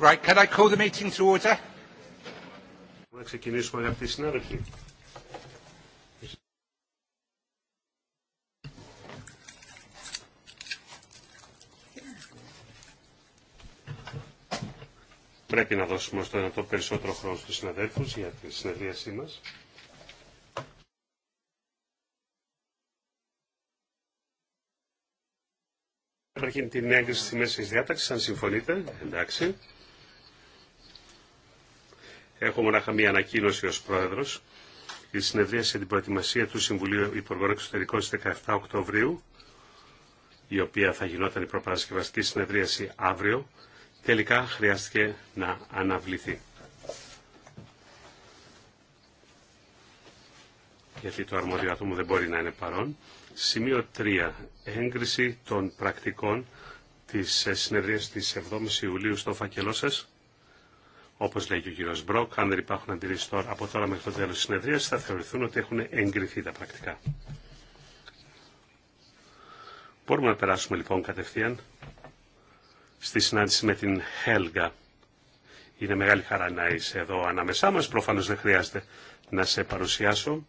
Right, can I call the meeting to order? Να ξεκινήσουμε συνάδελφοι. Πρέπει να δώσουμε στο ένα το περισσότερο χρόνο στους συναδέλφους για τη συνεδρίασή μας. Υπάρχει την έγκριση στη μέση της διάταξης, αν συμφωνείτε. Εντάξει. Έχω μονάχα μία ανακοίνωση ως πρόεδρος. Η συνεδρίαση σε την προετοιμασία του Συμβουλίου Υπουργών Εξωτερικών στις 17 Οκτωβρίου, η οποία θα γινόταν η προπαρασκευαστική συνεδρίαση αύριο, τελικά χρειάστηκε να αναβληθεί. γιατί το αρμόδιο άτομο δεν μπορεί να είναι παρόν. Σημείο 3. Έγκριση των πρακτικών της συνεδρία της 7ης Ιουλίου στο φακελό σας. Όπω λέει και ο κύριο Μπροκ, αν δεν υπάρχουν αντιρρήσει τώρα, από τώρα μέχρι το τέλο τη συνεδρία, θα θεωρηθούν ότι έχουν εγκριθεί τα πρακτικά. Μπορούμε να περάσουμε λοιπόν κατευθείαν στη συνάντηση με την Χέλγα. Είναι μεγάλη χαρά να είσαι εδώ ανάμεσά μας. Προφανώς δεν χρειάζεται να σε παρουσιάσω.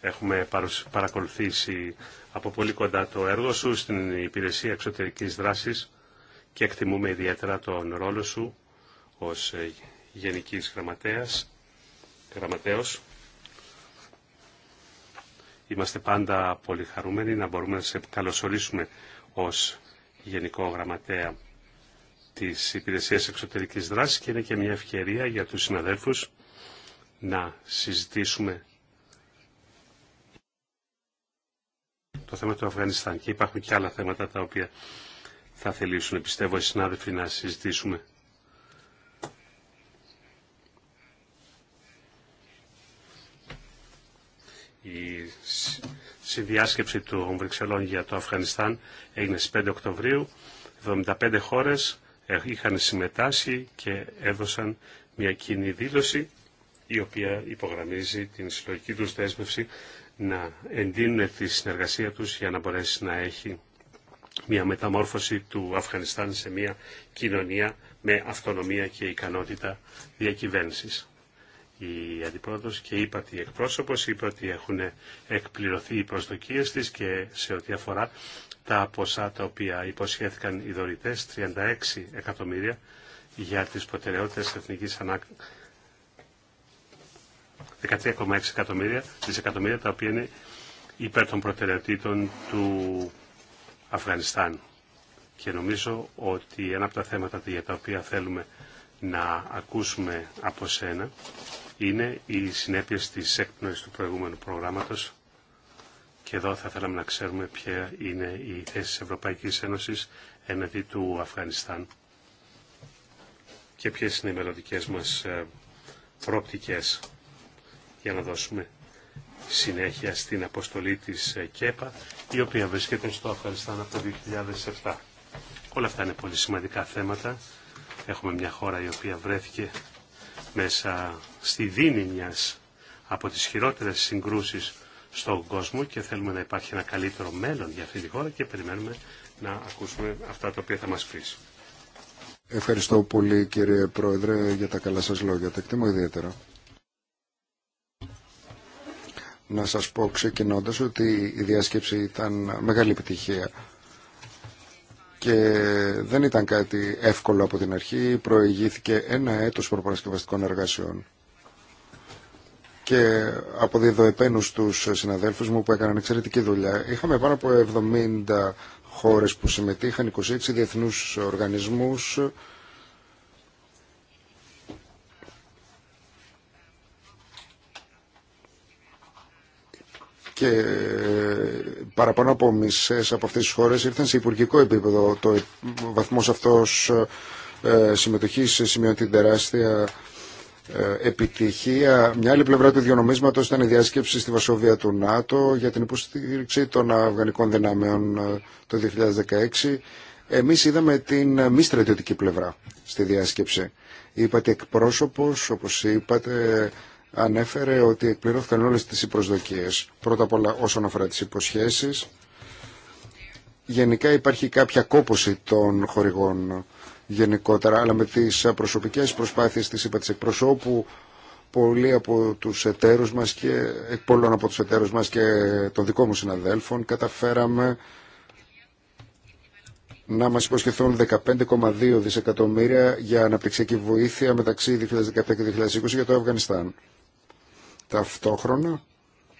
Έχουμε παρακολουθήσει από πολύ κοντά το έργο σου στην Υπηρεσία Εξωτερικής Δράσης και εκτιμούμε ιδιαίτερα τον ρόλο σου ως ε, Γενικής Γραμματέας, Γραμματέος. Είμαστε πάντα πολύ χαρούμενοι να μπορούμε να σε καλωσορίσουμε ως Γενικό Γραμματέα της Υπηρεσίας Εξωτερικής Δράσης και είναι και μια ευκαιρία για τους συναδέλφους να συζητήσουμε το θέμα του Αφγανιστάν και υπάρχουν και άλλα θέματα τα οποία θα θελήσουν πιστεύω οι συνάδελφοι να συζητήσουμε. Η συνδιάσκεψη του Βρυξελών για το Αφγανιστάν έγινε στις 5 Οκτωβρίου. 75 χώρες ε, είχαν συμμετάσχει και έδωσαν μια κοινή δήλωση η οποία υπογραμμίζει την συλλογική τους δέσμευση να εντείνουν τη συνεργασία τους για να μπορέσει να έχει μια μεταμόρφωση του Αφγανιστάν σε μια κοινωνία με αυτονομία και ικανότητα διακυβέρνησης η Αντιπρόεδρος και είπα ότι εκπρόσωπος είπε ότι έχουν εκπληρωθεί οι προσδοκίες της και σε ό,τι αφορά τα ποσά τα οποία υποσχέθηκαν οι δωρητές, 36 εκατομμύρια για τις προτεραιότητες Εθνική Ανάκτησης 13,6 εκατομμύρια, δισεκατομμύρια τα οποία είναι υπέρ των προτεραιοτήτων του Αφγανιστάν. Και νομίζω ότι ένα από τα θέματα για τα οποία θέλουμε να ακούσουμε από σένα είναι οι συνέπειες της έκπνοης του προηγούμενου προγράμματος και εδώ θα θέλαμε να ξέρουμε ποια είναι η θέση της Ευρωπαϊκής Ένωσης εναντί του Αφγανιστάν και ποιες είναι οι μελλοντικέ μας ε, προοπτικές για να δώσουμε συνέχεια στην αποστολή της ε, ΚΕΠΑ η οποία βρίσκεται στο Αφγανιστάν από το 2007. Όλα αυτά είναι πολύ σημαντικά θέματα. Έχουμε μια χώρα η οποία βρέθηκε μέσα στη δίνη μιας από τις χειρότερες συγκρούσεις στον κόσμο και θέλουμε να υπάρχει ένα καλύτερο μέλλον για αυτή τη χώρα και περιμένουμε να ακούσουμε αυτά τα οποία θα μας πει. Ευχαριστώ πολύ κύριε Πρόεδρε για τα καλά σας λόγια. Τα εκτιμώ ιδιαίτερα. Να σας πω ξεκινώντας ότι η διάσκεψη ήταν μεγάλη επιτυχία και δεν ήταν κάτι εύκολο από την αρχή. Προηγήθηκε ένα έτος προπαρασκευαστικών εργασιών και από διδοεπένους τους συναδέλφους μου που έκαναν εξαιρετική δουλειά. Είχαμε πάνω από 70 χώρες που συμμετείχαν, 26 διεθνούς οργανισμούς, και ε, παραπάνω από μισές από αυτές τις χώρες ήρθαν σε υπουργικό επίπεδο. Το ε, βαθμός αυτός ε, συμμετοχής σημειώνει την τεράστια επιτυχία. Μια άλλη πλευρά του διονομίσματο ήταν η διάσκεψη στη Βασοβία του ΝΑΤΟ για την υποστήριξη των Αφγανικών δυνάμεων το 2016. Εμείς είδαμε την μη στρατιωτική πλευρά στη διάσκεψη. Είπατε εκπρόσωπος, όπως είπατε, ανέφερε ότι εκπληρώθηκαν όλε τι προσδοκίε. Πρώτα απ' όλα όσον αφορά τι υποσχέσει. γενικά υπάρχει κάποια κόποση των χορηγών γενικότερα, αλλά με τις προσωπικές προσπάθειες της ΥΠΑ της εκπροσώπου, πολλοί από τους εταίρους μας και πολλών από τους εταίρους μας και των δικών μου συναδέλφων καταφέραμε να μας υποσχεθούν 15,2 δισεκατομμύρια για αναπτυξιακή βοήθεια μεταξύ 2017 και 2020 για το Αφγανιστάν. Ταυτόχρονα,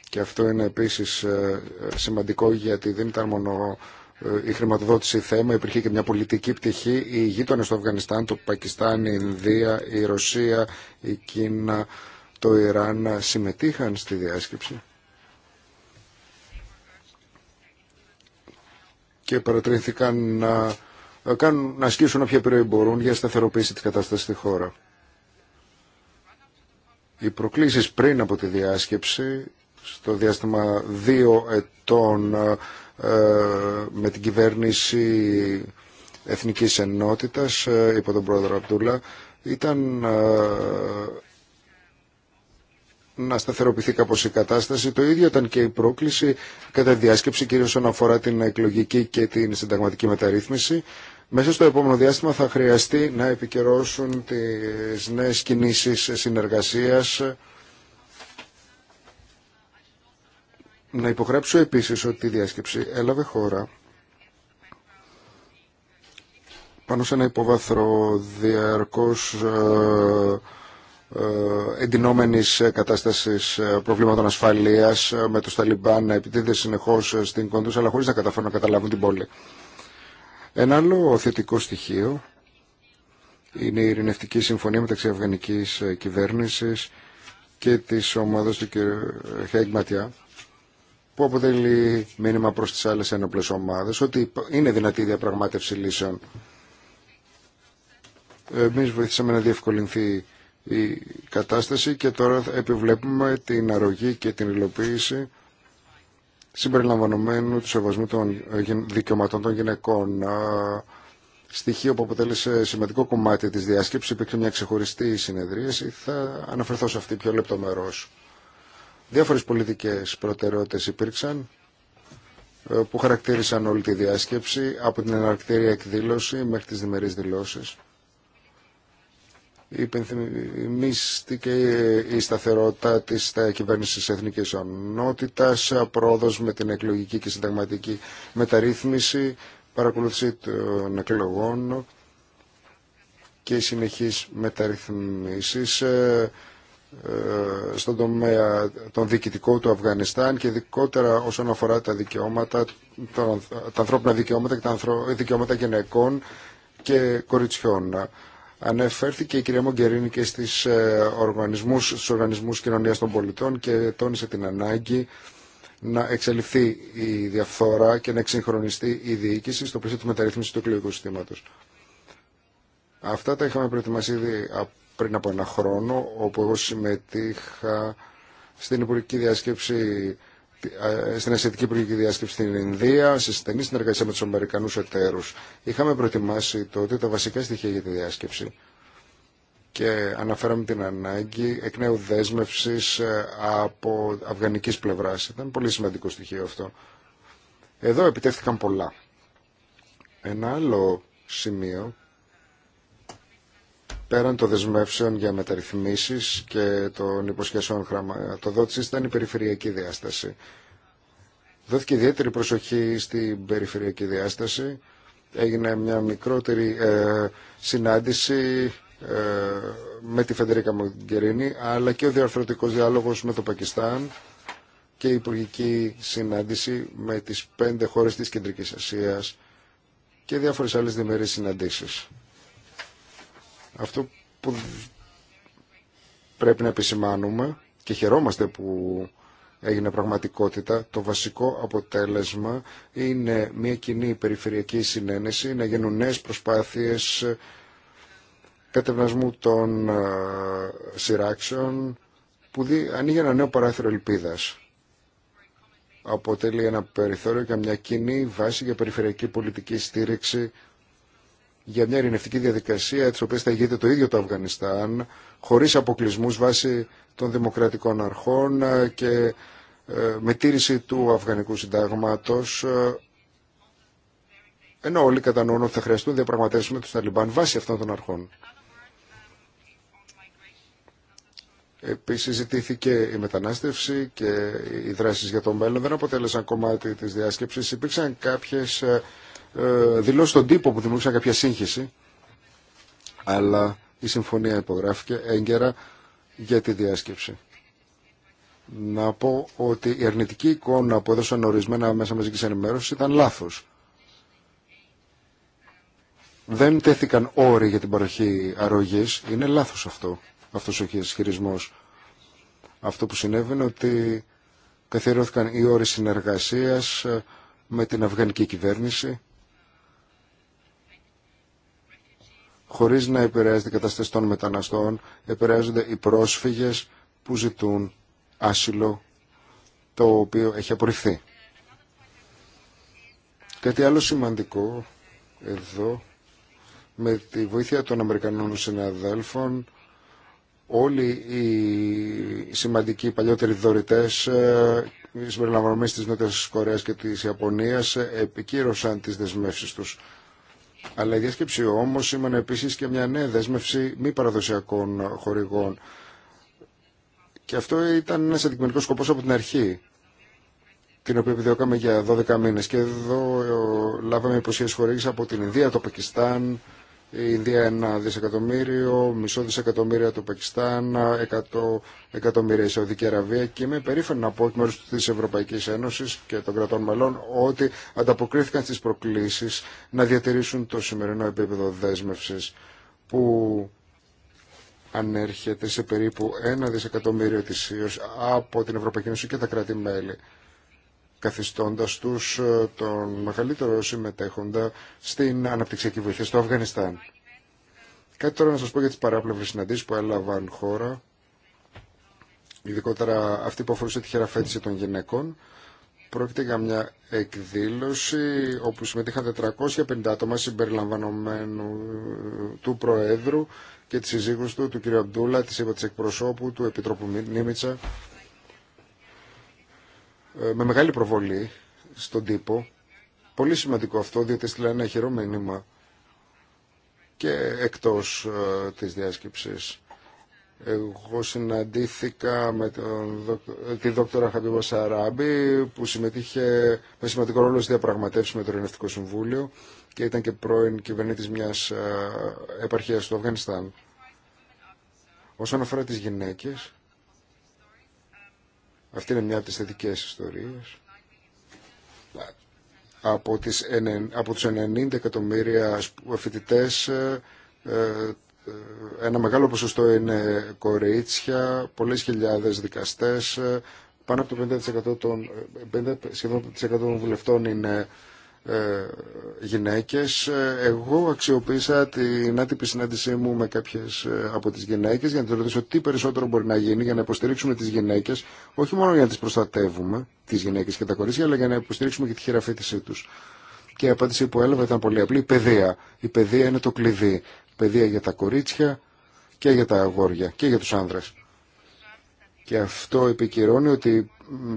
και αυτό είναι επίσης ε, ε, σημαντικό γιατί δεν ήταν μόνο ε, η χρηματοδότηση θέμα, υπήρχε και μια πολιτική πτυχή. Οι γείτονες του Αφγανιστάν, το Πακιστάν, η Ινδία, η Ρωσία, η Κίνα, το Ιράν συμμετείχαν στη διάσκεψη. και παρατηρήθηκαν να, να ασκήσουν όποια επιρροή μπορούν για σταθεροποίηση της κατάστασης στη χώρα. Οι προκλήσεις πριν από τη διάσκεψη, στο διάστημα δύο ετών ε, ε, με την κυβέρνηση Εθνικής Ενότητας ε, υπό τον πρόεδρο Απτούλα, ήταν να σταθεροποιηθεί κάπως η κατάσταση. Το ίδιο ήταν και η πρόκληση κατά τη διάσκεψη, κυρίως όσον αφορά την εκλογική και την συνταγματική μεταρρύθμιση. Μέσα στο επόμενο διάστημα θα χρειαστεί να επικαιρώσουν τις νέες κινήσεις συνεργασίας. Να υπογράψω επίσης ότι η διάσκεψη έλαβε χώρα πάνω σε ένα υποβαθρό διαρκώς ε, ε, εντυνόμενης κατάστασης ε, προβλήματων ασφαλείας με τους Ταλιμπάν να επιτίδεται συνεχώς στην Κοντούς αλλά χωρίς να καταφέρουν να καταλάβουν την πόλη. Ένα άλλο θετικό στοιχείο είναι η ειρηνευτική συμφωνία μεταξύ Αφγανικής ε, κυβέρνησης και της ομάδας του κ. Χέγκ Ματιά που αποτελεί μήνυμα προς τις άλλες ένοπλες ομάδες ότι είναι δυνατή η διαπραγμάτευση λύσεων. Εμείς βοηθήσαμε να διευκολυνθεί η κατάσταση και τώρα επιβλέπουμε την αρρωγή και την υλοποίηση συμπεριλαμβανομένου του σεβασμού των ε, δικαιωματών των γυναικών. Στοιχείο που αποτέλεσε σημαντικό κομμάτι της διάσκεψης, υπήρξε μια ξεχωριστή συνεδρίαση, θα αναφερθώ σε αυτή πιο λεπτομερώς. Διάφορες πολιτικές προτεραιότητες υπήρξαν ε, που χαρακτήρισαν όλη τη διάσκεψη από την εναρκτήρια εκδήλωση μέχρι τις διμερείς δηλώσεις υπενθυμίστηκε η σταθερότητα της κυβέρνηση κυβέρνησης εθνικής ονότητας, πρόοδος με την εκλογική και συνταγματική μεταρρύθμιση, παρακολούθηση των εκλογών και συνεχής μεταρρυθμίσεις ε, ε, στον τομέα των διοικητικό του Αφγανιστάν και ειδικότερα όσον αφορά τα δικαιώματα, τα ανθρώπινα δικαιώματα και τα δικαιώματα γυναικών και κοριτσιών. Ανέφερθηκε η κυρία Μογκερίνη και στις ε, οργανισμούς, στους οργανισμούς κοινωνίας των πολιτών και τόνισε την ανάγκη να εξελιχθεί η διαφθόρα και να εξυγχρονιστεί η διοίκηση στο πλαίσιο της μεταρρύθμισης του εκλογικού συστήματος. Αυτά τα είχαμε προετοιμάσει ήδη πριν από ένα χρόνο, όπου εγώ συμμετείχα στην Υπουργική Διάσκεψη ε, στην Ασιατική Υπουργική Διάσκεψη στην Ινδία, σε στενή συνεργασία με του Αμερικανού εταίρου. Είχαμε προετοιμάσει τότε τα βασικά στοιχεία για τη διάσκεψη και αναφέραμε την ανάγκη εκ νέου δέσμευση ε, από αφγανική πλευρά. Ήταν πολύ σημαντικό στοιχείο αυτό. Εδώ επιτεύχθηκαν πολλά. Ένα άλλο σημείο πέραν των δεσμεύσεων για μεταρρυθμίσει και των υποσχέσεων χρηματοδότησης ήταν η περιφερειακή διάσταση. Δόθηκε ιδιαίτερη προσοχή στην περιφερειακή διάσταση. Έγινε μια μικρότερη ε, συνάντηση ε, με τη Φεντερίκα Μογκερίνη, αλλά και ο διαρθρωτικός διάλογος με το Πακιστάν και η υπουργική συνάντηση με τις πέντε χώρες της Κεντρικής Ασίας και διάφορες άλλες διμερείς συναντήσεις. Αυτό που πρέπει να επισημάνουμε και χαιρόμαστε που έγινε πραγματικότητα, το βασικό αποτέλεσμα είναι μια κοινή περιφερειακή συνένεση, να γίνουν νέες προσπάθειες κατευνασμού των σειράξεων που δι, ανοίγει ένα νέο παράθυρο ελπίδας. Αποτελεί ένα περιθώριο για μια κοινή βάση για περιφερειακή πολιτική στήριξη για μια ειρηνευτική διαδικασία τη οποία θα ηγείται το ίδιο το Αφγανιστάν χωρίς αποκλεισμού βάσει των δημοκρατικών αρχών ε, και ε, με τήρηση του Αφγανικού Συντάγματος ε, ενώ όλοι κατανοούν ότι θα χρειαστούν διαπραγματεύσει με τους Ταλιμπάν βάσει αυτών των αρχών. Επίσης ζητήθηκε η μετανάστευση και οι δράσει για το μέλλον δεν αποτέλεσαν κομμάτι τη διάσκεψη. Υπήρξαν κάποιε. Ε, δηλώσει τον τύπο που δημιούργησαν κάποια σύγχυση. Αλλά η συμφωνία υπογράφηκε έγκαιρα για τη διάσκεψη. Να πω ότι η αρνητική εικόνα που έδωσαν ορισμένα μέσα μαζικής ενημέρωση ήταν λάθος. Δεν τέθηκαν όροι για την παροχή αρρωγής. Είναι λάθος αυτό, αυτός ο χειρισμός. Αυτό που συνέβαινε ότι καθιερώθηκαν οι όροι συνεργασίας ε, με την αυγανική κυβέρνηση χωρίς να επηρεάζεται η των μεταναστών, επηρεάζονται οι πρόσφυγες που ζητούν άσυλο το οποίο έχει απορριφθεί. Κάτι άλλο σημαντικό εδώ, με τη βοήθεια των Αμερικανών συναδέλφων, όλοι οι σημαντικοί παλιότεροι δωρητές ε, συμπεριλαμβανομένες της Νότιας Κορέας και της Ιαπωνίας επικύρωσαν τις δεσμεύσεις τους αλλά η διάσκεψη όμω σήμανε επίση και μια νέα δέσμευση μη παραδοσιακών χορηγών. Και αυτό ήταν ένα αντικειμενικό σκοπό από την αρχή, την οποία επιδιώκαμε για 12 μήνε. Και εδώ ε, λάβαμε υποσχέσει χορήγηση από την Ινδία, το Πακιστάν, η Ινδία ένα δισεκατομμύριο, μισό δισεκατομμύριο το Πακιστάν, 100 εκατομμύρια η Σαουδική Αραβία και είμαι περήφανο να πω εκ μέρου τη Ευρωπαϊκή Ένωση και των κρατών μελών ότι ανταποκρίθηκαν στι προκλήσει να διατηρήσουν το σημερινό επίπεδο δέσμευση που ανέρχεται σε περίπου ένα δισεκατομμύριο ετησίω από την Ευρωπαϊκή Ένωση και τα κράτη-μέλη καθιστώντας τους ε, τον μεγαλύτερο συμμετέχοντα στην αναπτυξιακή βοήθεια στο Αφγανιστάν. Κάτι τώρα να σας πω για τις παράπλευρες συναντήσεις που έλαβαν χώρα, ειδικότερα αυτή που αφορούσε τη χειραφέτηση των γυναικών. Πρόκειται για μια εκδήλωση όπου συμμετείχαν 450 άτομα συμπεριλαμβανομένου ε, του Προέδρου και της συζύγου του, του κ. Αμπτούλα, της είπα της εκπροσώπου, του Επιτρόπου Νίμιτσα, ε, με μεγάλη προβολή στον τύπο. Πολύ σημαντικό αυτό, διότι έστειλα ένα χειρό και εκτός ε, της διάσκεψης. Εγώ συναντήθηκα με τον, τη δόκτωρα Χαμπίβα Σαράμπη που συμμετείχε με σημαντικό ρόλο στη διαπραγματεύση με το Ρενευτικό Συμβούλιο και ήταν και πρώην κυβερνήτης μιας ε, επαρχίας του Αφγανιστάν. Όσον αφορά τις γυναίκες, αυτή είναι μια από τις θετικές ιστορίες. Από, τις, από τους 90 εκατομμύρια φοιτητέ, ε, ε, ε, ένα μεγάλο ποσοστό είναι κορίτσια, πολλές χιλιάδες δικαστές, πάνω από το 50%, των, 50 των βουλευτών είναι ε, γυναίκες. Εγώ αξιοποίησα την άτυπη συνάντησή μου με κάποιες ε, από τις γυναίκες για να τους ρωτήσω τι περισσότερο μπορεί να γίνει για να υποστηρίξουμε τις γυναίκες, όχι μόνο για να τις προστατεύουμε, τις γυναίκες και τα κορίτσια, αλλά για να υποστηρίξουμε και τη χειραφέτησή τους. Και η απάντηση που έλαβα ήταν πολύ απλή, η παιδεία. Η παιδεία είναι το κλειδί. Παιδεία για τα κορίτσια και για τα αγόρια και για τους άνδρες. Και αυτό επικυρώνει ότι η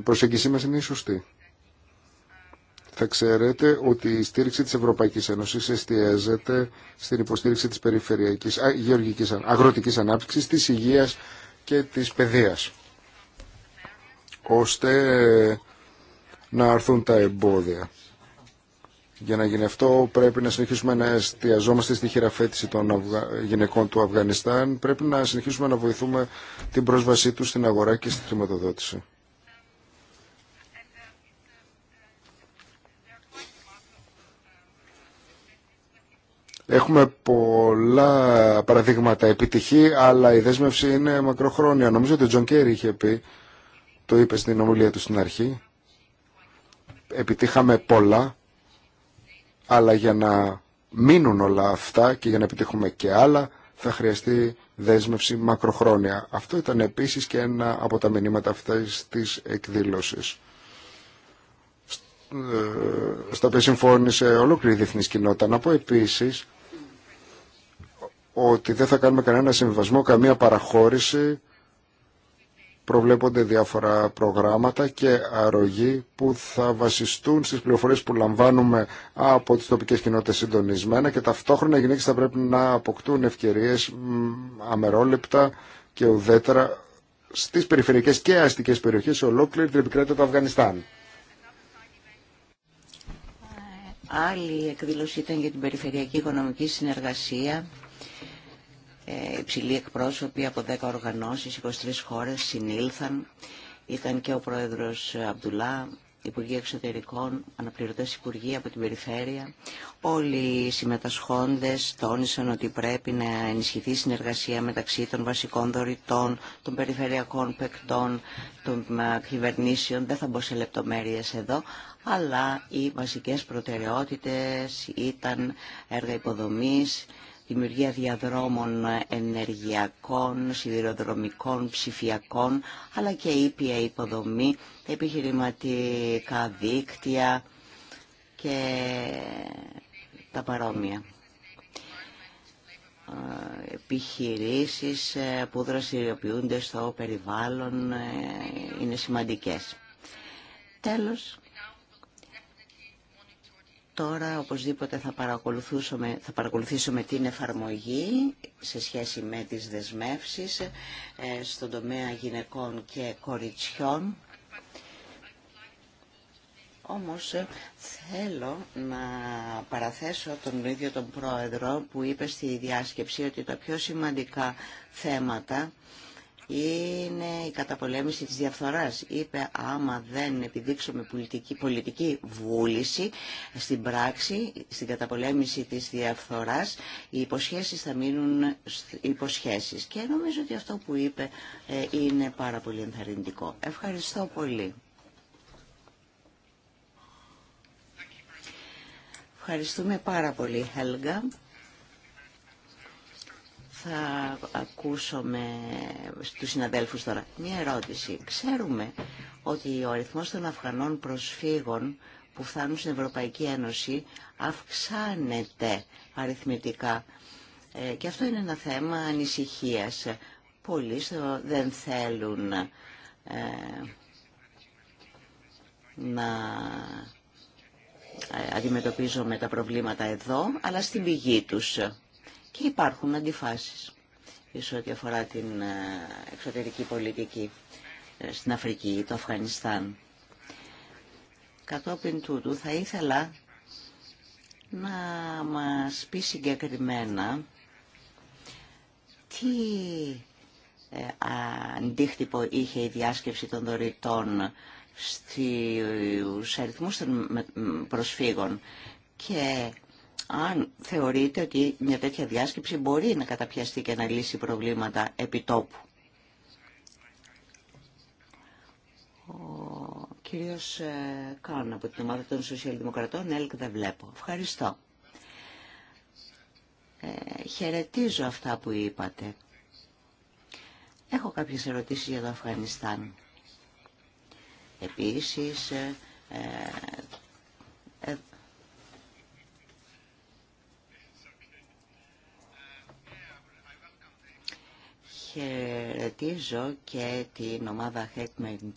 προσέγγιση μας είναι η σωστή. Θα ξέρετε ότι η στήριξη της Ευρωπαϊκής Ένωσης εστιάζεται στην υποστήριξη της περιφερειακής, α, αγροτικής ανάπτυξης, της υγείας και της παιδείας, ώστε να έρθουν τα εμπόδια. Για να γίνει αυτό πρέπει να συνεχίσουμε να εστιαζόμαστε στη χειραφέτηση των γυναικών του Αφγανιστάν. Πρέπει να συνεχίσουμε να βοηθούμε την πρόσβασή τους στην αγορά και στη χρηματοδότηση. Έχουμε πολλά παραδείγματα επιτυχή, αλλά η δέσμευση είναι μακροχρόνια. Νομίζω ότι ο Τζον Κέρι είχε πει, το είπε στην ομιλία του στην αρχή, επιτύχαμε πολλά, αλλά για να μείνουν όλα αυτά και για να επιτύχουμε και άλλα, θα χρειαστεί δέσμευση μακροχρόνια. Αυτό ήταν επίσης και ένα από τα μηνύματα αυτής της εκδήλωσης ε, στα οποία συμφώνησε ολόκληρη η διεθνή κοινότητα. Να πω επίση ότι δεν θα κάνουμε κανένα συμβασμό καμία παραχώρηση. Προβλέπονται διάφορα προγράμματα και αρρωγή που θα βασιστούν στις πληροφορίες που λαμβάνουμε από τις τοπικές κοινότητες συντονισμένα και ταυτόχρονα οι γυναίκες θα πρέπει να αποκτούν ευκαιρίες αμερόλεπτα και ουδέτερα στις περιφερειακές και αστικές περιοχές σε ολόκληρη την επικράτεια του Αφγανιστάν. Άλλη εκδήλωση ήταν για την περιφερειακή οικονομική συνεργασία υψηλοί εκπρόσωποι από 10 οργανώσεις, 23 χώρες συνήλθαν. Ήταν και ο πρόεδρος Αμπτουλά, Υπουργή Εξωτερικών, αναπληρωτές Υπουργοί από την Περιφέρεια. Όλοι οι συμμετασχόντες τόνισαν ότι πρέπει να ενισχυθεί η συνεργασία μεταξύ των βασικών δωρητών, των περιφερειακών παικτών, των κυβερνήσεων. Δεν θα μπω σε λεπτομέρειες εδώ, αλλά οι βασικές προτεραιότητες ήταν έργα υποδομής, δημιουργία διαδρόμων ενεργειακών, σιδηροδρομικών, ψηφιακών, αλλά και ήπια υποδομή, επιχειρηματικά δίκτυα και τα παρόμοια επιχειρήσεις ε, που δραστηριοποιούνται στο περιβάλλον ε, είναι σημαντικές. Τέλος, Τώρα οπωσδήποτε θα παρακολουθήσουμε, θα παρακολουθήσουμε την εφαρμογή σε σχέση με τις δεσμεύσεις ε, στον τομέα γυναικών και κοριτσιών. Όμως ε, θέλω να παραθέσω τον ίδιο τον πρόεδρο που είπε στη διάσκεψη ότι τα πιο σημαντικά θέματα είναι η καταπολέμηση της διαφθοράς. Είπε άμα δεν επιδείξουμε πολιτική, πολιτική βούληση στην πράξη, στην καταπολέμηση της διαφθοράς, οι υποσχέσεις θα μείνουν υποσχέσεις. Και νομίζω ότι αυτό που είπε ε, είναι πάρα πολύ ενθαρρυντικό. Ευχαριστώ πολύ. Ευχαριστούμε πάρα πολύ, Χέλγα θα ακούσουμε στους συναδέλφους τώρα. Μία ερώτηση. Ξέρουμε ότι ο αριθμός των Αφγανών προσφύγων που φτάνουν στην Ευρωπαϊκή Ένωση αυξάνεται αριθμητικά. Ε, και αυτό είναι ένα θέμα ανησυχίας. Πολλοί δεν θέλουν ε, να ε, αντιμετωπίζουμε τα προβλήματα εδώ, αλλά στην πηγή τους και υπάρχουν αντιφάσεις σε ό,τι αφορά την ε, εξωτερική πολιτική ε, στην Αφρική ή το Αφγανιστάν. Κατόπιν τούτου θα ήθελα να μας πει συγκεκριμένα τι ε, αντίχτυπο είχε η διάσκεψη των δωρητών στους αριθμούς των προσφύγων και αν θεωρείτε ότι μια τέτοια διάσκεψη μπορεί να καταπιαστεί και να λύσει προβλήματα επιτόπου. Ο κύριος ε, Κάν από την ομάδα των Σοσιαλδημοκρατών, ΕΛΚ δεν βλέπω. Ευχαριστώ. Ε, χαιρετίζω αυτά που είπατε. Έχω κάποιες ερωτήσεις για το Αφγανιστάν. Επίσης, ε, ε, ε χαιρετίζω και την ομάδα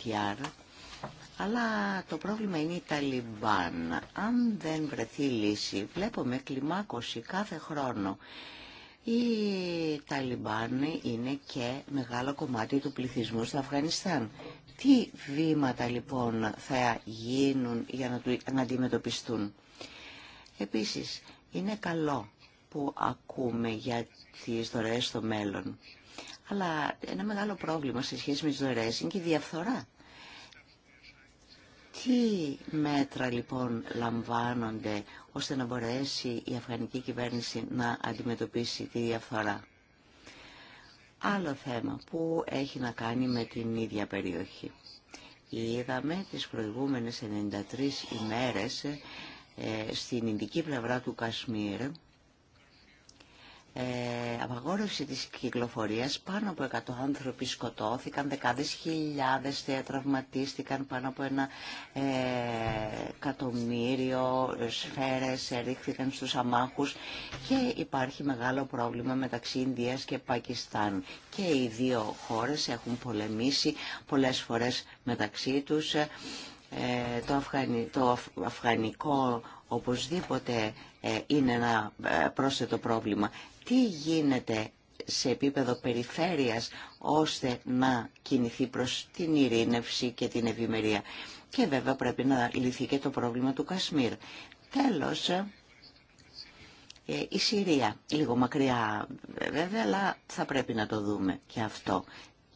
TR. αλλά το πρόβλημα είναι η Ταλιμπάν. Αν δεν βρεθεί λύση, βλέπουμε κλιμάκωση κάθε χρόνο. Η Ταλιμπάν είναι και μεγάλο κομμάτι του πληθυσμού στο Αφγανιστάν. Τι βήματα λοιπόν θα γίνουν για να αντιμετωπιστούν. Επίσης, είναι καλό που ακούμε για τις δωρεές στο μέλλον. Αλλά ένα μεγάλο πρόβλημα σε σχέση με τις δωρεές είναι και η διαφθορά. Τι μέτρα λοιπόν λαμβάνονται ώστε να μπορέσει η αφγανική κυβέρνηση να αντιμετωπίσει τη διαφθορά. Άλλο θέμα που έχει να κάνει με την ίδια περιοχή. Είδαμε τις προηγούμενες 93 ημέρες ε, στην ειδική πλευρά του Κασμίρ ε, απαγόρευση της κυκλοφορίας πάνω από 100 άνθρωποι σκοτώθηκαν, δεκάδες χιλιάδες τραυματίστηκαν, πάνω από ένα ε, εκατομμύριο σφαίρες ρίχθηκαν στους αμάχους και υπάρχει μεγάλο πρόβλημα μεταξύ Ινδίας και Πακιστάν. Και οι δύο χώρες έχουν πολεμήσει πολλές φορές μεταξύ τους. Ε, το, Αφγανι, το Αφγανικό οπωσδήποτε ε, είναι ένα ε, πρόσθετο πρόβλημα τι γίνεται σε επίπεδο περιφέρειας ώστε να κινηθεί προς την ειρήνευση και την ευημερία. Και βέβαια πρέπει να λυθεί και το πρόβλημα του Κασμίρ. Τέλος, ε, η Συρία, λίγο μακριά βέβαια, αλλά θα πρέπει να το δούμε και αυτό.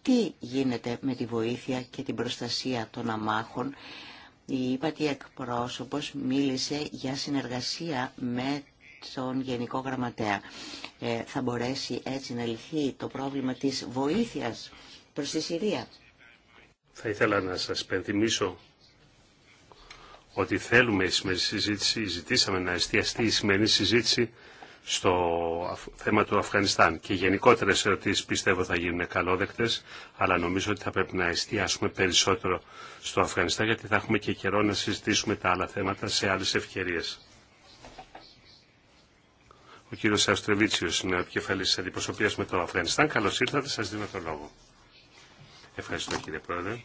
Τι γίνεται με τη βοήθεια και την προστασία των αμάχων. Η Πατή εκπρόσωπος μίλησε για συνεργασία με στον Γενικό Γραμματέα. Ε, θα μπορέσει έτσι να λυθεί το πρόβλημα της βοήθειας προς τη Συρία. Θα ήθελα να σας πενθυμίσω ότι θέλουμε η σημερινή συζήτηση, ζητήσαμε να εστιαστεί η σημερινή συζήτηση στο θέμα του Αφγανιστάν και οι γενικότερες ερωτήσεις πιστεύω θα γίνουν καλόδεκτες αλλά νομίζω ότι θα πρέπει να εστιάσουμε περισσότερο στο Αφγανιστάν γιατί θα έχουμε και καιρό να συζητήσουμε τα άλλα θέματα σε άλλες ευκαιρίες. Ο κύριο Αυστρεβίτσιο είναι ο επικεφαλή τη αντιπροσωπεία με το Αφγανιστάν. Καλώ ήρθατε, σα δίνω το λόγο. Ευχαριστώ κύριε Πρόεδρε.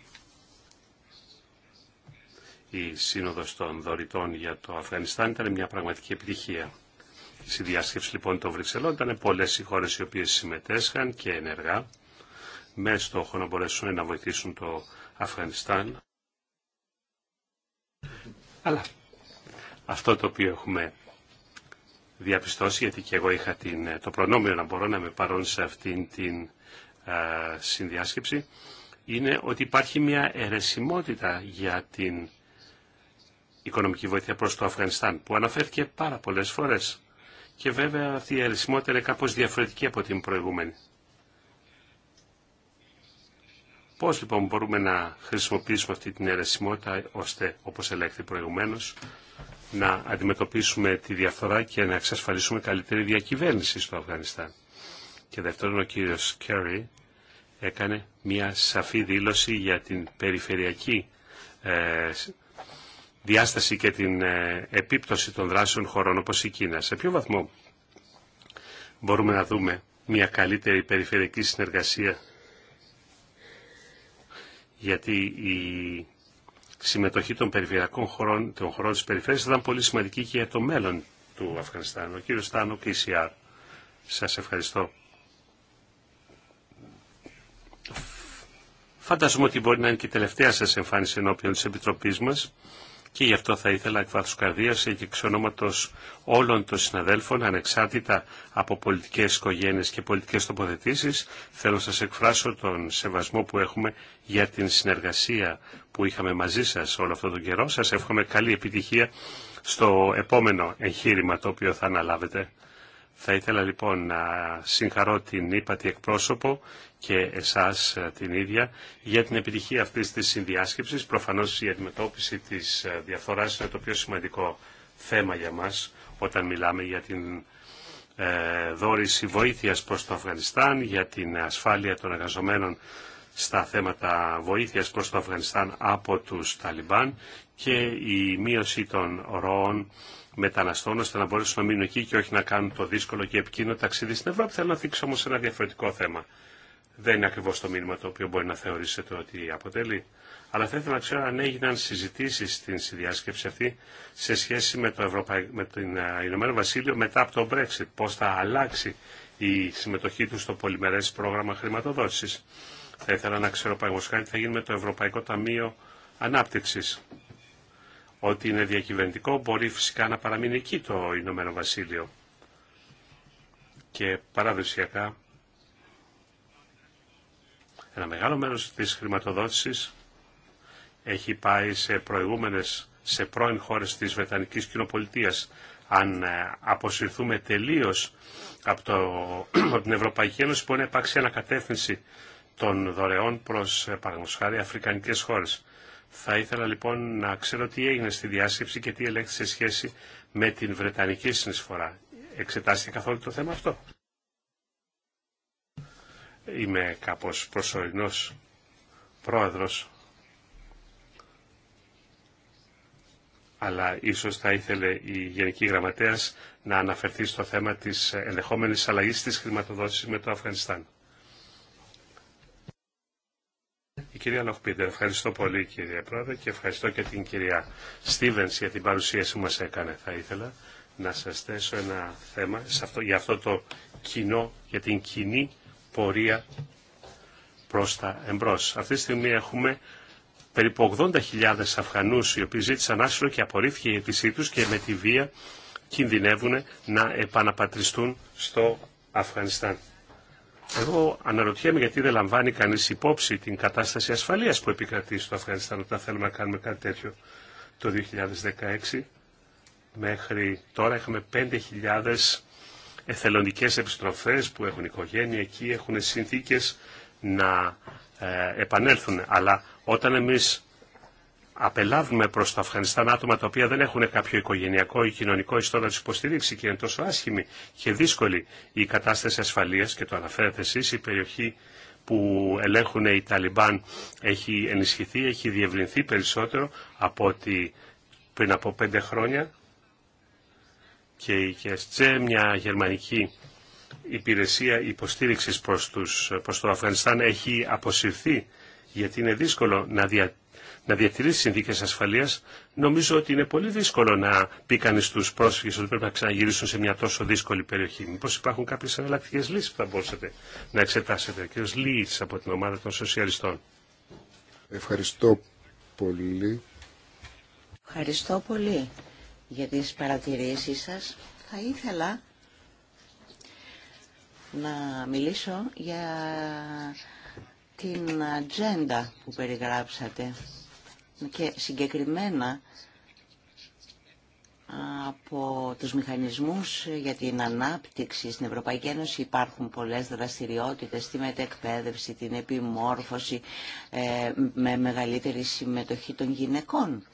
Η Σύνοδο των Δωρητών για το Αφγανιστάν ήταν μια πραγματική επιτυχία. Στη διάσκεψη λοιπόν των Βρυξελών ήταν πολλέ οι χώρε οι οποίε συμμετέσχαν και ενεργά με στόχο να μπορέσουν να βοηθήσουν το Αφγανιστάν. Αλλά αυτό το οποίο έχουμε διαπιστώσει, γιατί και εγώ είχα την, ε, το προνόμιο να μπορώ να με παρών σε αυτήν την ε, συνδιάσκεψη, είναι ότι υπάρχει μια αιρεσιμότητα για την οικονομική βοήθεια προς το Αφγανιστάν, που αναφέρθηκε πάρα πολλές φορές. Και βέβαια αυτή η αιρεσιμότητα είναι κάπως διαφορετική από την προηγούμενη. Πώς λοιπόν μπορούμε να χρησιμοποιήσουμε αυτή την αιρεσιμότητα, ώστε όπως ελέγχθη προηγουμένως, να αντιμετωπίσουμε τη διαφθορά και να εξασφαλίσουμε καλύτερη διακυβέρνηση στο Αφγανιστάν. Και δεύτερον, ο κύριος Κέρι έκανε μια σαφή δήλωση για την περιφερειακή ε, διάσταση και την ε, επίπτωση των δράσεων χωρών όπως η Κίνα. Σε ποιο βαθμό μπορούμε να δούμε μια καλύτερη περιφερειακή συνεργασία γιατί η συμμετοχή των περιφερειακών χωρών, των χωρών της περιφέρειας ήταν πολύ σημαντική και για το μέλλον του Αφγανιστάν. Ο κύριος Στάνο, PCR. Σας ευχαριστώ. Φαντάζομαι ότι μπορεί να είναι και η τελευταία σας εμφάνιση ενώπιον της Επιτροπής μας και γι' αυτό θα ήθελα εκ βάθους καρδίας και εξ ονόματος όλων των συναδέλφων ανεξάρτητα από πολιτικές οικογένειες και πολιτικές τοποθετήσεις θέλω να σας εκφράσω τον σεβασμό που έχουμε για την συνεργασία που είχαμε μαζί σας όλο αυτόν τον καιρό. Σας εύχομαι καλή επιτυχία στο επόμενο εγχείρημα το οποίο θα αναλάβετε. Θα ήθελα λοιπόν να συγχαρώ την ύπατη εκπρόσωπο και εσάς ε, την ίδια για την επιτυχία αυτής της συνδιάσκεψης. Προφανώς η αντιμετώπιση της ε, διαφθοράς είναι το πιο σημαντικό θέμα για μας όταν μιλάμε για την ε, δόρηση βοήθειας προς το Αφγανιστάν, για την ασφάλεια των εργαζομένων στα θέματα βοήθειας προς το Αφγανιστάν από τους Ταλιμπάν και η μείωση των ροών μεταναστών ώστε να μπορέσουν να μείνουν εκεί και όχι να κάνουν το δύσκολο και επικίνδυνο ταξίδι στην Ευρώπη. Θέλω να δείξω όμω ένα διαφορετικό θέμα δεν είναι ακριβώς το μήνυμα το οποίο μπορεί να θεωρήσετε ότι αποτελεί. Αλλά θα ήθελα να ξέρω αν έγιναν συζητήσεις στην συνδιάσκεψη αυτή σε σχέση με το, με το Ηνωμένο Βασίλειο μετά από το Brexit. Πώς θα αλλάξει η συμμετοχή του στο πολυμερές πρόγραμμα χρηματοδότησης. Θα ήθελα να ξέρω παγκοσχάρι τι θα γίνει με το Ευρωπαϊκό Ταμείο Ανάπτυξης. Ότι είναι διακυβερνητικό μπορεί φυσικά να παραμείνει εκεί το Ηνωμένο Βασίλειο. Και παραδοσιακά ένα μεγάλο μέρος της χρηματοδότησης έχει πάει σε προηγούμενες, σε πρώην χώρες της Βρετανικής Κοινοπολιτείας. Αν ε, αποσυρθούμε τελείως από, το, την Ευρωπαϊκή Ένωση μπορεί να υπάρξει ανακατεύθυνση των δωρεών προς, ε, παραδείγματος χάρη, αφρικανικές χώρες. Θα ήθελα λοιπόν να ξέρω τι έγινε στη διάσκεψη και τι ελέγχθη σε σχέση με την Βρετανική συνεισφορά. Εξετάστηκε καθόλου το θέμα αυτό είμαι κάπως προσωρινός πρόεδρος αλλά ίσως θα ήθελε η Γενική Γραμματέας να αναφερθεί στο θέμα της ενδεχόμενης αλλαγής της χρηματοδότησης με το Αφγανιστάν. Η κυρία Λοχπίτερ. ευχαριστώ πολύ κύριε Πρόεδρε και ευχαριστώ και την κυρία Στίβενς για την παρουσίαση που μας έκανε. Θα ήθελα να σας θέσω ένα θέμα σε αυτό, για αυτό το κοινό, για την κοινή πορεία προς τα εμπρός. Αυτή τη στιγμή έχουμε περίπου 80.000 Αφγανούς οι οποίοι ζήτησαν άσυλο και απορρίφθηκε η αίτησή τους και με τη βία κινδυνεύουν να επαναπατριστούν στο Αφγανιστάν. Εγώ αναρωτιέμαι γιατί δεν λαμβάνει κανείς υπόψη την κατάσταση ασφαλείας που επικρατεί στο Αφγανιστάν όταν θέλουμε να κάνουμε κάτι τέτοιο. Το 2016 μέχρι τώρα είχαμε 5.000 εθελοντικές επιστροφές που έχουν οικογένεια εκεί, έχουν συνθήκες να ε, επανέλθουν. Αλλά όταν εμείς απελάβουμε προς το Αφγανιστάν άτομα τα οποία δεν έχουν κάποιο οικογενειακό ή κοινωνικό ιστό να τους υποστηρίξει και είναι τόσο άσχημη και δύσκολη η κατάσταση ασφαλείας και το αναφέρετε εσείς, η περιοχή που ελέγχουν οι Ταλιμπάν έχει ενισχυθεί, έχει διευρυνθεί περισσότερο από ότι πριν από πέντε χρόνια και η ΚΕΣΤΖΕ, μια γερμανική υπηρεσία υποστήριξης προς, τους, προς το Αφγανιστάν, έχει αποσυρθεί γιατί είναι δύσκολο να, δια, να διατηρήσει συνθήκες ασφαλείας. Νομίζω ότι είναι πολύ δύσκολο να πει κανείς στους πρόσφυγες ότι πρέπει να ξαναγυρίσουν σε μια τόσο δύσκολη περιοχή. Μήπως υπάρχουν κάποιες εναλλακτικές λύσεις που θα μπορούσατε να εξετάσετε. Ο ως από την ομάδα των σοσιαλιστών. Ευχαριστώ πολύ. Ευχαριστώ πολύ για τις παρατηρήσεις σας. Θα ήθελα να μιλήσω για την ατζέντα που περιγράψατε και συγκεκριμένα από τους μηχανισμούς για την ανάπτυξη στην Ευρωπαϊκή Ένωση υπάρχουν πολλές δραστηριότητες στη μετεκπαίδευση, την επιμόρφωση ε, με μεγαλύτερη συμμετοχή των γυναικών.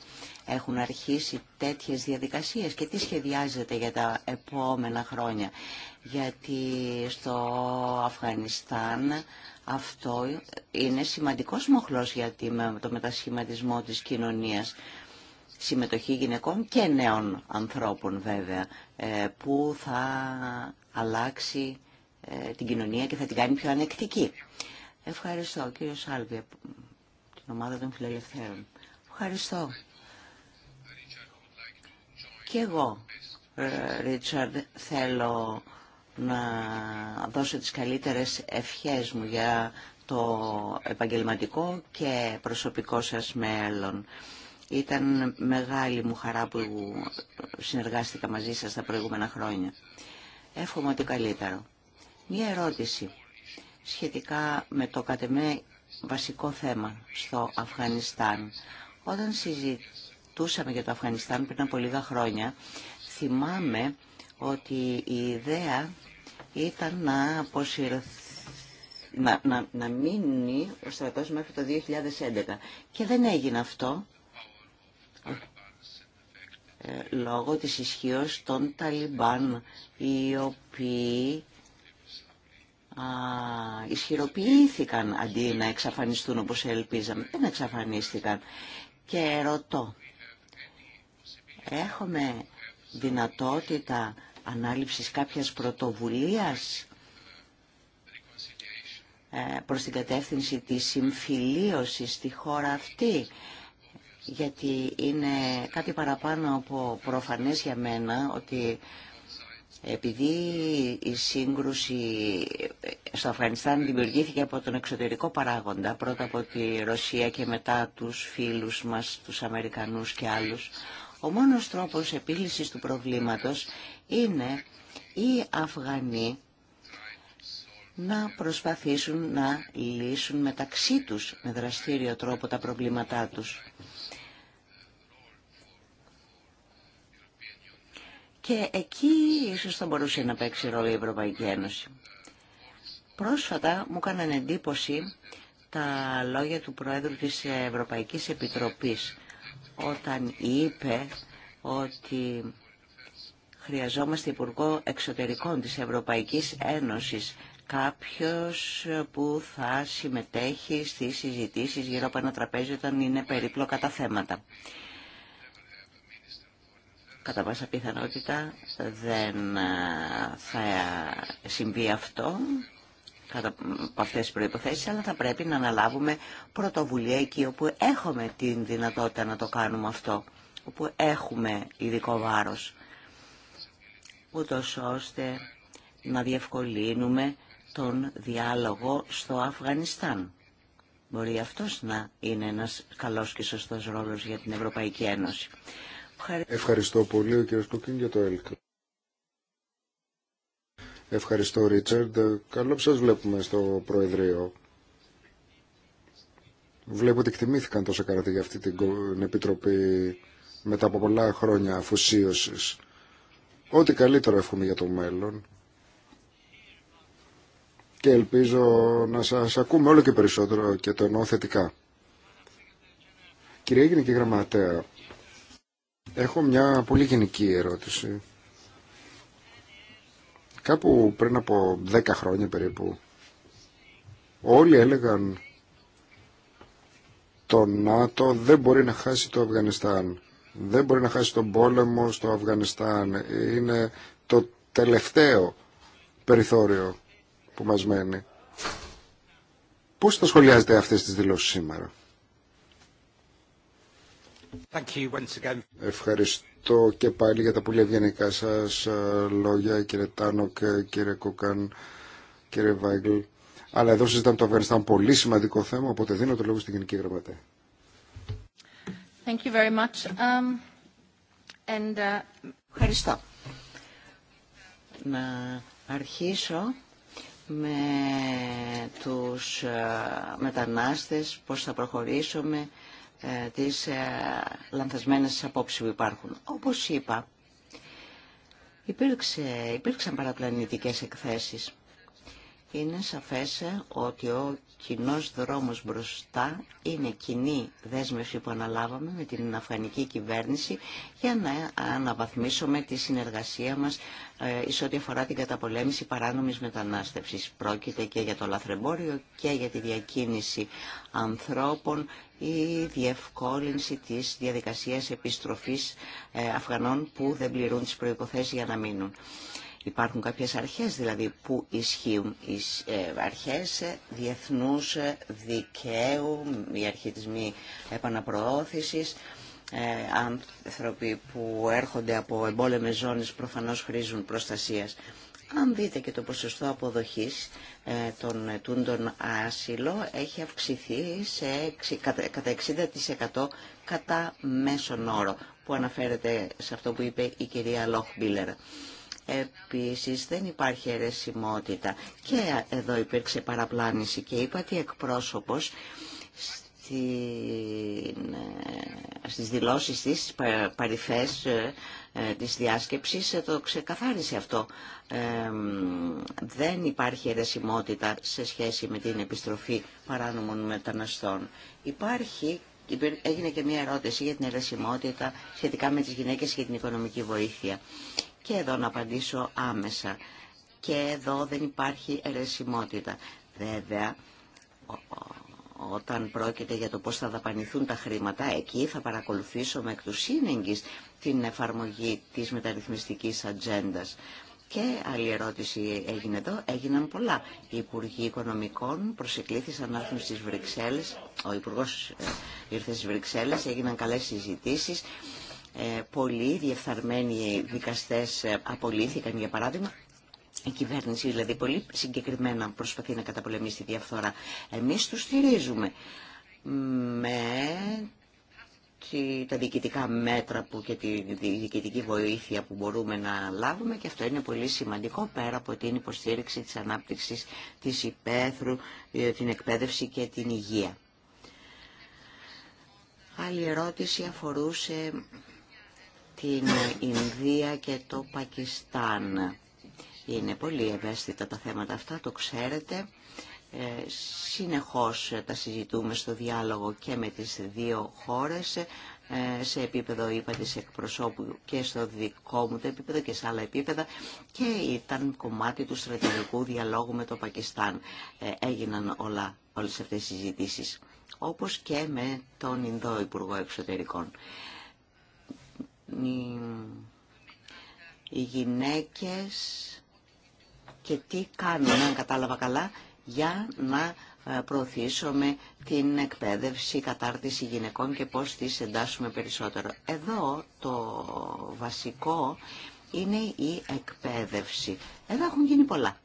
Έχουν αρχίσει τέτοιες διαδικασίες και τι σχεδιάζεται για τα επόμενα χρόνια. Γιατί στο Αφγανιστάν αυτό είναι σημαντικός μοχλός για το μετασχηματισμό της κοινωνίας συμμετοχή γυναικών και νέων ανθρώπων βέβαια, ε, που θα αλλάξει ε, την κοινωνία και θα την κάνει πιο ανεκτική. Ευχαριστώ κύριο Σάλβια την ομάδα των φιλελευθέρων. Ευχαριστώ. Και εγώ, ε, Ρίτσαρντ, θέλω να δώσω τις καλύτερες ευχές μου για το επαγγελματικό και προσωπικό σας μέλλον. Ήταν μεγάλη μου χαρά που συνεργάστηκα μαζί σας τα προηγούμενα χρόνια. Εύχομαι ότι καλύτερο. Μία ερώτηση σχετικά με το κατεμέ βασικό θέμα στο Αφγανιστάν. Όταν συζητούσαμε για το Αφγανιστάν πριν από λίγα χρόνια, θυμάμαι ότι η ιδέα ήταν να αποσυρθεί να, να, μείνει ο στρατός μέχρι το 2011. Και δεν έγινε αυτό λόγω της ισχύω των Ταλιμπάν, οι οποίοι α, ισχυροποιήθηκαν αντί να εξαφανιστούν όπως ελπίζαμε. Δεν εξαφανίστηκαν. Και ρωτώ, έχουμε δυνατότητα ανάληψης κάποιας πρωτοβουλίας ε, προς την κατεύθυνση της συμφιλίωσης στη χώρα αυτή γιατί είναι κάτι παραπάνω από προφανές για μένα ότι επειδή η σύγκρουση στο Αφγανιστάν δημιουργήθηκε από τον εξωτερικό παράγοντα, πρώτα από τη Ρωσία και μετά τους φίλους μας, τους Αμερικανούς και άλλους, ο μόνος τρόπος επίλυσης του προβλήματος είναι οι Αφγανοί να προσπαθήσουν να λύσουν μεταξύ τους με δραστήριο τρόπο τα προβλήματά τους. και εκεί ίσως θα μπορούσε να παίξει ρόλο η Ευρωπαϊκή Ένωση. Πρόσφατα μου κάνανε εντύπωση τα λόγια του Πρόεδρου της Ευρωπαϊκής Επιτροπής όταν είπε ότι χρειαζόμαστε Υπουργό Εξωτερικών της Ευρωπαϊκής Ένωσης κάποιος που θα συμμετέχει στις συζητήσεις γύρω από ένα τραπέζι όταν είναι περίπλοκα τα θέματα. Κατά πάσα πιθανότητα δεν ε, θα συμβεί αυτό κατά από αυτές τις προϋποθέσεις, αλλά θα πρέπει να αναλάβουμε πρωτοβουλία εκεί όπου έχουμε την δυνατότητα να το κάνουμε αυτό, όπου έχουμε ειδικό βάρος, ούτω ώστε να διευκολύνουμε τον διάλογο στο Αφγανιστάν. Μπορεί αυτός να είναι ένας καλός και σωστός ρόλος για την Ευρωπαϊκή Ένωση. Ευχαριστώ πολύ ο κύριος Κουκκίν για το έλκο. Ευχαριστώ Ρίτσαρντ. Καλό που σας βλέπουμε στο Προεδρείο. Βλέπω ότι εκτιμήθηκαν τόσα καράτη για αυτή την Επιτροπή μετά από πολλά χρόνια αφουσίωσης. Ό,τι καλύτερο εύχομαι για το μέλλον. Και ελπίζω να σας ακούμε όλο και περισσότερο και το εννοώ θετικά. Κυρία Γενική Γραμματέα, Έχω μια πολύ γενική ερώτηση. Κάπου πριν από 10 χρόνια περίπου όλοι έλεγαν το ΝΑΤΟ δεν μπορεί να χάσει το Αφγανιστάν. Δεν μπορεί να χάσει τον πόλεμο στο Αφγανιστάν. Είναι το τελευταίο περιθώριο που μας μένει. Πώς θα σχολιάζετε αυτές τις δηλώσεις σήμερα. Ευχαριστώ και πάλι για τα πολύ ευγενικά σας ε, λόγια κύριε Τάνοκ, ε, κύριε Κοκάν, κύριε Βάγκλ. Αλλά εδώ συζητάμε το Αφγανιστάν πολύ σημαντικό θέμα, οπότε δίνω το λόγο στην Γενική Γραμματέα. Um, uh, Ευχαριστώ. Να αρχίσω με τους ε, μετανάστες, πώς θα προχωρήσουμε ε, τις ε, λανθασμένες απόψεις που υπάρχουν. Όπως είπα, υπήρξε, υπήρξαν παραπλανητικές εκθέσεις είναι σαφές ε, ότι ο κοινός δρόμος μπροστά είναι κοινή δέσμευση που αναλάβαμε με την Αφγανική κυβέρνηση για να αναβαθμίσουμε τη συνεργασία μας σε ό,τι αφορά την καταπολέμηση παράνομης μετανάστευσης. Πρόκειται και για το λαθρεμπόριο και για τη διακίνηση ανθρώπων ή διευκόλυνση της διαδικασίας επιστροφής ε, Αφγανών που δεν πληρούν τις προϋποθέσεις για να μείνουν. Υπάρχουν κάποιες αρχές δηλαδή που ισχύουν, ε, αρχές ε, διεθνούς ε, δικαίου, η αρχή της μη επαναπροώθησης, άνθρωποι που έρχονται από εμπόλεμες ζώνες προφανώς χρήζουν προστασίας. Αν δείτε και το ποσοστό αποδοχής των ετούντων άσυλο έχει αυξηθεί σε, κατά 60% κατά μέσον όρο που αναφέρεται σε αυτό που είπε η κυρία Λόχμπίλερ. Επίσης δεν υπάρχει αιρεσιμότητα και εδώ υπήρξε παραπλάνηση και είπα ότι εκπρόσωπος στην, ε, στις δηλώσεις της παρυφές ε, ε, της διάσκεψης το ξεκαθάρισε αυτό. δεν υπάρχει αιρεσιμότητα σε σχέση με την επιστροφή παράνομων μεταναστών. Υπάρχει Έγινε και μια ερώτηση για την ερεσιμότητα σχετικά με τις γυναίκες και την οικονομική βοήθεια. Και εδώ να απαντήσω άμεσα. Και εδώ δεν υπάρχει αιρεσιμότητα. Βέβαια, όταν πρόκειται για το πώς θα δαπανηθούν τα χρήματα, εκεί θα παρακολουθήσω με εκ του σύνεγγυς την εφαρμογή της μεταρρυθμιστικής ατζέντα. Και άλλη ερώτηση έγινε εδώ, έγιναν πολλά. Οι Υπουργοί Οικονομικών προσεκλήθησαν να έρθουν στις Βρυξέλλες, ο Υπουργός ε, ήρθε στις Βρυξέλλες, έγιναν καλές συζητήσεις ε, πολλοί διεφθαρμένοι δικαστές ε, απολύθηκαν για παράδειγμα. Η κυβέρνηση δηλαδή πολύ συγκεκριμένα προσπαθεί να καταπολεμήσει τη διαφθορά. Εμείς τους στηρίζουμε με τα διοικητικά μέτρα που και τη διοικητική βοήθεια που μπορούμε να λάβουμε και αυτό είναι πολύ σημαντικό πέρα από την υποστήριξη της ανάπτυξης της υπαίθρου, ε, την εκπαίδευση και την υγεία. Άλλη ερώτηση αφορούσε την Ινδία και το Πακιστάν. Είναι πολύ ευαίσθητα τα θέματα αυτά, το ξέρετε. Ε, συνεχώς τα συζητούμε στο διάλογο και με τις δύο χώρες ε, σε επίπεδο είπα της εκπροσώπου και στο δικό μου το επίπεδο και σε άλλα επίπεδα και ήταν κομμάτι του στρατηγικού διαλόγου με το Πακιστάν. Ε, έγιναν όλα, όλες αυτές οι συζητήσεις όπως και με τον Ινδό Υπουργό Εξωτερικών οι γυναίκες και τι κάνουν αν κατάλαβα καλά, για να ε, προωθήσουμε την εκπαίδευση, κατάρτιση γυναικών και πώς τις εντάσσουμε περισσότερο. Εδώ το βασικό είναι η εκπαίδευση. Εδώ έχουν γίνει πολλά.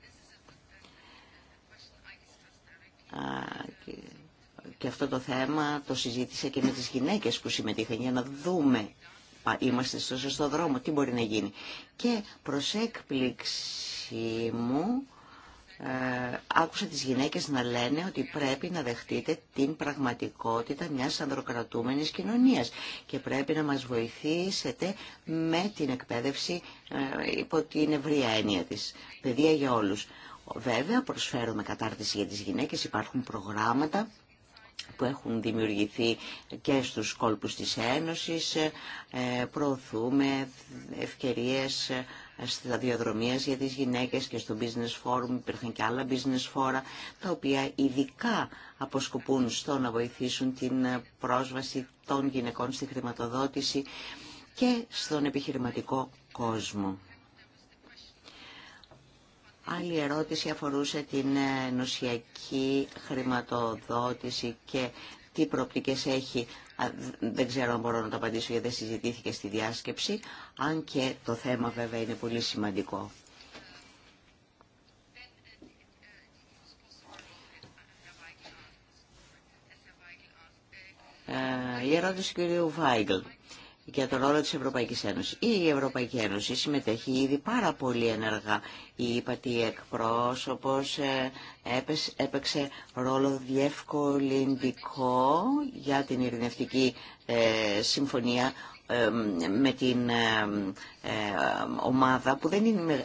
Και αυτό το θέμα το συζήτησα και με τις γυναίκες που συμμετείχαν για να δούμε είμαστε στο σωστό δρόμο, τι μπορεί να γίνει. Και προς έκπληξη μου ε, άκουσα τις γυναίκες να λένε ότι πρέπει να δεχτείτε την πραγματικότητα μιας ανδροκρατούμενης κοινωνίας και πρέπει να μας βοηθήσετε με την εκπαίδευση ε, υπό την ευρία έννοια της. Παιδεία για όλους. Βέβαια προσφέρουμε κατάρτιση για τις γυναίκες, υπάρχουν προγράμματα που έχουν δημιουργηθεί και στους κόλπους της Ένωσης. Ε, προωθούμε ευκαιρίες ε, στα διαδρομίες για τις γυναίκες και στο Business Forum. Υπήρχαν και άλλα business φόρα, τα οποία ειδικά αποσκοπούν στο να βοηθήσουν την ε, πρόσβαση των γυναικών στη χρηματοδότηση και στον επιχειρηματικό κόσμο. Άλλη ερώτηση αφορούσε την ε, νοσιακή χρηματοδότηση και τι προοπτικές έχει. Δεν ξέρω αν μπορώ να το απαντήσω γιατί δεν συζητήθηκε στη διάσκεψη, αν και το θέμα βέβαια είναι πολύ σημαντικό. Ε, η ερώτηση του κ. Βάιγκλ για τον ρόλο της Ευρωπαϊκής Ένωσης. Η Ευρωπαϊκή Ένωση συμμετέχει ήδη πάρα πολύ ενεργά. Η υπατή εκπρόσωπος ε, έπαιξε ρόλο διευκολυντικό για την ειρηνευτική ε, συμφωνία ε, με την ομάδα που δεν είναι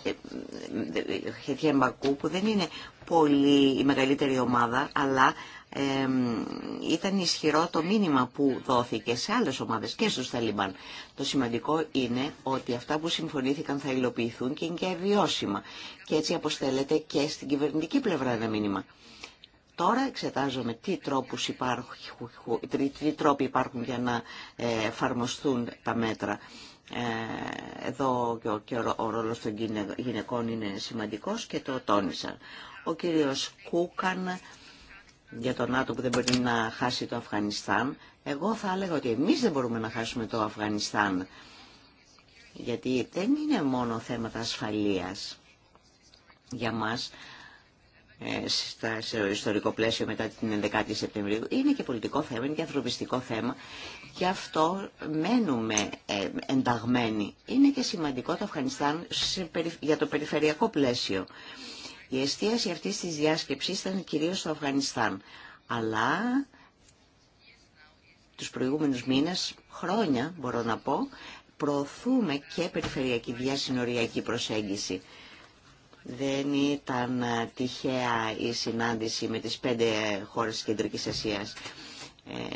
που δεν είναι πολύ η μεγαλύτερη ομάδα αλλά ήταν ισχυρό το μήνυμα που δόθηκε σε άλλες ομάδες και στους Ταλιμπάν. Το σημαντικό είναι ότι αυτά που συμφωνήθηκαν θα υλοποιηθούν και είναι και βιώσιμα. Και έτσι αποστέλλεται και στην κυβερνητική πλευρά ένα μήνυμα. Τώρα εξετάζομαι τι, τρόπους υπάρχουν, τι τρόποι υπάρχουν για να ε, εφαρμοστούν τα μέτρα. Ε, εδώ και ο ρόλος των γυναικών είναι σημαντικός και το τόνισαν. Ο κύριος Κούκαν για τον ΝΑΤΟ που δεν μπορεί να χάσει το Αφγανιστάν. Εγώ θα έλεγα ότι εμείς δεν μπορούμε να χάσουμε το Αφγανιστάν. Γιατί δεν είναι μόνο θέματα ασφαλείας για μας ε, στα, ιστορικό πλαίσιο μετά την 11η Σεπτεμβρίου. Είναι και πολιτικό θέμα, είναι και ανθρωπιστικό θέμα. Γι' αυτό μένουμε ε, ενταγμένοι. Είναι και σημαντικό το Αφγανιστάν για το περιφερειακό πλαίσιο. Η εστίαση αυτής της διάσκεψης ήταν κυρίως στο Αφγανιστάν. Αλλά τους προηγούμενους μήνες, χρόνια μπορώ να πω, προωθούμε και περιφερειακή διασυνοριακή προσέγγιση. Δεν ήταν τυχαία η συνάντηση με τις πέντε χώρες της Κεντρικής Ασίας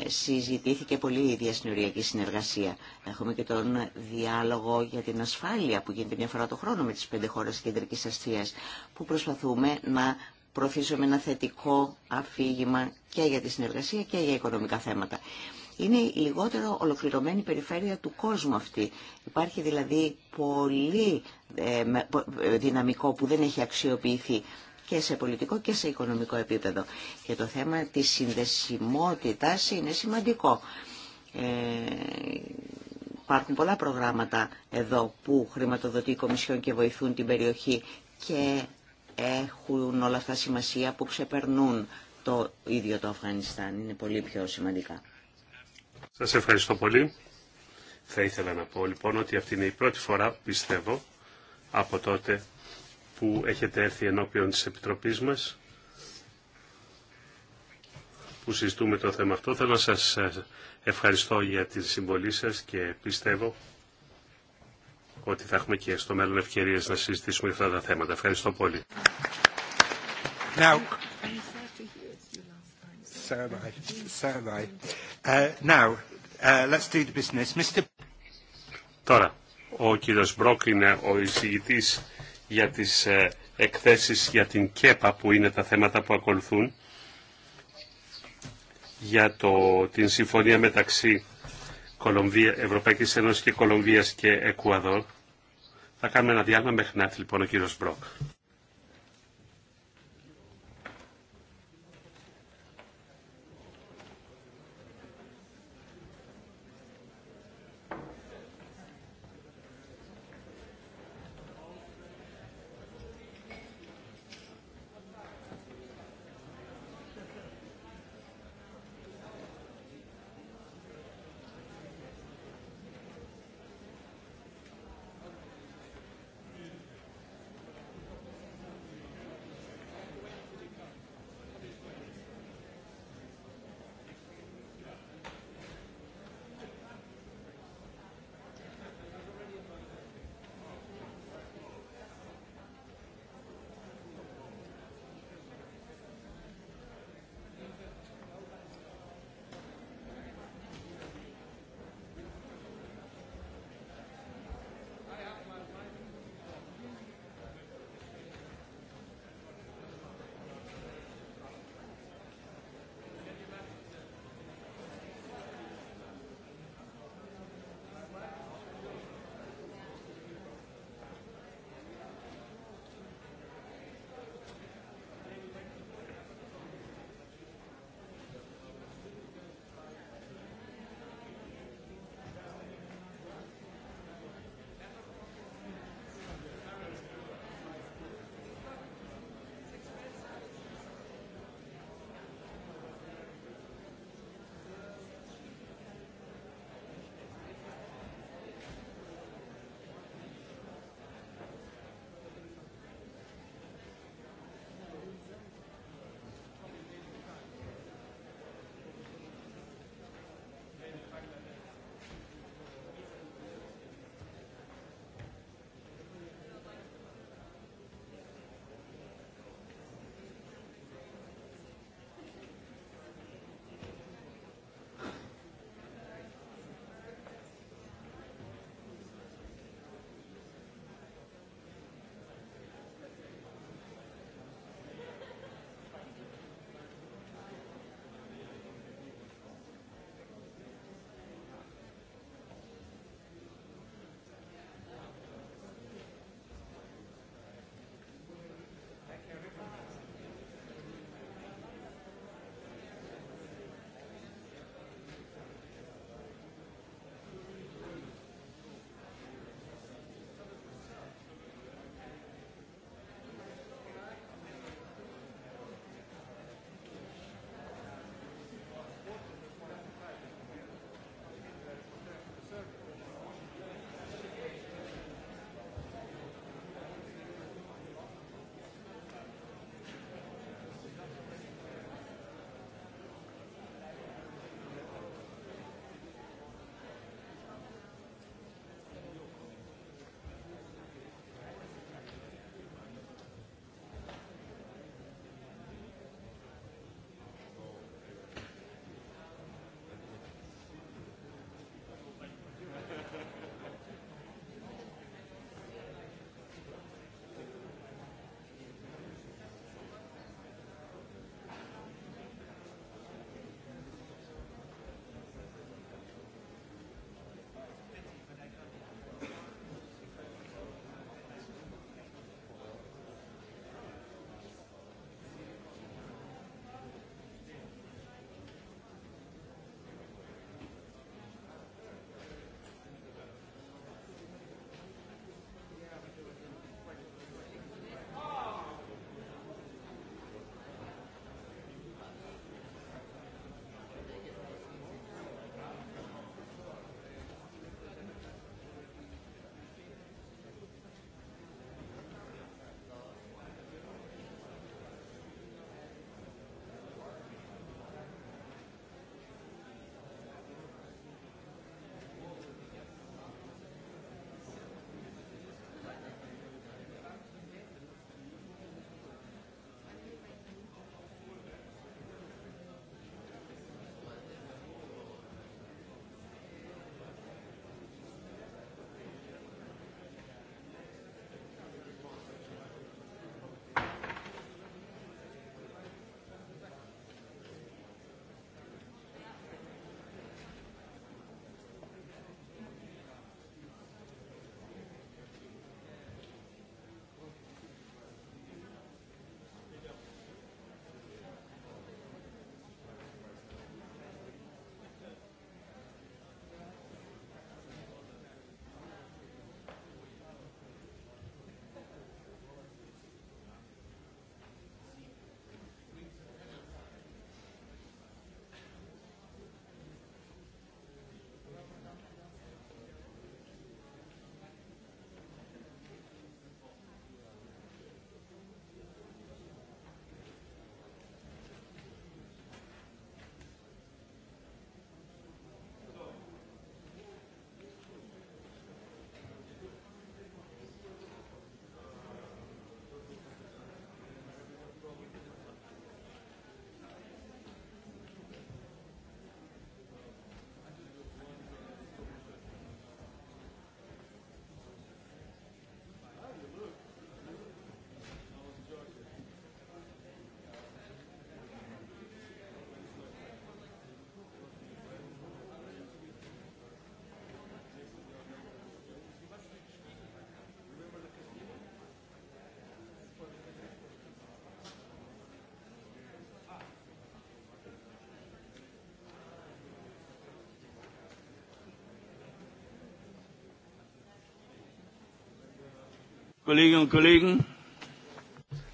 συζητήθηκε πολύ η διασυνοριακή συνεργασία. Έχουμε και τον διάλογο για την ασφάλεια που γίνεται μια φορά το χρόνο με τις πέντε χώρες κεντρικής αστείας που προσπαθούμε να προωθήσουμε ένα θετικό αφήγημα και για τη συνεργασία και για οικονομικά θέματα. Είναι η λιγότερο ολοκληρωμένη περιφέρεια του κόσμου αυτή. Υπάρχει δηλαδή πολύ ε, ε, δυναμικό που δεν έχει αξιοποιηθεί και σε πολιτικό και σε οικονομικό επίπεδο. Και το θέμα της συνδεσιμότητας είναι σημαντικό. Ε, υπάρχουν πολλά προγράμματα εδώ που χρηματοδοτεί η Κομισιόν και βοηθούν την περιοχή και έχουν όλα αυτά σημασία που ξεπερνούν το ίδιο το Αφγανιστάν. Είναι πολύ πιο σημαντικά. Σας ευχαριστώ πολύ. Θα ήθελα να πω λοιπόν ότι αυτή είναι η πρώτη φορά, πιστεύω, από τότε που έχετε έρθει ενώπιον της Επιτροπής μας που συζητούμε το θέμα αυτό. Θέλω να σας ε, ευχαριστώ για τη συμβολή σας και πιστεύω ότι θα έχουμε και στο μέλλον ευκαιρίες να συζητήσουμε αυτά τα θέματα. Ευχαριστώ πολύ. Uh, Τώρα, ο κύριος Μπρόκ είναι ο εισηγητής για τις ε, εκθέσεις για την ΚΕΠΑ που είναι τα θέματα που ακολουθούν για το, την συμφωνία μεταξύ Κολομβία, Ευρωπαϊκής Ένωσης και Κολομβίας και Εκουαδόρ. Θα κάνουμε ένα διάλειμμα μέχρι να έρθει λοιπόν ο κύριος Μπρόκ.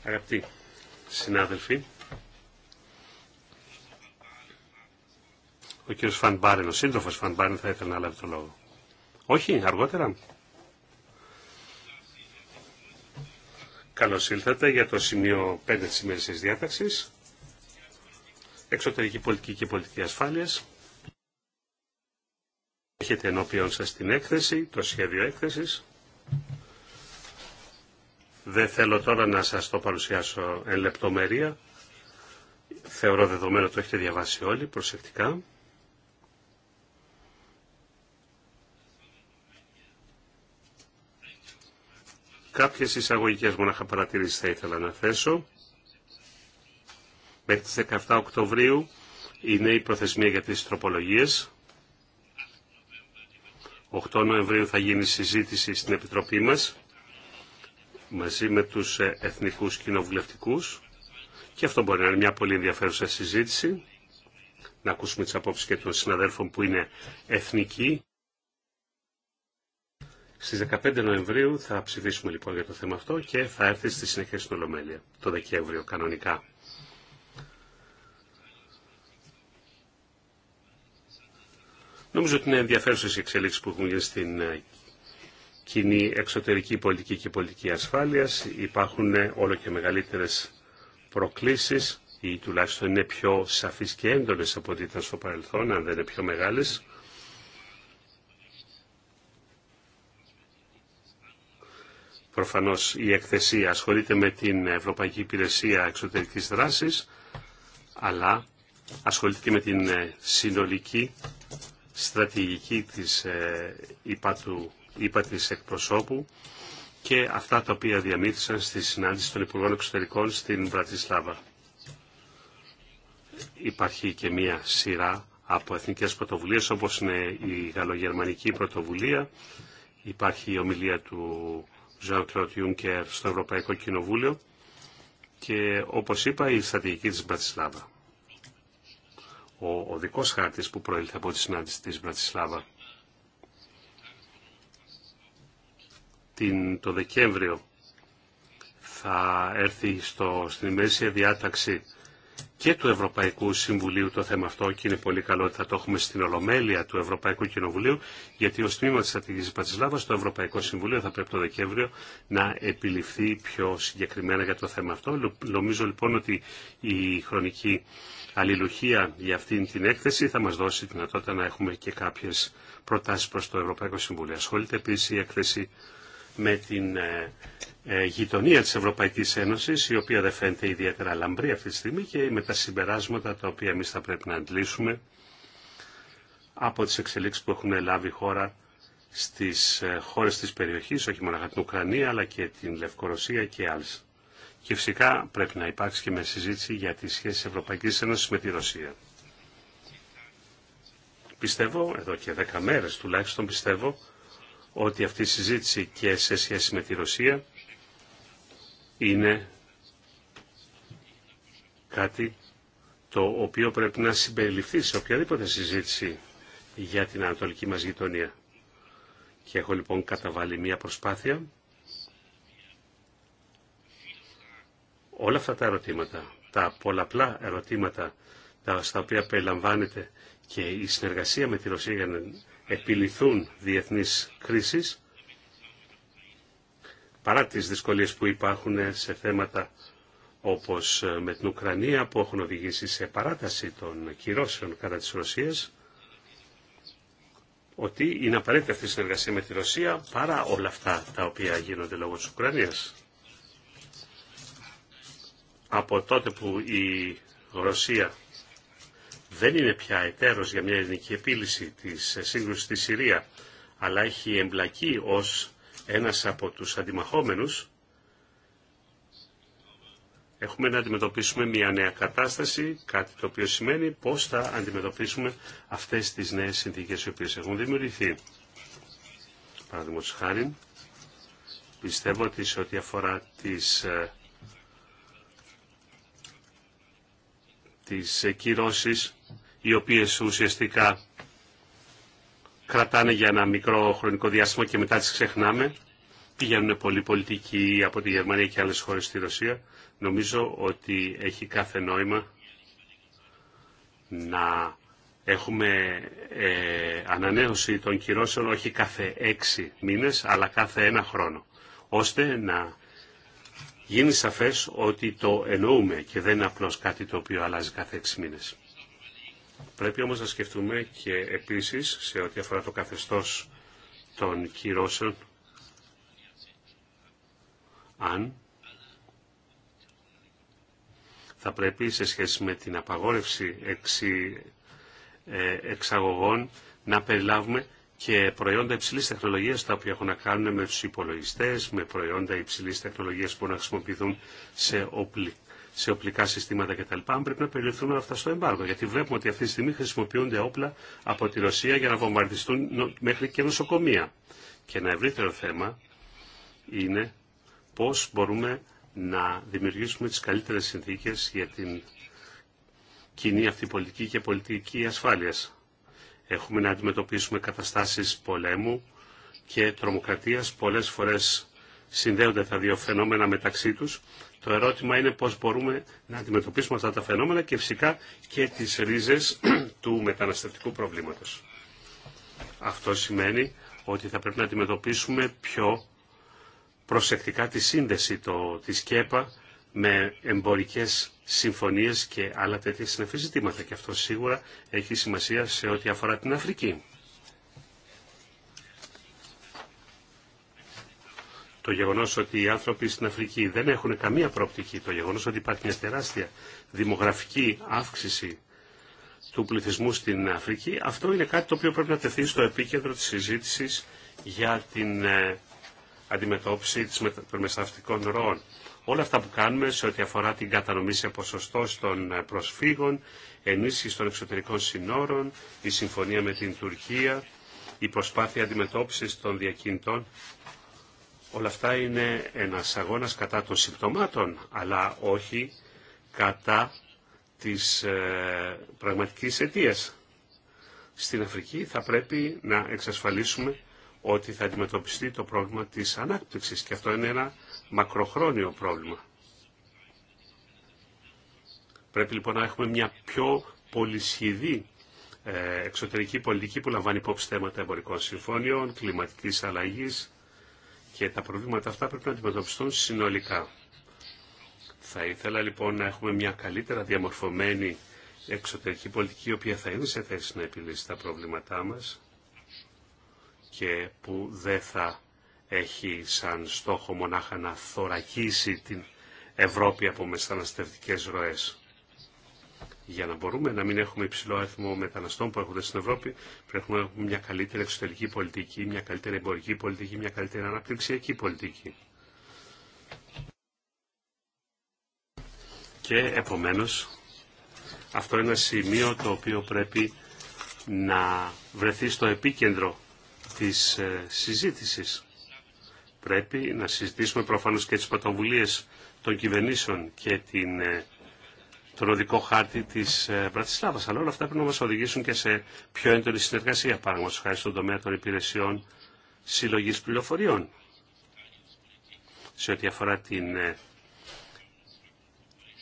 Αγαπητοί συνάδελφοι, ο κύριος Φαν Μπάρεν, ο σύντροφος Φαν Μπάρεν θα ήθελε να λάβει το λόγο. Όχι, αργότερα. Καλώς ήλθατε για το σημείο 5 της σημερινής διάταξης. Εξωτερική πολιτική και πολιτική ασφάλειας. Έχετε ενώπιον σας την έκθεση, το σχέδιο έκθεσης. Δεν θέλω τώρα να σας το παρουσιάσω εν λεπτομερία. Θεωρώ δεδομένο το έχετε διαβάσει όλοι προσεκτικά. Κάποιες εισαγωγικές μονάχα παρατηρήσεις θα ήθελα να θέσω. Μέχρι τις 17 Οκτωβρίου είναι η προθεσμία για τις τροπολογίες. 8 Νοεμβρίου θα γίνει συζήτηση στην Επιτροπή μας μαζί με τους ε, εθνικούς κοινοβουλευτικούς και αυτό μπορεί να είναι μια πολύ ενδιαφέρουσα συζήτηση να ακούσουμε τις απόψεις και των συναδέλφων που είναι εθνικοί. Στις 15 Νοεμβρίου θα ψηφίσουμε λοιπόν για το θέμα αυτό και θα έρθει στη συνέχεια στην Ολομέλεια το Δεκέμβριο κανονικά. Νομίζω ότι είναι ενδιαφέρουσες οι εξελίξεις που έχουν γίνει στην ε, κοινή εξωτερική πολιτική και πολιτική ασφάλειας. Υπάρχουν όλο και μεγαλύτερες προκλήσεις ή τουλάχιστον είναι πιο σαφείς και έντονες από ό,τι ήταν στο παρελθόν, αν δεν είναι πιο μεγάλες. Προφανώς η εκθεσία ασχολείται με την Ευρωπαϊκή Υπηρεσία Εξωτερικής Δράσης, αλλά ασχολείται και με την συνολική στρατηγική της ε, του είπα της εκπροσώπου και αυτά τα οποία διαμήθησαν στη συνάντηση των Υπουργών Εξωτερικών στην Βρατισλάβα. Υπάρχει και μία σειρά από εθνικές πρωτοβουλίες όπως είναι η γαλλογερμανική πρωτοβουλία, υπάρχει η ομιλία του Jean-Claude στο Ευρωπαϊκό Κοινοβούλιο και όπως είπα η στρατηγική της Μπρατισλάβα. Ο, ο δικός χάρτης που προήλθε από τη συνάντηση της Μπρατισλάβα την, το Δεκέμβριο θα έρθει στο, στην ημέρησια διάταξη και του Ευρωπαϊκού Συμβουλίου το θέμα αυτό και είναι πολύ καλό ότι θα το έχουμε στην Ολομέλεια του Ευρωπαϊκού Κοινοβουλίου γιατί ως τμήμα της στρατηγικής Πατσισλάβας το Ευρωπαϊκό Συμβουλίο θα πρέπει το Δεκέμβριο να επιληφθεί πιο συγκεκριμένα για το θέμα αυτό. Νομίζω λοιπόν ότι η χρονική αλληλουχία για αυτήν την έκθεση θα μας δώσει τη δυνατότητα να έχουμε και κάποιες προτάσεις προς το Ευρωπαϊκό Συμβούλιο. Ασχολείται επίσης η έκθεση με την ε, ε, γειτονία της Ευρωπαϊκής Ένωσης, η οποία δεν φαίνεται ιδιαίτερα λαμπρή αυτή τη στιγμή και με τα συμπεράσματα τα οποία εμείς θα πρέπει να αντλήσουμε από τις εξελίξεις που έχουν λάβει η χώρα στις ε, χώρες της περιοχής, όχι μόνο την Ουκρανία, αλλά και την Λευκορωσία και άλλες. Και φυσικά πρέπει να υπάρξει και μια συζήτηση για τις σχέσεις Ευρωπαϊκής Ένωσης με τη Ρωσία. Πιστεύω, εδώ και δέκα μέρες τουλάχιστον πιστεύω, ότι αυτή η συζήτηση και σε σχέση με τη Ρωσία είναι κάτι το οποίο πρέπει να συμπεριληφθεί σε οποιαδήποτε συζήτηση για την ανατολική μας γειτονία. Και έχω λοιπόν καταβάλει μία προσπάθεια. Όλα αυτά τα ερωτήματα, τα πολλαπλά ερωτήματα στα οποία περιλαμβάνεται και η συνεργασία με τη Ρωσία για επιληθούν διεθνείς κρίσεις, παρά τις δυσκολίες που υπάρχουν σε θέματα όπως ε, με την Ουκρανία που έχουν οδηγήσει σε παράταση των κυρώσεων κατά της Ρωσίας, ότι είναι απαραίτητη η συνεργασία με τη Ρωσία παρά όλα αυτά τα οποία γίνονται λόγω της Ουκρανίας. Από τότε που η Ρωσία δεν είναι πια εταίρος για μια ελληνική επίλυση της ε, σύγκρουσης στη Συρία, αλλά έχει εμπλακεί ως ένας από τους αντιμαχόμενους, έχουμε να αντιμετωπίσουμε μια νέα κατάσταση, κάτι το οποίο σημαίνει πώς θα αντιμετωπίσουμε αυτές τις νέες συνθήκες οι οποίες έχουν δημιουργηθεί. Παραδείγματος χάρη, πιστεύω ότι σε ό,τι αφορά τις ε, τις κυρώσεις οι οποίες ουσιαστικά κρατάνε για ένα μικρό χρονικό διάστημα και μετά τις ξεχνάμε. Πηγαίνουν πολλοί πολιτικοί από τη Γερμανία και άλλες χώρες στη Ρωσία. Νομίζω ότι έχει κάθε νόημα να έχουμε ε, ανανέωση των κυρώσεων όχι κάθε έξι μήνες αλλά κάθε ένα χρόνο ώστε να γίνει σαφές ότι το εννοούμε και δεν είναι απλώς κάτι το οποίο αλλάζει κάθε έξι μήνες. Πρέπει όμως να σκεφτούμε και επίσης σε ό,τι αφορά το καθεστώς των κυρώσεων αν θα πρέπει σε σχέση με την απαγόρευση εξι, ε, εξαγωγών να περιλάβουμε και προϊόντα υψηλή τεχνολογία, τα οποία έχουν να κάνουν με του υπολογιστέ, με προϊόντα υψηλή τεχνολογία που μπορούν να χρησιμοποιηθούν σε, σε οπλικά συστήματα κτλ. πρέπει να περιληφθούν όλα αυτά στο εμπάργο, γιατί βλέπουμε ότι αυτή τη στιγμή χρησιμοποιούνται όπλα από τη Ρωσία για να βομβαρδιστούν μέχρι και νοσοκομεία. Και ένα ευρύτερο θέμα είναι πώ μπορούμε να δημιουργήσουμε τι καλύτερε συνθήκε για την κοινή αυτή πολιτική και πολιτική ασφάλεια. Έχουμε να αντιμετωπίσουμε καταστάσεις πολέμου και τρομοκρατίας. Πολλές φορές συνδέονται τα δύο φαινόμενα μεταξύ τους. Το ερώτημα είναι πώς μπορούμε να αντιμετωπίσουμε αυτά τα φαινόμενα και φυσικά και τις ρίζες του μεταναστευτικού προβλήματος. Αυτό σημαίνει ότι θα πρέπει να αντιμετωπίσουμε πιο προσεκτικά τη σύνδεση το, της ΚΕΠΑ με εμπορικές συμφωνίες και άλλα τέτοια συναφή ζητήματα. Και αυτό σίγουρα έχει σημασία σε ό,τι αφορά την Αφρική. Το γεγονό ότι οι άνθρωποι στην Αφρική δεν έχουν καμία προοπτική, το γεγονό ότι υπάρχει μια τεράστια δημογραφική αύξηση του πληθυσμού στην Αφρική, αυτό είναι κάτι το οποίο πρέπει να τεθεί στο επίκεντρο τη συζήτηση για την ε, αντιμετώπιση των μεσταυτικών ροών όλα αυτά που κάνουμε σε ό,τι αφορά την κατανομή σε ποσοστό των ε, προσφύγων, ενίσχυση των εξωτερικών συνόρων, η συμφωνία με την Τουρκία, η προσπάθεια αντιμετώπισης των διακινητών, όλα αυτά είναι ένας αγώνας κατά των συμπτωμάτων, αλλά όχι κατά της ε, πραγματικής αιτίας. Στην Αφρική θα πρέπει να εξασφαλίσουμε ότι θα αντιμετωπιστεί το πρόβλημα της ανάπτυξης και αυτό είναι ένα μακροχρόνιο πρόβλημα. Πρέπει λοιπόν να έχουμε μια πιο πολυσχηδή ε, εξωτερική πολιτική που λαμβάνει υπόψη θέματα εμπορικών συμφώνιων, κλιματικής αλλαγής και τα προβλήματα αυτά πρέπει να αντιμετωπιστούν συνολικά. Θα ήθελα λοιπόν να έχουμε μια καλύτερα διαμορφωμένη εξωτερική πολιτική η οποία θα είναι σε θέση να επιλύσει τα προβλήματά μας και που δεν θα έχει σαν στόχο μονάχα να θωρακίσει την Ευρώπη από μεταναστευτικές ροές. Για να μπορούμε να μην έχουμε υψηλό αριθμό μεταναστών που έρχονται στην Ευρώπη, πρέπει να έχουμε μια καλύτερη εξωτερική πολιτική, μια καλύτερη εμπορική πολιτική, μια καλύτερη αναπτυξιακή πολιτική. Και επομένως, αυτό είναι ένα σημείο το οποίο πρέπει να βρεθεί στο επίκεντρο της ε, συζήτησης. Πρέπει να συζητήσουμε προφανώς και τις πρωτοβουλίες των κυβερνήσεων και την, ε, τον οδικό χάρτη της ε, Βρατισλάβας. Αλλά όλα αυτά πρέπει να μας οδηγήσουν και σε πιο έντονη συνεργασία, παραγωγός χάρη στον τομέα των υπηρεσιών συλλογής πληροφοριών. Σε ό,τι αφορά την ε,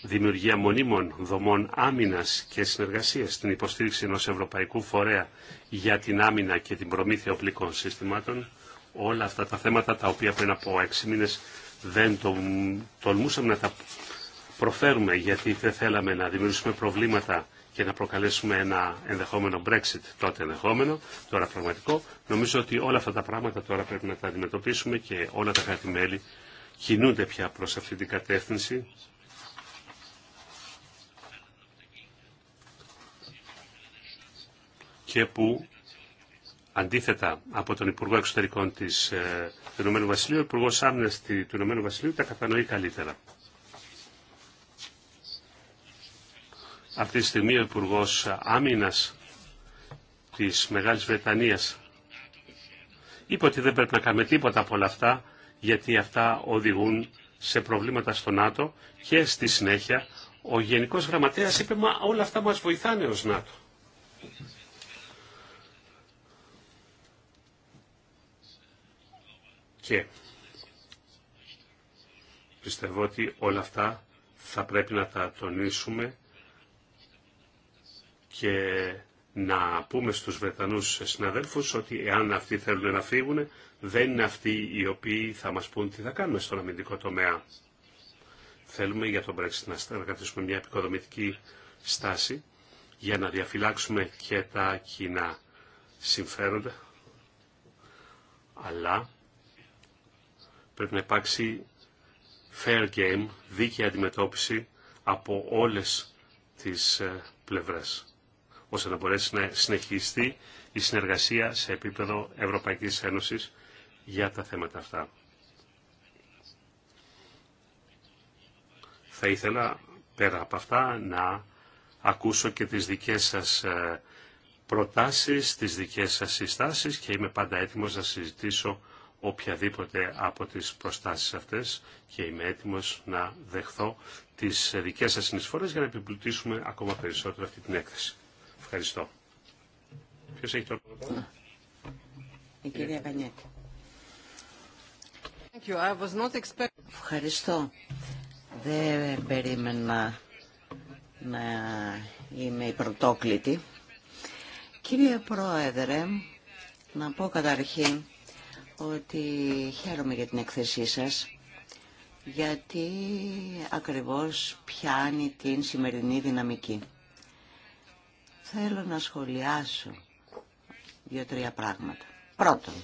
δημιουργία μονίμων δομών άμυνας και συνεργασίας, την υποστήριξη ενός ευρωπαϊκού φορέα για την άμυνα και την προμήθεια οπλικών συστημάτων, όλα αυτά τα θέματα τα οποία πριν από έξι μήνες δεν τολμούσαμε να τα προφέρουμε γιατί δεν θέλαμε να δημιουργήσουμε προβλήματα και να προκαλέσουμε ένα ενδεχόμενο Brexit, τότε ενδεχόμενο, τώρα πραγματικό. Νομίζω ότι όλα αυτά τα πράγματα τώρα πρέπει να τα αντιμετωπίσουμε και όλα τα κράτη-μέλη κινούνται πια προς αυτή την κατεύθυνση. και που Αντίθετα από τον Υπουργό Εξωτερικών της, ε, του Ηνωμένου Βασιλείου, ο Υπουργό Άμυνα του Ηνωμένου Βασιλείου τα κατανοεί καλύτερα. Αυτή τη στιγμή ο Υπουργό Άμυνα τη Μεγάλη Βρετανία είπε ότι δεν πρέπει να κάνουμε τίποτα από όλα αυτά γιατί αυτά οδηγούν σε προβλήματα στο ΝΑΤΟ και στη συνέχεια ο Γενικός Γραμματέας είπε όλα αυτά μας βοηθάνε ως ΝΑΤΟ. Και πιστεύω ότι όλα αυτά θα πρέπει να τα τονίσουμε και να πούμε στους Βρετανούς συναδέλφους ότι εάν αυτοί θέλουν να φύγουν, δεν είναι αυτοί οι οποίοι θα μας πούν τι θα κάνουμε στον αμυντικό τομέα. Θέλουμε για τον Brexit να κρατήσουμε μια επικοδομητική στάση για να διαφυλάξουμε και τα κοινά συμφέροντα, αλλά Πρέπει να υπάρξει fair game, δίκαιη αντιμετώπιση από όλες τις ε, πλευρές, ώστε να μπορέσει να συνεχιστεί η συνεργασία σε επίπεδο Ευρωπαϊκής Ένωσης για τα θέματα αυτά. Θα ήθελα πέρα από αυτά να ακούσω και τις δικές σας ε, προτάσεις, τις δικές σας συστάσεις και είμαι πάντα έτοιμος να συζητήσω οποιαδήποτε από τις προστάσεις αυτές και είμαι έτοιμος να δεχθώ τις δικές σας συνεισφορές για να επιπλουτίσουμε ακόμα περισσότερο αυτή την έκθεση. Ευχαριστώ. Ποιος έχει το λόγο. Η κυρία Κανιέτη. Ευχαριστώ. Δεν περίμενα να είμαι η πρωτόκλητη. Κύριε Πρόεδρε, να πω καταρχήν ότι χαίρομαι για την έκθεσή σας γιατί ακριβώς πιάνει την σημερινή δυναμική. Θέλω να σχολιάσω δύο-τρία πράγματα. Πρώτον,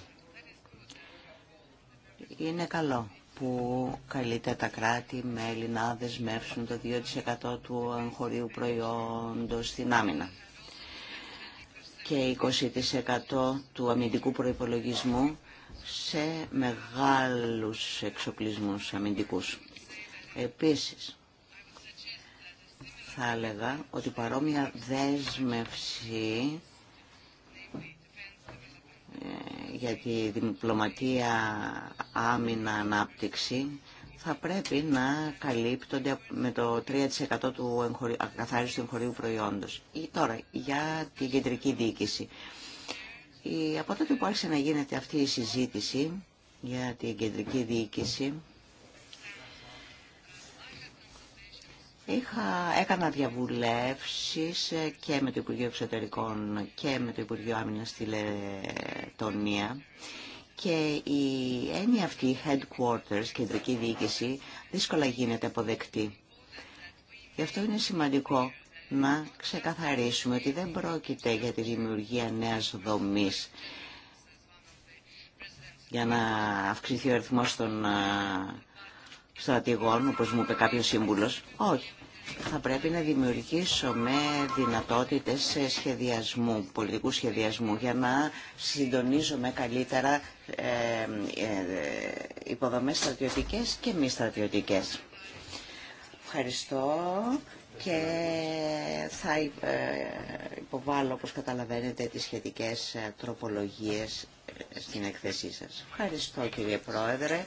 είναι καλό που καλείται τα κρατη με να δεσμεύσουν το 2% του εγχωρίου προϊόντος στην άμυνα και 20% του αμυντικού προϋπολογισμού σε μεγάλους εξοπλισμούς αμυντικούς. Επίσης, θα έλεγα ότι παρόμοια δέσμευση ε, για τη διπλωματία άμυνα ανάπτυξη θα πρέπει να καλύπτονται με το 3% του καθάριστου εγχωρίου προϊόντος. Τώρα, για την κεντρική διοίκηση. Ε, από τότε που άρχισε να γίνεται αυτή η συζήτηση για την κεντρική διοίκηση, Είχα, έκανα διαβουλεύσεις και με το Υπουργείο Εξωτερικών και με το Υπουργείο Άμυνας στη Λετωνία και η έννοια αυτή, headquarters, κεντρική διοίκηση, δύσκολα γίνεται αποδεκτή. Γι' αυτό είναι σημαντικό να ξεκαθαρίσουμε ότι δεν πρόκειται για τη δημιουργία νέας δομής για να αυξηθεί ο αριθμό των στρατηγών, όπως μου είπε κάποιος σύμβουλος. Όχι. Θα πρέπει να δημιουργήσουμε δυνατότητες σχεδιασμού, πολιτικού σχεδιασμού, για να συντονίζουμε καλύτερα ε, ε, υποδομές στρατιωτικές και μη στρατιωτικές. Ευχαριστώ και θα ε, υποβάλω, όπως καταλαβαίνετε, τις σχετικές ε, τροπολογίες ε, στην εκθέσή σας. Ευχαριστώ κύριε Πρόεδρε.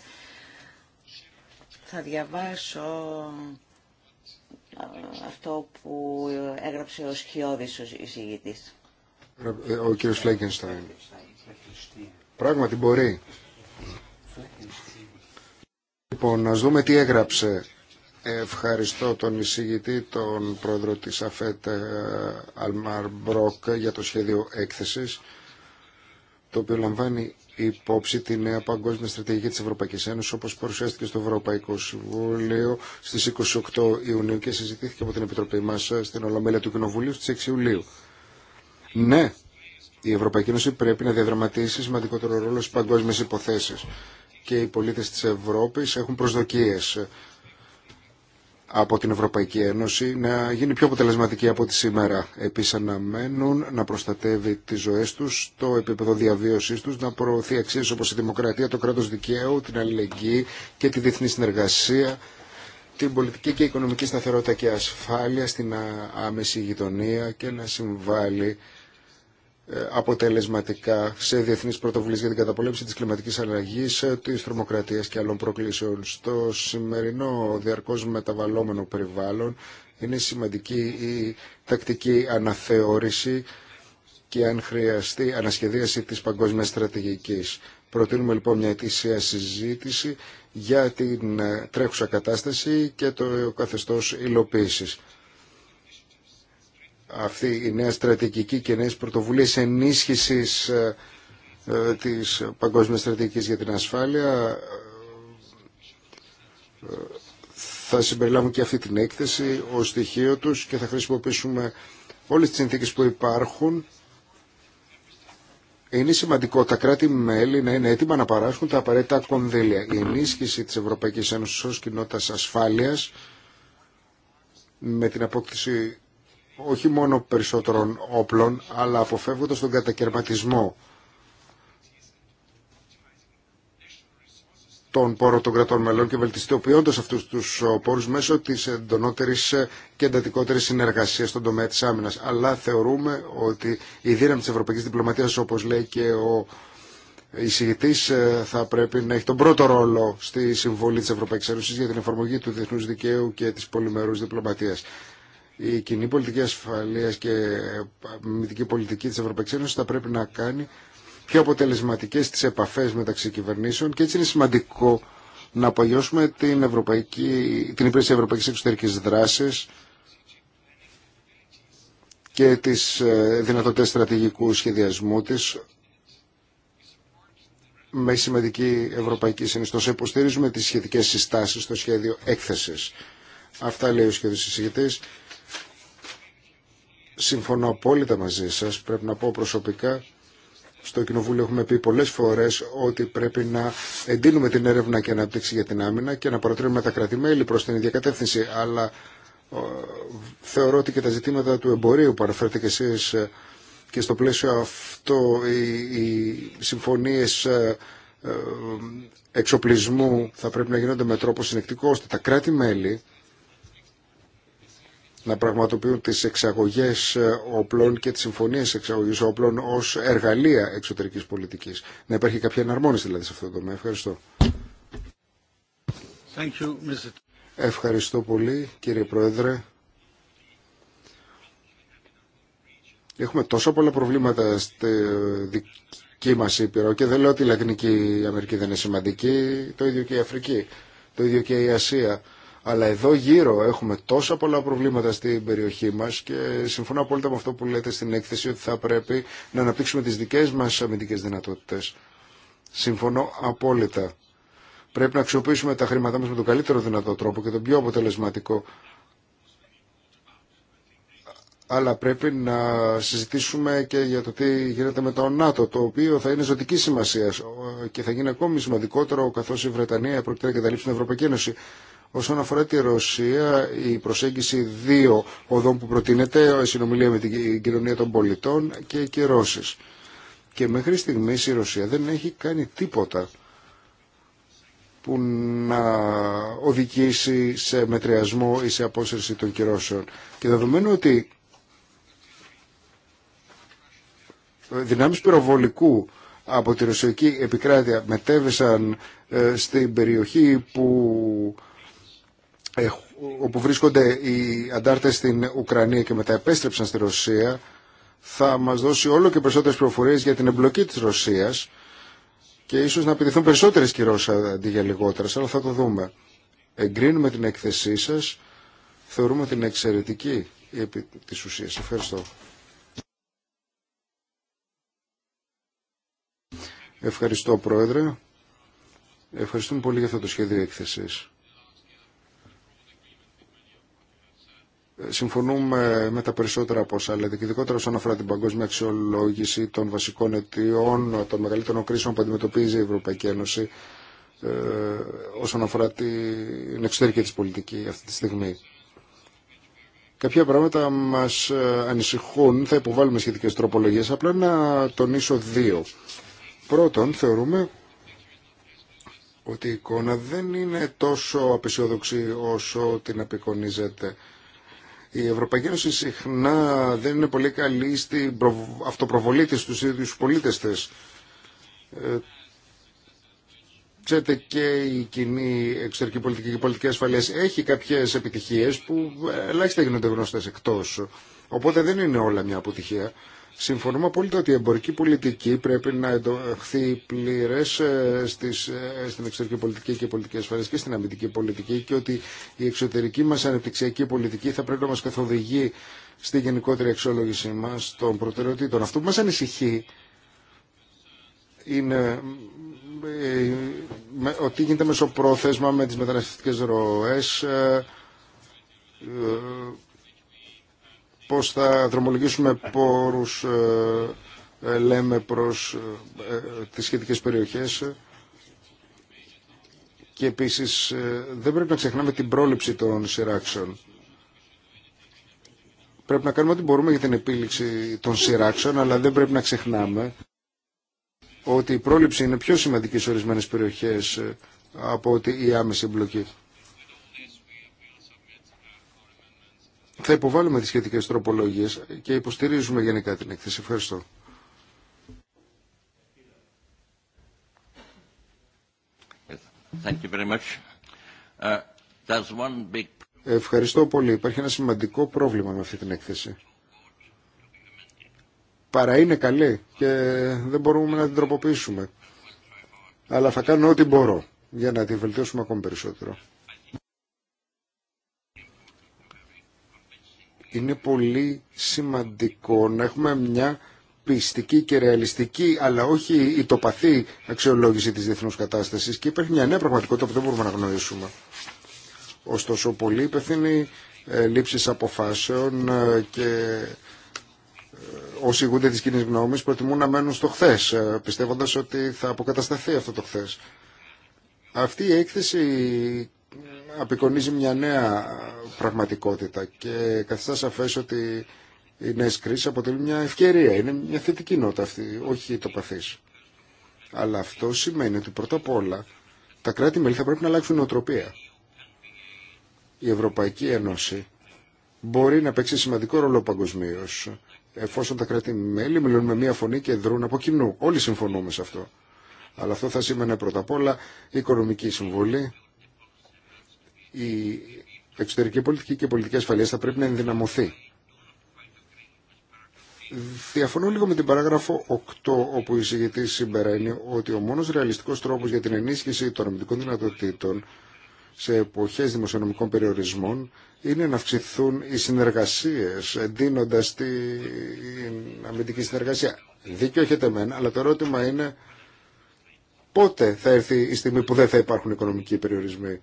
Θα διαβάσω αυτό που έγραψε ο Σχιώδης ο εισηγητής. Ο κύριος Φλέγκενστάιν. Πράγματι μπορεί. Λοιπόν, να δούμε τι έγραψε Ευχαριστώ τον εισηγητή, τον πρόεδρο της ΑΦΕΤ ε, Αλμαρ Μπρόκ για το σχέδιο έκθεσης το οποίο λαμβάνει υπόψη τη νέα παγκόσμια στρατηγική της Ευρωπαϊκής Ένωσης όπως παρουσιάστηκε στο Ευρωπαϊκό Συμβούλιο στις 28 Ιουνίου και συζητήθηκε από την Επιτροπή μας στην Ολομέλεια του Κοινοβουλίου στις 6 Ιουλίου. Ναι, η Ευρωπαϊκή Ένωση πρέπει να διαδραματίσει σημαντικότερο ρόλο στις παγκόσμιες υποθέσεις και οι πολίτες της Ευρώπης έχουν προσδοκίες από την Ευρωπαϊκή Ένωση να γίνει πιο αποτελεσματική από τη σήμερα. Επίσης αναμένουν να προστατεύει τις ζωές τους, το επίπεδο διαβίωσής τους, να προωθεί αξίες όπως η δημοκρατία, το κράτος δικαίου, την αλληλεγγύη και τη διεθνή συνεργασία, την πολιτική και οικονομική σταθερότητα και ασφάλεια στην άμεση γειτονία και να συμβάλλει ε, αποτελεσματικά σε διεθνείς πρωτοβουλίες για την καταπολέμηση της κλιματικής αλλαγής, ε, της τρομοκρατίας και άλλων προκλήσεων. Στο σημερινό διαρκώς μεταβαλλόμενο περιβάλλον είναι σημαντική η τακτική αναθεώρηση και αν χρειαστεί ανασχεδίαση της παγκόσμιας στρατηγικής. Προτείνουμε λοιπόν μια αιτήσια συζήτηση για την ε, τρέχουσα κατάσταση και το καθεστώς υλοποίησης αυτή η νέα στρατηγική και νέες πρωτοβουλίες ενίσχυσης ε, ε, της παγκόσμιας στρατηγικής για την ασφάλεια ε, θα συμπεριλάβουν και αυτή την έκθεση ω στοιχείο τους και θα χρησιμοποιήσουμε όλες τις συνθήκες που υπάρχουν. Είναι σημαντικό τα κράτη-μέλη να είναι έτοιμα να παράσχουν τα απαραίτητα κονδύλια. Η ενίσχυση της Ευρωπαϊκής Ένωσης ως κοινότητας ασφάλειας με την απόκτηση όχι μόνο περισσότερων όπλων, αλλά αποφεύγοντας τον κατακαιρματισμό των πόρων των κρατών μελών και βελτιστοποιώντας αυτούς τους πόρους μέσω της εντονότερης και εντατικότερης συνεργασίας στον τομέα της άμυνας. Αλλά θεωρούμε ότι η δύναμη της ευρωπαϊκής διπλωματίας, όπως λέει και ο εισηγητής, θα πρέπει να έχει τον πρώτο ρόλο στη συμβολή της Ευρωπαϊκής Ένωσης για την εφαρμογή του διεθνούς δικαίου και της πολυμερούς διπλωματίας η κοινή πολιτική ασφαλεία και αμυντική πολιτική τη Ευρωπαϊκή Ένωση θα πρέπει να κάνει πιο αποτελεσματικέ τι επαφέ μεταξύ κυβερνήσεων και έτσι είναι σημαντικό να απογειώσουμε την, την υπηρεσία Ευρωπαϊκή Εξωτερικής δράση και τι ε, δυνατότητες στρατηγικού σχεδιασμού τη με σημαντική ευρωπαϊκή συνιστόση. Υποστηρίζουμε τι σχετικέ συστάσει στο σχέδιο έκθεση. Αυτά λέει ο σχέδιο συζητητή συμφωνώ απόλυτα μαζί σας. Πρέπει να πω προσωπικά, στο Κοινοβούλιο έχουμε πει πολλές φορές ότι πρέπει να εντείνουμε την έρευνα και ανάπτυξη για την άμυνα και να παρατηρούμε τα κρατημέλη προς την ίδια κατεύθυνση. Αλλά θεωρώ ότι και τα ζητήματα του εμπορίου που και εσεί ε, και στο πλαίσιο αυτό οι, οι συμφωνίες ε, ε, εξοπλισμού θα πρέπει να γίνονται με τρόπο συνεκτικό ώστε τα κράτη-μέλη να πραγματοποιούν τις εξαγωγές ε, όπλων και τις συμφωνίες εξαγωγής όπλων ως εργαλεία εξωτερικής πολιτικής. Να υπάρχει κάποια εναρμόνιση δηλαδή σε αυτό το τομέα. Ευχαριστώ. you, Ευχαριστώ πολύ κύριε Πρόεδρε. Έχουμε τόσο πολλά προβλήματα στη δική μας Ήπειρο και δεν λέω ότι η Λατινική Αμερική δεν είναι σημαντική, το ίδιο και η Αφρική, το ίδιο και η Ασία. Αλλά εδώ γύρω έχουμε τόσα πολλά προβλήματα στην περιοχή μας και συμφωνώ απόλυτα με αυτό που λέτε στην έκθεση ότι θα πρέπει να αναπτύξουμε τις δικές μας αμυντικές δυνατότητες. Συμφωνώ απόλυτα. Πρέπει να αξιοποιήσουμε τα χρήματά μας με τον καλύτερο δυνατό τρόπο και τον πιο αποτελεσματικό αλλά πρέπει να συζητήσουμε και για το τι γίνεται με το ΝΑΤΟ, το οποίο θα είναι ζωτική σημασία και θα γίνει ακόμη σημαντικότερο καθώ η Βρετανία πρόκειται να καταλήψει την Ευρωπαϊκή Ένωση. Όσον αφορά τη Ρωσία, η προσέγγιση δύο οδών που προτείνεται, η συνομιλία με την κοινωνία των πολιτών και οι κυρώσεις. Και μέχρι στιγμής η Ρωσία δεν έχει κάνει τίποτα που να οδηγήσει σε μετριασμό ή σε απόσυρση των κυρώσεων. Και δεδομένου ότι δυνάμεις πυροβολικού από τη ρωσιακή επικράτεια μετέβησαν ε, στην περιοχή που όπου βρίσκονται οι αντάρτες στην Ουκρανία και μετά επέστρεψαν στη Ρωσία θα μας δώσει όλο και περισσότερες πληροφορίες για την εμπλοκή της Ρωσίας και ίσως να απαιτηθούν περισσότερες κυρώσεις αντί για λιγότερες, αλλά θα το δούμε. Εγκρίνουμε την έκθεσή σας, θεωρούμε την εξαιρετική επί της ουσίας. Ευχαριστώ. Ευχαριστώ Πρόεδρε. Ευχαριστούμε πολύ για αυτό το σχέδιο έκθεσης. Συμφωνούμε με τα περισσότερα από όσα λέτε και ειδικότερα όσον αφορά την παγκόσμια αξιολόγηση των βασικών αιτιών, των μεγαλύτερων κρίσεων που αντιμετωπίζει η Ευρωπαϊκή Ένωση ε, όσον αφορά την εξωτερική της πολιτική αυτή τη στιγμή. Κάποια πράγματα μας ε, ανησυχούν, θα υποβάλουμε σχετικές τροπολογίες, απλά να τονίσω δύο. Πρώτον, θεωρούμε ότι η εικόνα δεν είναι τόσο απεσιόδοξη όσο την απεικονίζεται η Ευρωπαϊκή Ένωση συχνά δεν είναι πολύ καλή στην αυτοπροβολή της στους ίδιους πολίτες της. Ε, ξέρετε και η κοινή εξωτερική πολιτική και πολιτική ασφαλεία έχει κάποιες επιτυχίες που ε, ελάχιστα γίνονται γνωστέ εκτός. Οπότε δεν είναι όλα μια αποτυχία. Συμφωνούμε απόλυτα ότι η εμπορική πολιτική πρέπει να εντοχθεί πλήρε ε, ε, στην εξωτερική πολιτική και πολιτική ασφαλεία και στην αμυντική πολιτική και ότι η εξωτερική μα ανεπτυξιακή πολιτική θα πρέπει να μα καθοδηγεί στη γενικότερη αξιολόγησή μα των προτεραιοτήτων. Αυτό που μα ανησυχεί είναι ε, ότι γίνεται μεσοπρόθεσμα με τις μεταναστευτικέ ροέ πώς θα δρομολογήσουμε πόρους ε, ε, λέμε προς ε, τις σχετικές περιοχές και επίσης δεν πρέπει να ξεχνάμε την πρόληψη των σειράξεων. Πρέπει να κάνουμε ό,τι μπορούμε για την επίληξη των σειράξεων, αλλά δεν πρέπει να ξεχνάμε ότι η πρόληψη είναι πιο σημαντική σε ορισμένες περιοχές από ότι η άμεση εμπλοκή. θα υποβάλουμε τις σχετικές τροπολογίες και υποστηρίζουμε γενικά την έκθεση. Ευχαριστώ. Uh, Ευχαριστώ πολύ. Υπάρχει ένα σημαντικό πρόβλημα με αυτή την έκθεση. Παρά είναι καλή και δεν μπορούμε να την τροποποιήσουμε. Αλλά θα κάνω ό,τι μπορώ για να την βελτιώσουμε ακόμη περισσότερο. είναι πολύ σημαντικό να έχουμε μια πιστική και ρεαλιστική, αλλά όχι η τοπαθή αξιολόγηση της διεθνούς κατάστασης και υπάρχει μια νέα πραγματικότητα που δεν μπορούμε να γνωρίσουμε. Ωστόσο, πολύ υπευθύνοι ε, αποφάσεων ε, και ε, όσοι ηγούνται της κοινή γνώμης προτιμούν να μένουν στο χθε, ε, πιστεύοντας ότι θα αποκατασταθεί αυτό το χθε. Αυτή η έκθεση απεικονίζει μια νέα πραγματικότητα και καθιστά σαφές ότι οι νέε κρίσει αποτελούν μια ευκαιρία, είναι μια θετική νότα αυτή, όχι το παθή. Αλλά αυτό σημαίνει ότι πρώτα απ' όλα τα κράτη-μέλη θα πρέπει να αλλάξουν νοοτροπία. Η Ευρωπαϊκή Ένωση μπορεί να παίξει σημαντικό ρόλο παγκοσμίω, εφόσον τα κράτη-μέλη μιλούν με μία φωνή και δρούν από κοινού. Όλοι συμφωνούμε σε αυτό. Αλλά αυτό θα σήμαινε πρώτα απ' όλα η οικονομική συμβολή, η εξωτερική πολιτική και πολιτική ασφαλεία θα πρέπει να ενδυναμωθεί. Διαφωνώ λίγο με την παράγραφο 8, όπου η συγγετή συμπεραίνει ότι ο μόνος ρεαλιστικός τρόπος για την ενίσχυση των αμυντικών δυνατοτήτων σε εποχές δημοσιονομικών περιορισμών είναι να αυξηθούν οι συνεργασίες, εντείνοντας την αμυντική συνεργασία. Δίκιο έχετε εμένα, αλλά το ερώτημα είναι πότε θα έρθει η στιγμή που δεν θα υπάρχουν οικονομικοί περιορισμοί.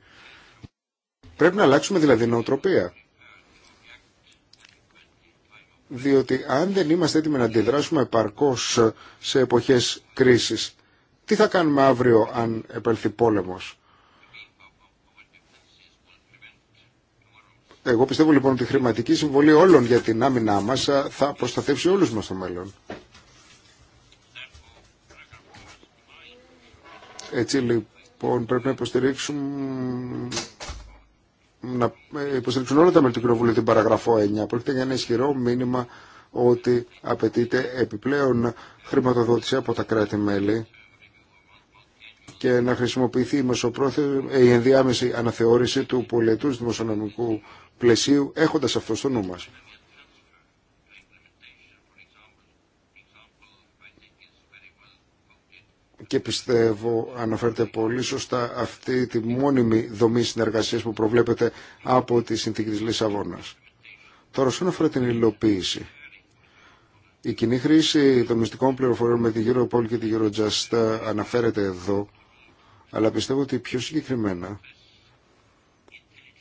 Πρέπει να αλλάξουμε δηλαδή νοοτροπία. Διότι αν δεν είμαστε έτοιμοι να αντιδράσουμε επαρκώς σε εποχές κρίσης, τι θα κάνουμε αύριο αν επέλθει πόλεμος. Εγώ πιστεύω λοιπόν ότι η χρηματική συμβολή όλων για την άμυνά μας θα προστατεύσει όλους μας στο μέλλον. Έτσι λοιπόν πρέπει να υποστηρίξουμε να υποστηρίξουν όλα τα μέλη του Κοινοβουλίου την παραγραφό 9. Πρόκειται για ένα ισχυρό μήνυμα ότι απαιτείται επιπλέον χρηματοδότηση από τα κράτη-μέλη και να χρησιμοποιηθεί η, η ενδιάμεση αναθεώρηση του πολιετούς δημοσιονομικού πλαισίου έχοντας αυτό στο νου μας. και πιστεύω αναφέρεται πολύ σωστά αυτή τη μόνιμη δομή συνεργασίας που προβλέπεται από τη συνθήκη της Λισαβόνα. Τώρα όσον αφορά την υλοποίηση. Η κοινή χρήση των μυστικών πληροφοριών με τη Europol και τη Eurojust αναφέρεται εδώ, αλλά πιστεύω ότι πιο συγκεκριμένα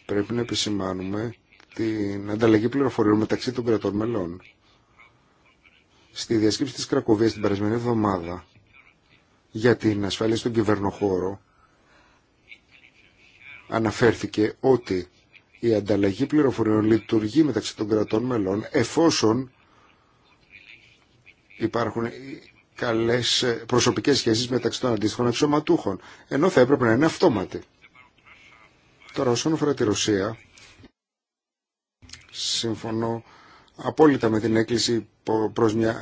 πρέπει να επισημάνουμε την ανταλλαγή πληροφοριών μεταξύ των κρατών μελών. Στη διασκέψη της Κρακοβίας την περασμένη εβδομάδα για την ασφάλεια στον κυβερνοχώρο αναφέρθηκε ότι η ανταλλαγή πληροφοριών λειτουργεί μεταξύ των κρατών μελών εφόσον υπάρχουν καλές προσωπικές σχέσεις μεταξύ των αντίστοιχων αξιωματούχων, ενώ θα έπρεπε να είναι αυτόματη. Τώρα όσον αφορά τη Ρωσία, συμφωνώ απόλυτα με την έκκληση προς μια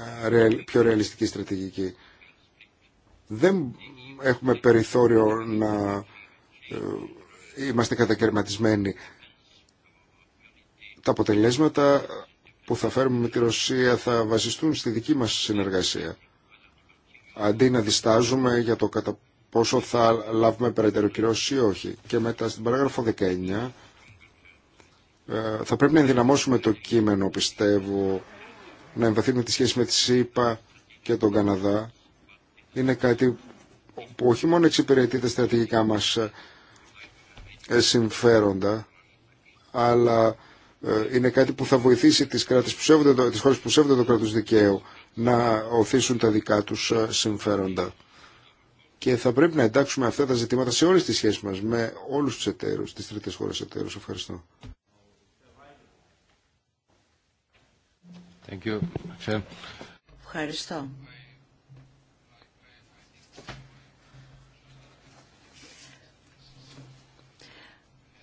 πιο ρεαλιστική στρατηγική δεν έχουμε περιθώριο να ε, είμαστε κατακαιρματισμένοι. Τα αποτελέσματα που θα φέρουμε με τη Ρωσία θα βασιστούν στη δική μας συνεργασία. Αντί να διστάζουμε για το κατά πόσο θα λάβουμε περαιτέρω κυρώσεις ή όχι. Και μετά στην παράγραφο 19 ε, θα πρέπει να ενδυναμώσουμε το κείμενο πιστεύω, να εμβαθύνουμε τη σχέση με τη ΣΥΠΑ και τον Καναδά είναι κάτι που όχι μόνο εξυπηρετεί τα στρατηγικά μας ε, συμφέροντα, αλλά ε, είναι κάτι που θα βοηθήσει τις, κράτες που σέβονται, τις χώρες που σέβονται το κράτος δικαίου να οθήσουν τα δικά τους ε, συμφέροντα. Και θα πρέπει να εντάξουμε αυτά τα ζητήματα σε όλες τις σχέσεις μας με όλους τους εταίρους, τις τρίτες χώρες εταίρους. Ευχαριστώ. Thank you. Ευχαριστώ.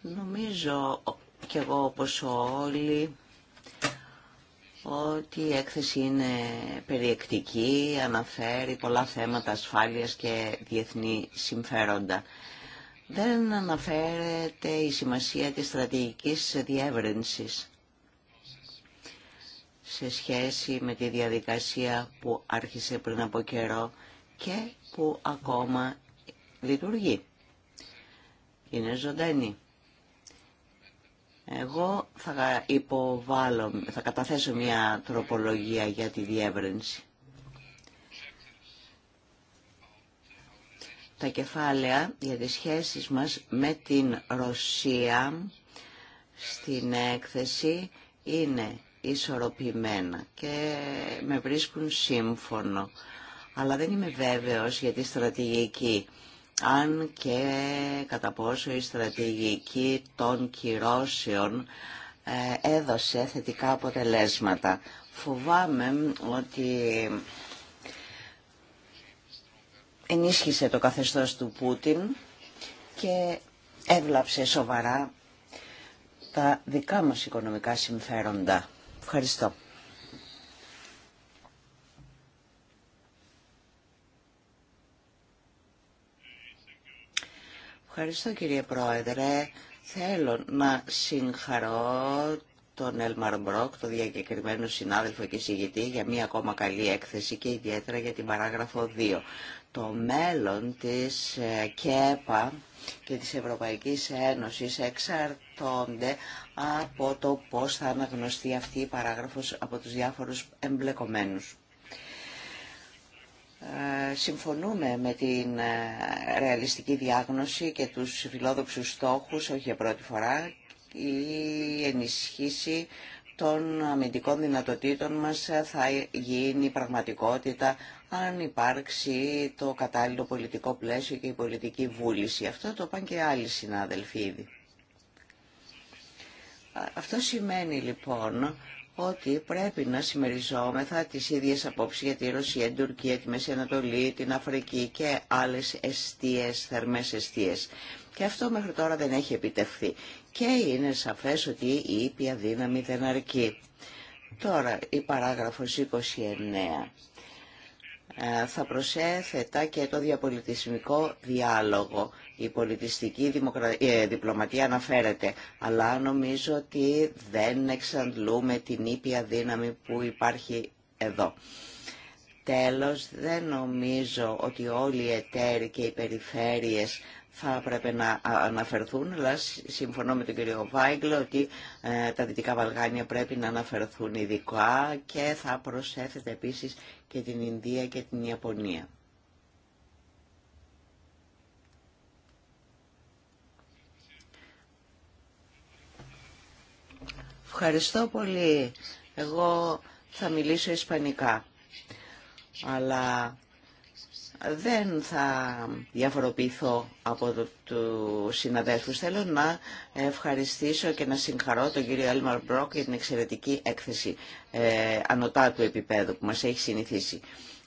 Νομίζω και εγώ όπως όλοι ότι η έκθεση είναι περιεκτική, αναφέρει πολλά θέματα ασφάλειας και διεθνή συμφέροντα. Δεν αναφέρεται η σημασία της στρατηγικής διεύρυνσης σε σχέση με τη διαδικασία που άρχισε πριν από καιρό και που ακόμα λειτουργεί. Είναι ζωντανή. Εγώ θα υποβάλω, θα καταθέσω μια τροπολογία για τη διεύρυνση. Τα κεφάλαια για τις σχέσεις μας με την Ρωσία στην έκθεση είναι ισορροπημένα και με βρίσκουν σύμφωνο. Αλλά δεν είμαι βέβαιος για τη στρατηγική αν και κατά πόσο η στρατηγική των κυρώσεων ε, έδωσε θετικά αποτελέσματα. Φοβάμαι ότι ενίσχυσε το καθεστώς του Πούτιν και έβλαψε σοβαρά τα δικά μας οικονομικά συμφέροντα. Ευχαριστώ. Ευχαριστώ κύριε Πρόεδρε. Θέλω να συγχαρώ τον Έλμαρ Μπρόκ, τον διακεκριμένο συνάδελφο και συγητή, για μία ακόμα καλή έκθεση και ιδιαίτερα για την παράγραφο 2. Το μέλλον της ε, ΚΕΠΑ και της Ευρωπαϊκής Ένωσης εξαρτώνται από το πώς θα αναγνωστεί αυτή η παράγραφος από τους διάφορους εμπλεκομένους. Ε, συμφωνούμε με την ε, ρεαλιστική διάγνωση και τους φιλόδοξους στόχους, όχι για πρώτη φορά, η ενισχύση των αμυντικών δυνατοτήτων μας θα γίνει πραγματικότητα αν υπάρξει το κατάλληλο πολιτικό πλαίσιο και η πολιτική βούληση. Αυτό το είπαν και άλλοι συνάδελφοι Αυτό σημαίνει λοιπόν ότι πρέπει να συμμεριζόμεθα τις ίδιες απόψεις για τη Ρωσία, την Τουρκία, τη Μέση Ανατολή, την Αφρική και άλλες εστίες, θερμές εστίες. Και αυτό μέχρι τώρα δεν έχει επιτευχθεί. Και είναι σαφές ότι η ήπια δύναμη δεν αρκεί. Τώρα η παράγραφος 29. Ε, θα προσέθετα και το διαπολιτισμικό διάλογο η πολιτιστική ε, διπλωματία αναφέρεται, αλλά νομίζω ότι δεν εξαντλούμε την ήπια δύναμη που υπάρχει εδώ. Τέλος, δεν νομίζω ότι όλοι οι εταίροι και οι περιφέρειες θα πρέπει να αναφερθούν, αλλά συμφωνώ με τον κύριο Βάγκλο ότι ε, τα Δυτικά Βαλγάνια πρέπει να αναφερθούν ειδικά και θα προσέθεται επίσης και την Ινδία και την Ιαπωνία. Ευχαριστώ πολύ. Εγώ θα μιλήσω ισπανικά, αλλά δεν θα διαφοροποιηθώ από το, του συναδέλφου. Θέλω να ευχαριστήσω και να συγχαρώ τον κύριο Έλμαρ Μπρόκ για την εξαιρετική έκθεση ε, ανωτά του επίπεδου που μας έχει συνηθίσει.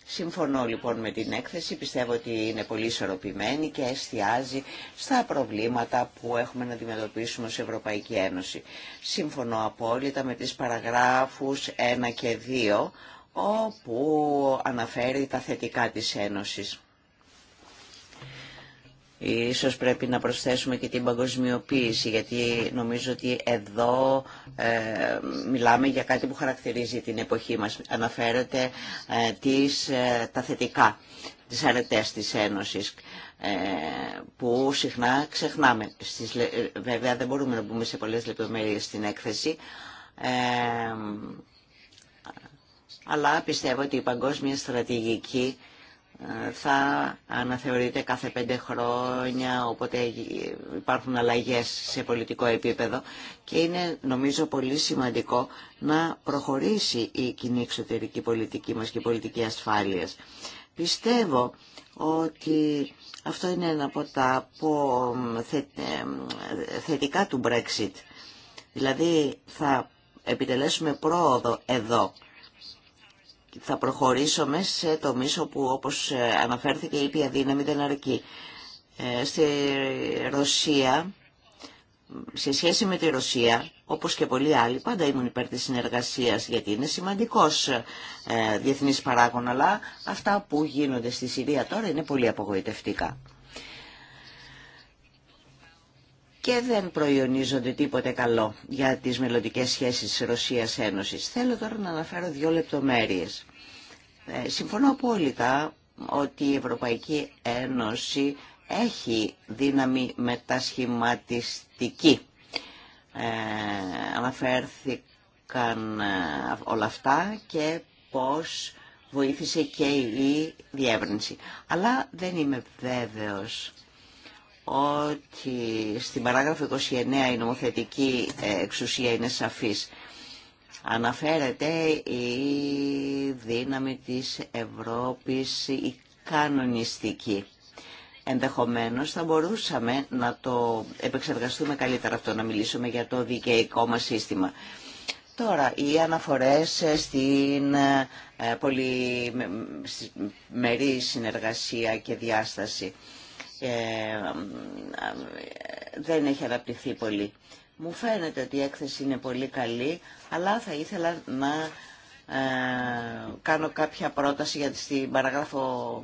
Συμφωνώ λοιπόν με την έκθεση, πιστεύω ότι είναι πολύ ισορροπημένη και εστιάζει στα προβλήματα που έχουμε να αντιμετωπίσουμε ως Ευρωπαϊκή Ένωση. Συμφωνώ απόλυτα με τις παραγράφους 1 και 2, όπου αναφέρει τα θετικά της Ένωσης. Ίσως πρέπει να προσθέσουμε και την παγκοσμιοποίηση, γιατί νομίζω ότι εδώ ε, μιλάμε για κάτι που χαρακτηρίζει την εποχή μας. Αναφέρεται ε, τις, ε, τα θετικά, τις αρετές της Ένωσης, ε, που συχνά ξεχνάμε. Στις, βέβαια δεν μπορούμε να μπούμε σε πολλές λεπτομέρειες στην έκθεση, αλλά πιστεύω ότι η παγκόσμια στρατηγική θα αναθεωρείται κάθε πέντε χρόνια, οπότε υπάρχουν αλλαγές σε πολιτικό επίπεδο και είναι νομίζω πολύ σημαντικό να προχωρήσει η κοινή εξωτερική πολιτική μας και η πολιτική ασφάλειας. Πιστεύω ότι αυτό είναι ένα από τα θετικά του Brexit. Δηλαδή θα επιτελέσουμε πρόοδο εδώ θα προχωρήσουμε σε τομείς όπου όπως ε, αναφέρθηκε η Πια δύναμη δεν αρκεί. Ε, στη Ρωσία, σε σχέση με τη Ρωσία, όπως και πολλοί άλλοι, πάντα ήμουν υπέρ της συνεργασίας, γιατί είναι σημαντικός ε, διεθνής παράγων, αλλά αυτά που γίνονται στη Συρία τώρα είναι πολύ απογοητευτικά. και δεν προϊονίζονται τίποτε καλό για τις μελλοντικες σχεσεις σχέσεις Ρωσίας-Ένωσης. Θέλω τώρα να αναφέρω δύο λεπτομέρειες. Ε, συμφωνώ απόλυτα ότι η Ευρωπαϊκή Ένωση έχει δύναμη μετασχηματιστική. Ε, αναφέρθηκαν ε, όλα αυτά και πώς βοήθησε και η διεύρυνση. Αλλά δεν είμαι βέβαιος ότι στην παράγραφο 29 η νομοθετική ε, εξουσία είναι σαφής. Αναφέρεται η δύναμη της Ευρώπης, η κανονιστική. Ενδεχομένως θα μπορούσαμε να το επεξεργαστούμε καλύτερα αυτό, να μιλήσουμε για το δικαιικό μας σύστημα. Τώρα, οι αναφορές στην ε, πολυμερή συνεργασία και διάσταση δεν έχει αναπτυχθεί πολύ. Μου φαίνεται ότι η έκθεση είναι πολύ καλή, αλλά θα ήθελα να ε, κάνω κάποια πρόταση για την παραγράφο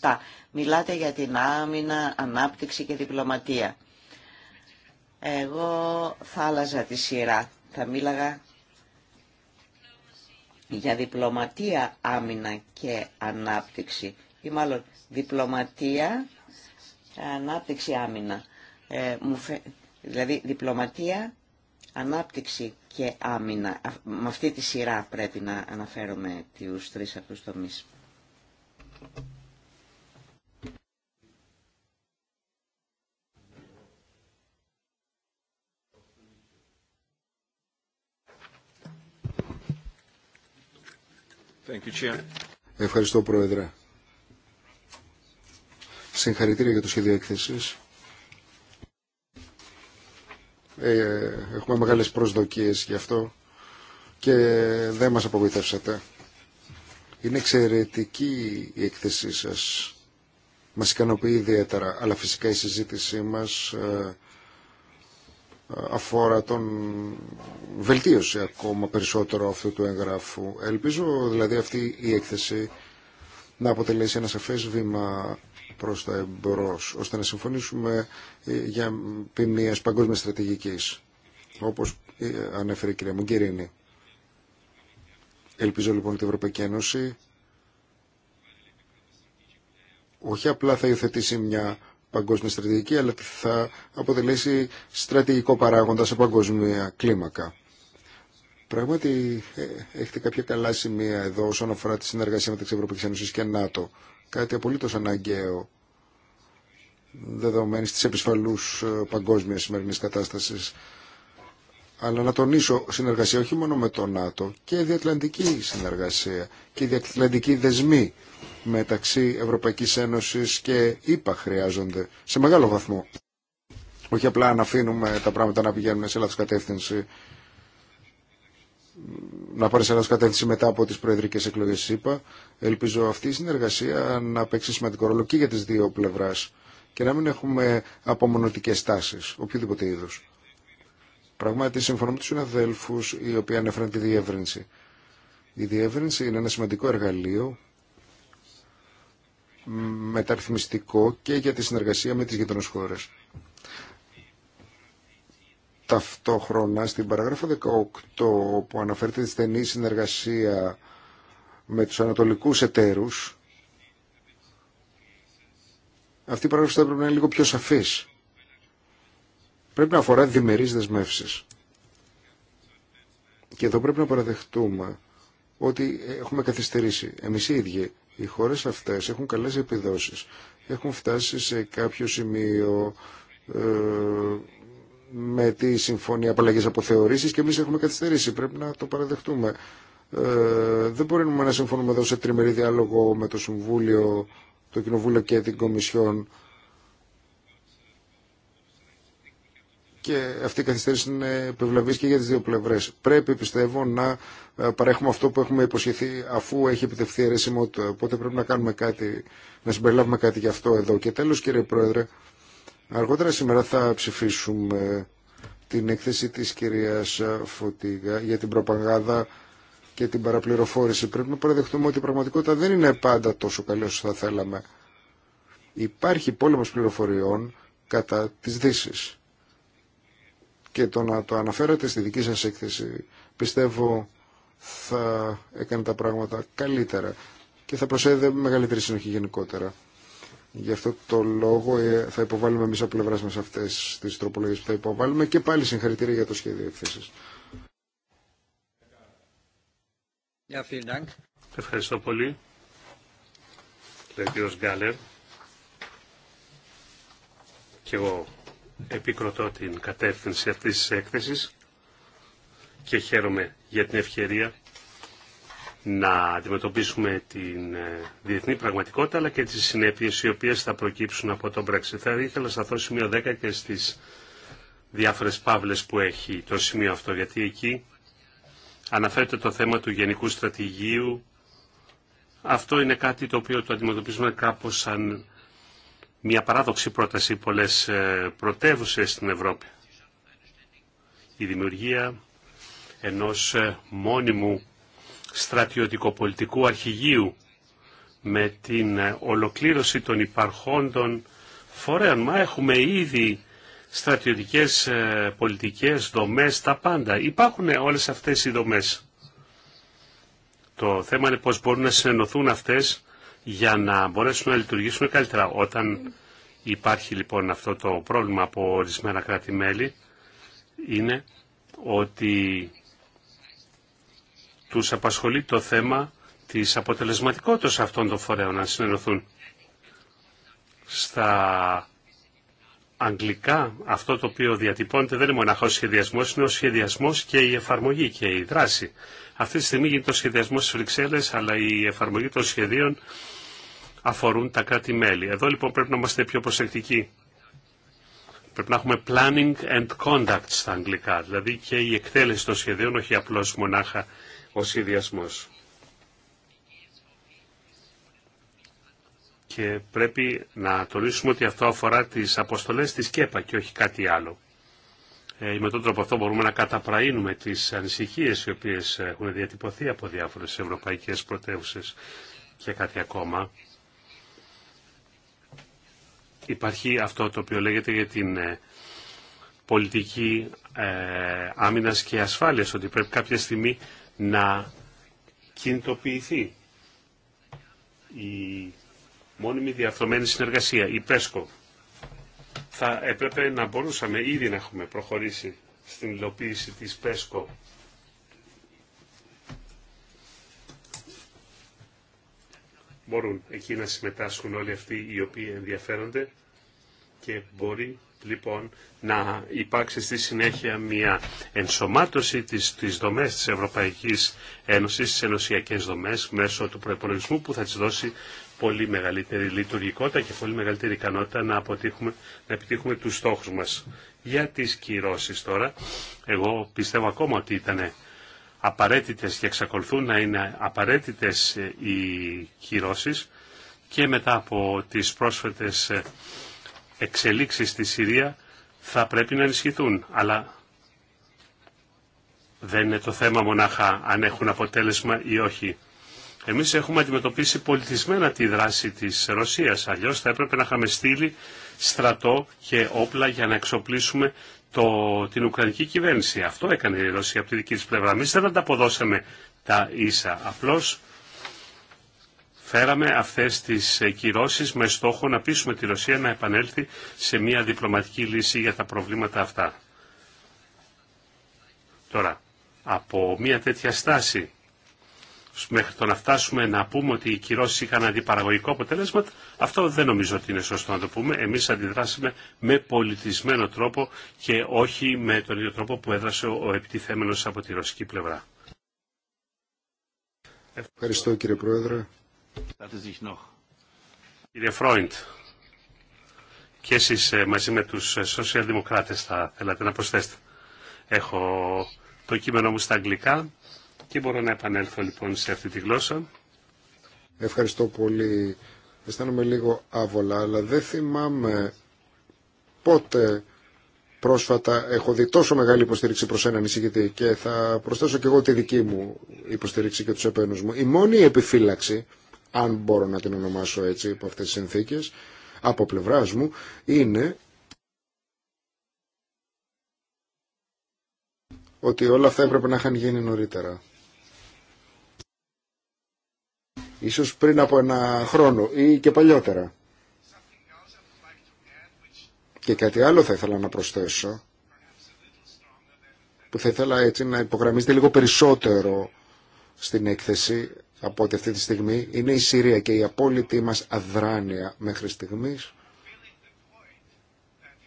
7. Μιλάτε για την άμυνα, ανάπτυξη και διπλωματία. Εγώ θα άλλαζα τη σειρά. Θα μίλαγα για διπλωματία, άμυνα και ανάπτυξη. Ή μάλλον διπλωματία, ανάπτυξη άμυνα. Ε, μου Δηλαδή διπλωματία, ανάπτυξη και άμυνα. Με αυτή τη σειρά πρέπει να αναφέρομαι τους τρεις αυτούς τομείς. Thank you, Chair. Ευχαριστώ Πρόεδρε. Συγχαρητήρια για το σχέδιο έκθεσης. Ε, έχουμε μεγάλες προσδοκίες γι' αυτό και δεν μας απογοητεύσατε. Είναι εξαιρετική η έκθεσή σας. Μας ικανοποιεί ιδιαίτερα, αλλά φυσικά η συζήτησή μας ε, αφορά τον βελτίωση ακόμα περισσότερο αυτού του εγγράφου. Ελπίζω δηλαδή αυτή η έκθεση να αποτελέσει ένα σαφές βήμα προς τα εμπρός, ώστε να συμφωνήσουμε ε, για ποινίες Παγκόσμια στρατηγικής, όπως ε, ανέφερε η κυρία Μουγκερίνη. Ελπίζω λοιπόν ότι η Ευρωπαϊκή Ένωση όχι απλά θα υιοθετήσει μια παγκόσμια στρατηγική, αλλά θα αποτελέσει στρατηγικό παράγοντα σε παγκόσμια κλίμακα. Πράγματι, ε, έχετε κάποια καλά σημεία εδώ όσον αφορά τη συνεργασία μεταξύ Ευρωπαϊκή Ένωση και ΝΑΤΟ κάτι απολύτως αναγκαίο δεδομένης της επισφαλούς ε, παγκόσμιας σημερινής κατάστασης. Αλλά να τονίσω συνεργασία όχι μόνο με το ΝΑΤΟ και διατλαντική συνεργασία και διατλαντική δεσμή μεταξύ Ευρωπαϊκής Ένωσης και ΗΠΑ χρειάζονται σε μεγάλο βαθμό. Όχι απλά να αφήνουμε τα πράγματα να πηγαίνουν σε λάθος κατεύθυνση να πάρει σε κατεύθυνση μετά από τις προεδρικές εκλογές είπα, Ελπίζω αυτή η συνεργασία να παίξει σημαντικό ρόλο και για τις δύο πλευράς και να μην έχουμε απομονωτικές τάσει οποιοδήποτε είδους. Πραγματικά συμφωνώ με του συναδέλφου, οι οποίοι ανέφεραν τη διεύρυνση. Η διεύρυνση είναι ένα σημαντικό εργαλείο μεταρρυθμιστικό και για τη συνεργασία με τι γειτονές χώρε. Ταυτόχρονα στην παραγράφο 18 που αναφέρεται τη στενή συνεργασία με τους ανατολικούς εταίρους αυτή η παράγραφος θα πρέπει να είναι λίγο πιο σαφής. Πρέπει να αφορά διμερείς δεσμεύσεις. Και εδώ πρέπει να παραδεχτούμε ότι έχουμε καθυστερήσει. Εμείς οι ίδιοι, οι χώρες αυτές έχουν καλές επιδόσεις. Έχουν φτάσει σε κάποιο σημείο ε, με τη Συμφωνία Απαλλαγής θεωρήσει και εμεί έχουμε καθυστερήσει. Πρέπει να το παραδεχτούμε. Ε, δεν μπορούμε να συμφωνούμε εδώ σε τριμερή διάλογο με το Συμβούλιο, το Κοινοβούλιο και την Κομισιόν. και αυτή η καθυστέρηση είναι επιβλαβή και για τι δύο πλευρέ. Πρέπει, πιστεύω, να ε, παρέχουμε αυτό που έχουμε υποσχεθεί αφού έχει επιτευχθεί η αιρεσιμότητα. Οπότε πρέπει να κάνουμε κάτι, να συμπεριλάβουμε κάτι γι' αυτό εδώ. Και τέλο, κύριε Πρόεδρε, Αργότερα σήμερα θα ψηφίσουμε την έκθεση της κυρίας Φωτίγα για την προπαγάνδα και την παραπληροφόρηση. Πρέπει να παραδεχτούμε ότι η πραγματικότητα δεν είναι πάντα τόσο καλή όσο θα θέλαμε. Υπάρχει πόλεμος πληροφοριών κατά τις δύση. Και το να το αναφέρατε στη δική σας έκθεση πιστεύω θα έκανε τα πράγματα καλύτερα και θα προσέδε μεγαλύτερη συνοχή γενικότερα. Γι' αυτό το λόγο ε, θα υποβάλουμε εμεί από πλευρά μα αυτέ τι τροπολογίε που θα υποβάλουμε και πάλι συγχαρητήρια για το σχέδιο εκθέση. Ευχαριστώ πολύ. Λέει Γκάλερ. Και εγώ επικροτώ την κατεύθυνση αυτής της έκθεσης και χαίρομαι για την ευκαιρία να αντιμετωπίσουμε την ε, διεθνή πραγματικότητα αλλά και τις συνέπειες οι οποίες θα προκύψουν από τον Brexit. Θα ήθελα να σταθώ σημείο 10 και στις διάφορες παύλες που έχει το σημείο αυτό γιατί εκεί αναφέρεται το θέμα του γενικού στρατηγίου. Αυτό είναι κάτι το οποίο το αντιμετωπίζουμε κάπως σαν μια παράδοξη πρόταση πολλές ε, πρωτεύουσες στην Ευρώπη. Η δημιουργία ενός ε, μόνιμου στρατιωτικοπολιτικού αρχηγείου με την ε, ολοκλήρωση των υπαρχόντων φορέων. Μα έχουμε ήδη στρατιωτικές ε, πολιτικές δομές, τα πάντα. Υπάρχουν όλες αυτές οι δομές. Το θέμα είναι πώς μπορούν να συνενωθούν αυτές για να μπορέσουν να λειτουργήσουν καλύτερα. Όταν υπάρχει λοιπόν αυτό το πρόβλημα από ορισμένα κράτη-μέλη είναι ότι τους απασχολεί το θέμα της αποτελεσματικότητας αυτών των φορέων να συνενωθούν. Στα αγγλικά αυτό το οποίο διατυπώνεται δεν είναι μοναχά ο σχεδιασμός, είναι ο σχεδιασμός και η εφαρμογή και η δράση. Αυτή τη στιγμή γίνεται ο σχεδιασμός στις Βρυξέλλες, αλλά η εφαρμογή των σχεδίων αφορούν τα κράτη-μέλη. Εδώ λοιπόν πρέπει να είμαστε πιο προσεκτικοί. Πρέπει να έχουμε planning and conduct στα αγγλικά, δηλαδή και η εκτέλεση των σχεδίων, όχι απλώς μονάχα ο σχεδιασμός. Και πρέπει να τονίσουμε ότι αυτό αφορά τις αποστολές της ΚΕΠΑ και όχι κάτι άλλο. Ε, με τον τρόπο αυτό μπορούμε να καταπραίνουμε τις ανησυχίες οι οποίες έχουν διατυπωθεί από διάφορες ευρωπαϊκές πρωτεύουσες και κάτι ακόμα. Υπάρχει αυτό το οποίο λέγεται για την ε, πολιτική ε, άμυνας και ασφάλειας, ότι πρέπει κάποια στιγμή να κινητοποιηθεί η μόνιμη διαρθρωμένη συνεργασία, η ΠΕΣΚΟ. Θα έπρεπε να μπορούσαμε ήδη να έχουμε προχωρήσει στην υλοποίηση της ΠΕΣΚΟ. Μπορούν εκεί να συμμετάσχουν όλοι αυτοί οι οποίοι ενδιαφέρονται και μπορεί λοιπόν να υπάρξει στη συνέχεια μια ενσωμάτωση της, της δομές της Ευρωπαϊκής Ένωσης, στις ενωσιακές δομές μέσω του προπολογισμού που θα της δώσει πολύ μεγαλύτερη λειτουργικότητα και πολύ μεγαλύτερη ικανότητα να, αποτύχουμε, να επιτύχουμε τους στόχους μας. Για τις κυρώσεις τώρα, εγώ πιστεύω ακόμα ότι ήταν απαραίτητες και εξακολουθούν να είναι απαραίτητες ε, οι κυρώσεις και μετά από τις πρόσφατες ε, εξελίξεις στη Συρία θα πρέπει να ενισχυθούν. Αλλά δεν είναι το θέμα μονάχα αν έχουν αποτέλεσμα ή όχι. Εμείς έχουμε αντιμετωπίσει πολιτισμένα τη δράση της Ρωσίας, αλλιώς θα έπρεπε να είχαμε στείλει στρατό και όπλα για να εξοπλίσουμε το, την Ουκρανική κυβέρνηση. Αυτό έκανε η Ρωσία από τη δική της πλευρά. Εμείς δεν ανταποδώσαμε τα ίσα. Απλώς Φέραμε αυτές τις ε, κυρώσεις με στόχο να πείσουμε τη Ρωσία να επανέλθει σε μια διπλωματική λύση για τα προβλήματα αυτά. Τώρα, από μια τέτοια στάση μέχρι το να φτάσουμε να πούμε ότι οι κυρώσει είχαν αντιπαραγωγικό αποτέλεσμα, αυτό δεν νομίζω ότι είναι σωστό να το πούμε. Εμεί αντιδράσαμε με πολιτισμένο τρόπο και όχι με τον ίδιο τρόπο που έδρασε ο επιτιθέμενο από τη ρωσική πλευρά. Ευχαριστώ κύριε Πρόεδρε. Κύριε Φρόιντ, και εσείς ε, μαζί με τους ε, σοσιαλδημοκράτες θα θέλατε να προσθέσετε. Έχω το κείμενό μου στα αγγλικά και μπορώ να επανέλθω λοιπόν σε αυτή τη γλώσσα. Ευχαριστώ πολύ. Αισθάνομαι λίγο άβολα, αλλά δεν θυμάμαι πότε πρόσφατα έχω δει τόσο μεγάλη υποστήριξη προς έναν εισηγητή και θα προσθέσω και εγώ τη δική μου υποστήριξη και τους επένους μου. Η μόνη επιφύλαξη αν μπορώ να την ονομάσω έτσι από αυτές τις συνθήκες, από πλευράς μου, είναι ότι όλα αυτά έπρεπε να είχαν γίνει νωρίτερα. Ίσως πριν από ένα χρόνο ή και παλιότερα. Και κάτι άλλο θα ήθελα να προσθέσω, που θα ήθελα έτσι να υπογραμμίζετε λίγο περισσότερο στην έκθεση, από ότι αυτή τη στιγμή είναι η Συρία και η απόλυτη μας αδράνεια μέχρι στιγμής.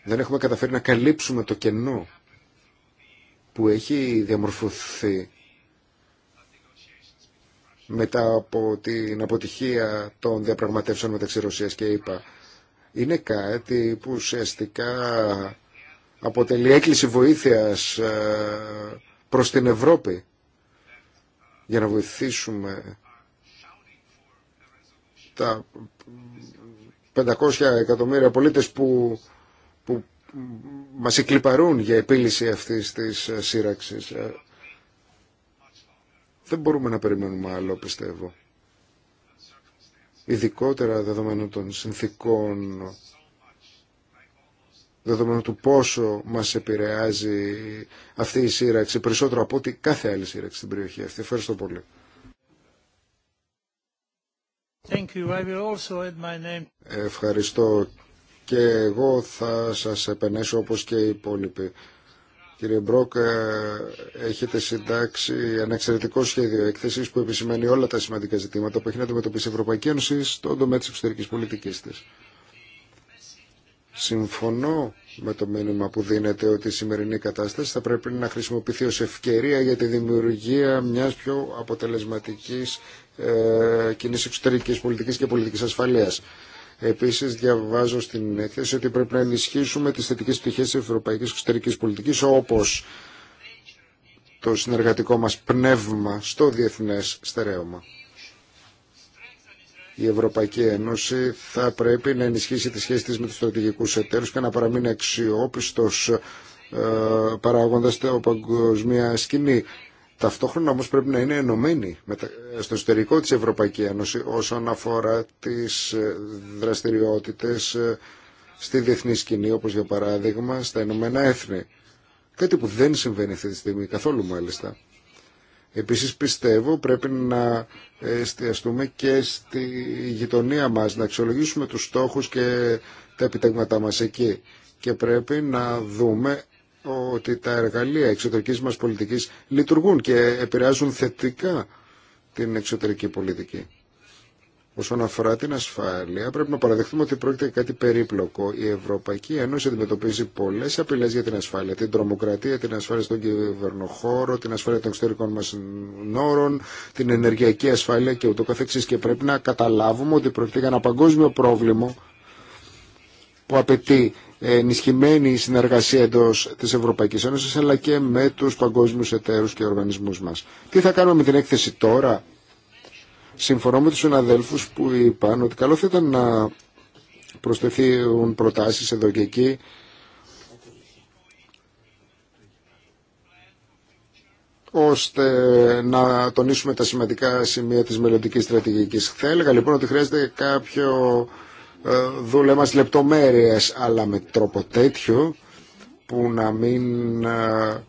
Δεν έχουμε καταφέρει να καλύψουμε το κενό που έχει διαμορφωθεί μετά από την αποτυχία των διαπραγματεύσεων μεταξύ Ρωσίας και είπα ΕΕ. Είναι κάτι που ουσιαστικά αποτελεί έκκληση βοήθειας ε, προς την Ευρώπη για να βοηθήσουμε τα 500 εκατομμύρια πολίτες που, που μας εκλυπαρούν για επίλυση αυτής της ε, σύραξης. Ε, δεν μπορούμε να περιμένουμε άλλο, πιστεύω. Ειδικότερα δεδομένου των συνθήκων, δεδομένου του πόσο μας επηρεάζει αυτή η σύραξη, περισσότερο από ό,τι κάθε άλλη σύραξη στην περιοχή αυτή. Ευχαριστώ πολύ. Ευχαριστώ. Και εγώ θα σας επενέσω όπως και οι υπόλοιποι. Κύριε Μπρόκ, ε, έχετε συντάξει ένα εξαιρετικό σχέδιο έκθεση που επισημαίνει όλα τα σημαντικά ζητήματα που έχει να αντιμετωπίσει η Ευρωπαϊκή Ένωση στον τομέα τη εξωτερική πολιτική τη. Συμφωνώ με το μήνυμα που δίνεται ότι η σημερινή κατάσταση θα πρέπει να χρησιμοποιηθεί ως ευκαιρία για τη δημιουργία μιας πιο αποτελεσματικής ε, κοινή εξωτερικής πολιτικής και πολιτικής ασφαλείας. Επίσης διαβάζω στην έκθεση ότι πρέπει να ενισχύσουμε τις θετικές πτυχές της ευρωπαϊκής εξωτερικής πολιτικής όπως το συνεργατικό μας πνεύμα στο διεθνές στερέωμα η Ευρωπαϊκή Ένωση θα πρέπει να ενισχύσει τη σχέση της με τους στρατηγικούς εταίρους και να παραμείνει αξιόπιστος ε, παράγοντας την παγκοσμία σκηνή. Ταυτόχρονα όμως πρέπει να είναι ενωμένη στο εσωτερικό της Ευρωπαϊκή Ένωση όσον αφορά τις ε, δραστηριότητες ε, στη διεθνή σκηνή, όπως για παράδειγμα στα Ηνωμένα Έθνη. Κάτι που δεν συμβαίνει αυτή τη στιγμή, καθόλου μάλιστα. Επίσης πιστεύω πρέπει να εστιαστούμε και στη γειτονία μας, να αξιολογήσουμε τους στόχους και τα επιτέγματά μας εκεί. Και πρέπει να δούμε ότι τα εργαλεία εξωτερικής μας πολιτικής λειτουργούν και επηρεάζουν θετικά την εξωτερική πολιτική. Όσον αφορά την ασφάλεια, πρέπει να παραδεχτούμε ότι πρόκειται για κάτι περίπλοκο. Η Ευρωπαϊκή Ένωση αντιμετωπίζει πολλέ απειλέ για την ασφάλεια. Την τρομοκρατία, την ασφάλεια στον κυβερνοχώρο, την ασφάλεια των εξωτερικών μα νόρων, την ενεργειακή ασφάλεια και ούτω καθεξή. Και πρέπει να καταλάβουμε ότι πρόκειται για ένα παγκόσμιο πρόβλημα που απαιτεί ενισχυμένη συνεργασία εντό τη Ευρωπαϊκή Ένωση αλλά και με του παγκόσμιου εταίρου και οργανισμού μα. Τι θα κάνουμε με την έκθεση τώρα, Συμφωνώ με τους συναδέλφους που είπαν ότι καλό θα ήταν να προσθεθούν προτάσεις εδώ και εκεί ώστε να τονίσουμε τα σημαντικά σημεία της μελλοντικής στρατηγικής. Θα έλεγα λοιπόν ότι χρειάζεται κάποιο ε, δούλεμα λεπτομέρειες, αλλά με τρόπο τέτοιο που να μην ε,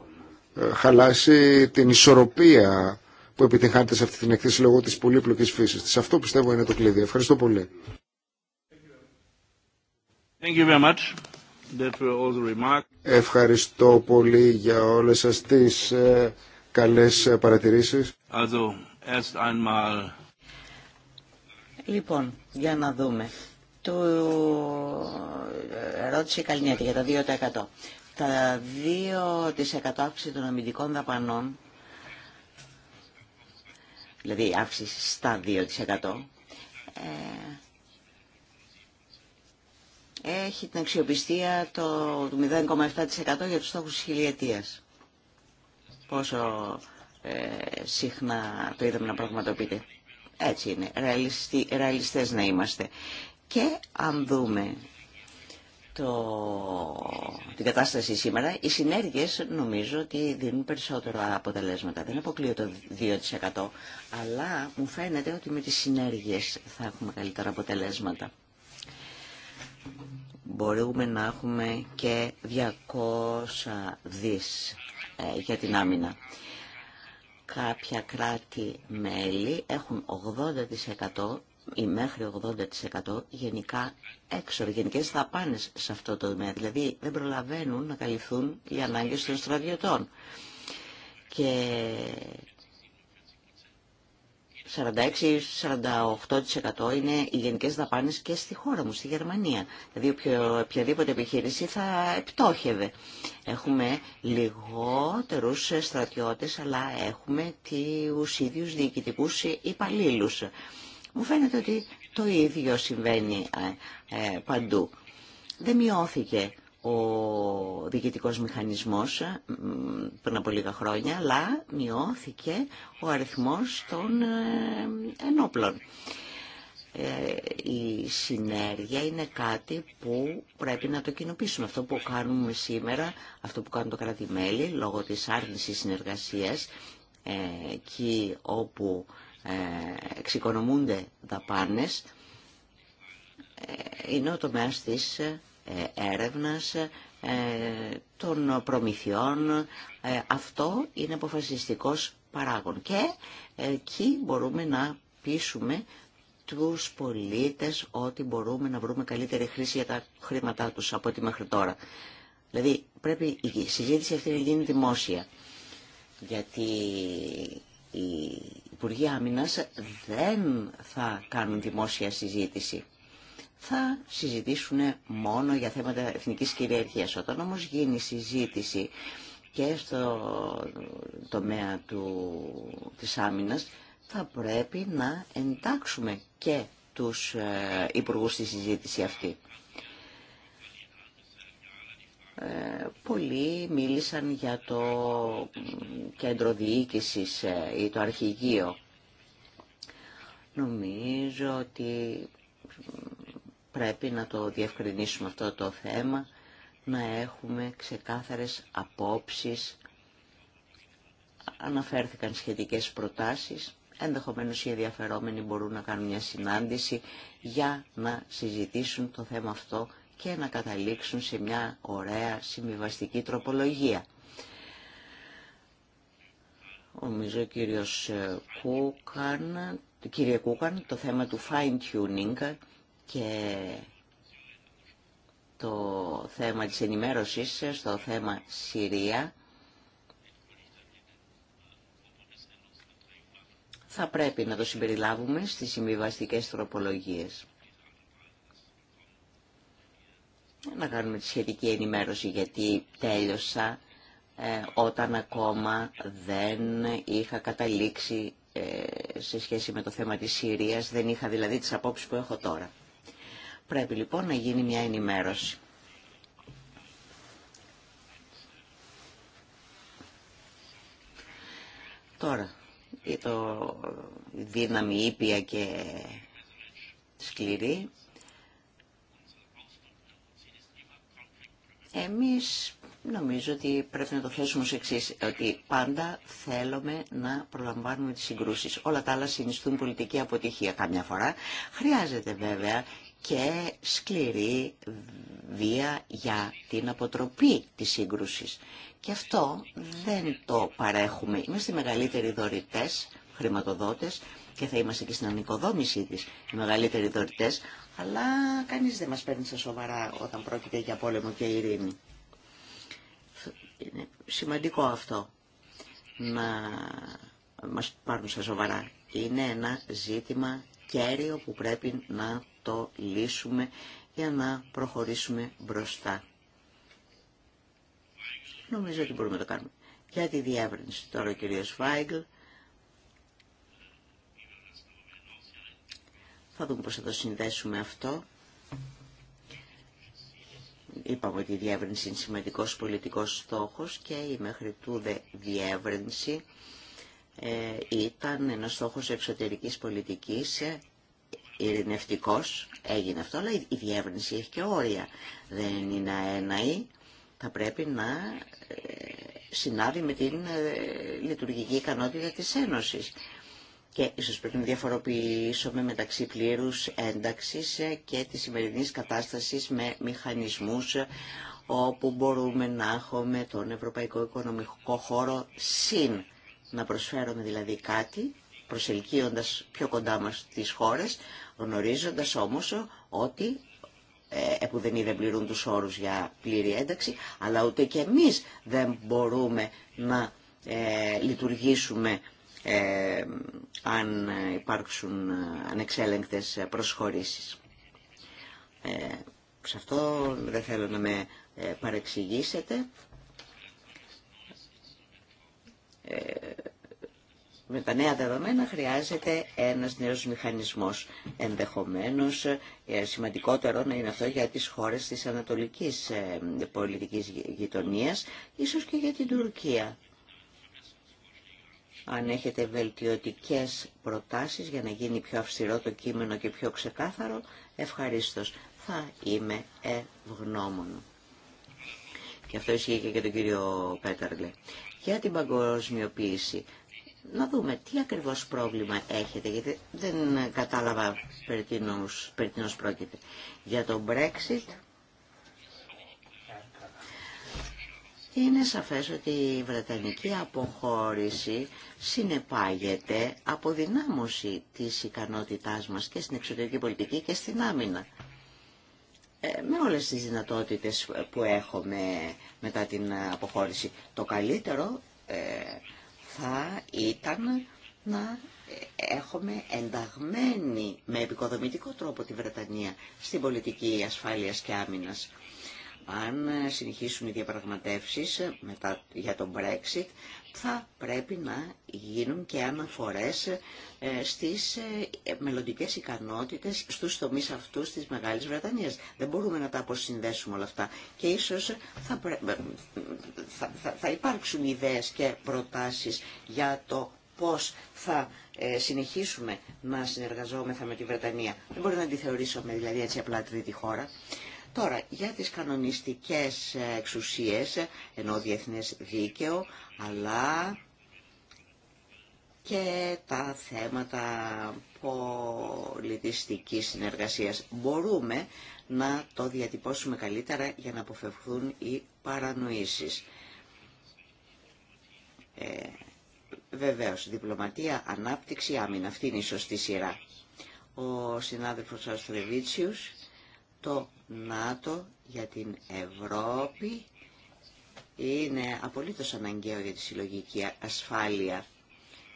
ε, χαλάσει την ισορροπία που επιτυγχάνεται σε αυτή την εκθέση λόγω της πολύπλοκης φύσης της. Αυτό πιστεύω είναι το κλειδί. Ευχαριστώ πολύ. Thank you very much. Ευχαριστώ πολύ για όλες σας τις ε, καλές ε, παρατηρήσεις. Also, einmal... Λοιπόν, για να δούμε. Του ε, ρώτησε η Καλνιέτη για τα 2%. Τα 2% αύξηση των αμυντικών δαπανών δηλαδή αύξηση στα 2%, ε, έχει την αξιοπιστία το 0,7% για τους στόχους της χιλιετίας. Πόσο ε, συχνά το είδαμε να πραγματοποιείται. Έτσι είναι, ρεαλιστές να είμαστε. Και αν δούμε το, την κατάσταση σήμερα, οι συνέργειες νομίζω ότι δίνουν περισσότερα αποτελέσματα. Δεν αποκλείω το 2%, αλλά μου φαίνεται ότι με τις συνέργειες θα έχουμε καλύτερα αποτελέσματα. Μπορούμε να έχουμε και 200 δις ε, για την άμυνα. Κάποια κράτη-μέλη έχουν 80% ή μέχρι 80% γενικά έξω, θα δαπάνες σε αυτό το τομέα. Δηλαδή δεν προλαβαίνουν να καλυφθούν οι ανάγκες των στρατιωτών. Και 46-48% είναι οι γενικές δαπάνες και στη χώρα μου, στη Γερμανία. Δηλαδή οποιαδήποτε επιχείρηση θα επιτόχευε. Έχουμε λιγότερους στρατιώτες, αλλά έχουμε τους ίδιους διοικητικούς υπαλλήλους. Μου φαίνεται ότι το ίδιο συμβαίνει ε, ε, παντού. Δεν μειώθηκε ο διοικητικός μηχανισμός ε, πριν από λίγα χρόνια, αλλά μειώθηκε ο αριθμός των ενόπλων. Η συνέργεια είναι κάτι που πρέπει να το κοινοποιήσουμε. Αυτό που κάνουμε σήμερα, αυτό που κάνουν το κράτη-μέλη, λόγω της άρνησης συνεργασίας, εκεί όπου ε, εξοικονομούνται δαπάνες ε, είναι ο τομέας της ε, έρευνας, των προμηθειών. Αυτό είναι αποφασιστικός παράγον και εκεί μπορούμε να πείσουμε τους πολίτες ότι μπορούμε να βρούμε καλύτερη χρήση για τα χρήματά τους από ό,τι μέχρι τώρα. Δηλαδή πρέπει η συζήτηση αυτή να γίνει δημόσια γιατί Υπουργοί Άμυνα δεν θα κάνουν δημόσια συζήτηση. Θα συζητήσουν μόνο για θέματα εθνικής κυριαρχίας. Όταν όμως γίνει συζήτηση και στο τομέα του, της άμυνας, θα πρέπει να εντάξουμε και τους ε, υπουργούς στη συζήτηση αυτή. Πολλοί μίλησαν για το κέντρο διοίκησης ε, ή το αρχηγείο. Νομίζω ότι πρέπει να το διευκρινίσουμε αυτό το θέμα, να έχουμε ξεκάθαρες απόψεις. Αναφέρθηκαν σχετικές προτάσεις. Ενδεχομένως οι ενδιαφερόμενοι μπορούν να κάνουν μια συνάντηση για να συζητήσουν το θέμα αυτό και να καταλήξουν σε μια ωραία συμβιβαστική τροπολογία. Ομίζω, ο κύριος ε, Κούκαν, κύριε Κούκαν, το θέμα του fine tuning και το θέμα της ενημέρωσης στο θέμα Συρία θα πρέπει να το συμπεριλάβουμε στις συμβιβαστικές τροπολογίες. Ε, να κάνουμε τη σχετική ενημέρωση γιατί τέλειωσα ε, όταν ακόμα δεν είχα καταλήξει ε, σε σχέση με το θέμα της Συρίας, δεν είχα δηλαδή τις απόψεις που έχω τώρα. Πρέπει λοιπόν να γίνει μια ενημέρωση. Τώρα, το δύναμη ήπια και σκληρή Εμείς νομίζω ότι πρέπει να το θέσουμε ως εξή ότι πάντα θέλουμε να προλαμβάνουμε τις συγκρούσεις. Όλα τα άλλα συνιστούν πολιτική αποτυχία καμιά φορά. Χρειάζεται βέβαια και σκληρή βία για την αποτροπή της σύγκρουσης. Και αυτό δεν το παρέχουμε. Είμαστε οι μεγαλύτεροι δωρητές, χρηματοδότες και θα είμαστε και στην ανοικοδόμησή της οι μεγαλύτεροι δωρητές, αλλά κανείς δεν μας παίρνει στα σοβαρά όταν πρόκειται για πόλεμο και ειρήνη. Είναι σημαντικό αυτό να μας πάρουν στα σοβαρά. Είναι ένα ζήτημα κέριο που πρέπει να το λύσουμε για να προχωρήσουμε μπροστά. Νομίζω ότι μπορούμε να το κάνουμε. Για τη διεύρυνση τώρα ο κ. Φάιγκλ. Θα δούμε πώς θα το συνδέσουμε αυτό. Είπαμε ότι η διεύρυνση είναι σημαντικός πολιτικός στόχος και η μέχρι τούδε διεύρυνση ε, ήταν ένας στόχος εξωτερικής πολιτικής ε, ειρηνευτικός, έγινε αυτό, αλλά η διεύρυνση έχει και όρια. Δεν είναι αέναη, θα πρέπει να ε, συνάδει με την λειτουργική ικανότητα της Ένωσης και ίσως πρέπει να διαφοροποιήσουμε μεταξύ πλήρους ένταξης και της σημερινής κατάστασης με μηχανισμούς όπου μπορούμε να έχουμε τον Ευρωπαϊκό Οικονομικό Χώρο συν να προσφέρουμε δηλαδή κάτι προσελκύοντας πιο κοντά μας τις χώρες, γνωρίζοντας όμως ότι ε, που δεν είδε πληρούν τους όρους για πλήρη ένταξη, αλλά ούτε και εμείς δεν μπορούμε να ε, λειτουργήσουμε ε, αν υπάρξουν ανεξέλεγκτες προσχωρήσεις. Ε, σε αυτό δεν θέλω να με ε, παρεξηγήσετε. Με τα νέα δεδομένα χρειάζεται ένας νέος μηχανισμός. Ενδεχομένως, σημαντικότερο να είναι αυτό για τις χώρες της ανατολικής πολιτικής γειτονίας, ίσως και για την Τουρκία αν έχετε βελτιωτικές προτάσεις για να γίνει πιο αυστηρό το κείμενο και πιο ξεκάθαρο, ευχαρίστως. Θα είμαι ευγνώμων. Και αυτό ισχύει και για τον κύριο Πέτερλε. Για την παγκοσμιοποίηση. Να δούμε τι ακριβώς πρόβλημα έχετε, γιατί δεν κατάλαβα περί τίνος, πρόκειται. Για το Brexit, Είναι σαφές ότι η Βρετανική αποχώρηση συνεπάγεται αποδυνάμωση της ικανότητάς μας και στην εξωτερική πολιτική και στην άμυνα. Ε, με όλες τις δυνατότητες που έχουμε μετά την αποχώρηση. Το καλύτερο ε, θα ήταν να έχουμε ενταγμένη με επικοδομητικό τρόπο τη Βρετανία στην πολιτική ασφάλειας και άμυνας αν συνεχίσουν οι διαπραγματεύσεις μετά, για τον Brexit, θα πρέπει να γίνουν και αναφορές ε, στις ε, μελλοντικές ικανότητες στους τομείς αυτούς της Μεγάλης Βρετανίας. Δεν μπορούμε να τα αποσυνδέσουμε όλα αυτά και ίσως θα, ε, θα, θα, υπάρξουν ιδέες και προτάσεις για το πώς θα συνεχίσουμε να συνεργαζόμεθα με τη Βρετανία. Δεν μπορεί να τη θεωρήσουμε δηλαδή έτσι απλά τρίτη χώρα. Τώρα, για τις κανονιστικές εξουσίες, ενώ διεθνές δίκαιο, αλλά και τα θέματα πολιτιστικής συνεργασίας. Μπορούμε να το διατυπώσουμε καλύτερα για να αποφευχθούν οι παρανοήσεις. Ε, βεβαίως, διπλωματία, ανάπτυξη, άμυνα. Αυτή είναι η σωστή σειρά. Ο συνάδελφος Αστρεβίτσιους το ΝΑΤΟ για την Ευρώπη είναι απολύτως αναγκαίο για τη συλλογική ασφάλεια.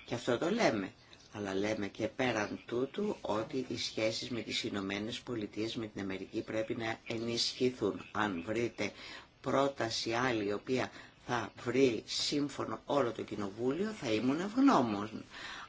Και αυτό το λέμε. Αλλά λέμε και πέραν τούτου ότι οι σχέσεις με τις Ηνωμένε Πολιτείες με την Αμερική πρέπει να ενισχυθούν. Αν βρείτε πρόταση άλλη η οποία θα βρει σύμφωνο όλο το Κοινοβούλιο θα ήμουν ευγνώμων.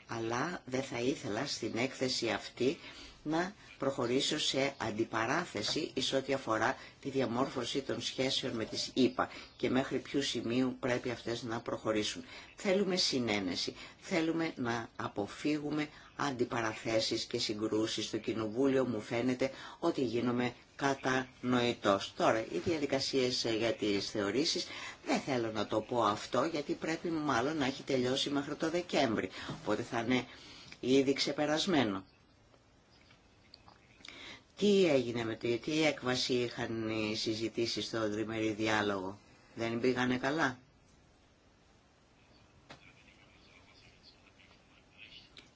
Αλλά δεν θα ήθελα στην έκθεση αυτή να προχωρήσω σε αντιπαράθεση εις ό,τι αφορά τη διαμόρφωση των σχέσεων με τις ΗΠΑ και μέχρι ποιου σημείου πρέπει αυτές να προχωρήσουν. Θέλουμε συνένεση, θέλουμε να αποφύγουμε αντιπαραθέσεις και συγκρούσεις. Στο Κοινοβούλιο μου φαίνεται ότι γίνομαι κατανοητός. Τώρα, οι διαδικασίες για τις θεωρήσεις, δεν θέλω να το πω αυτό γιατί πρέπει μάλλον να έχει τελειώσει μέχρι το Δεκέμβρη, οπότε θα είναι ήδη ξεπερασμένο. Τι έγινε με το τι έκβαση είχαν οι συζητήσεις στο τριμερή διάλογο. Δεν πήγανε καλά.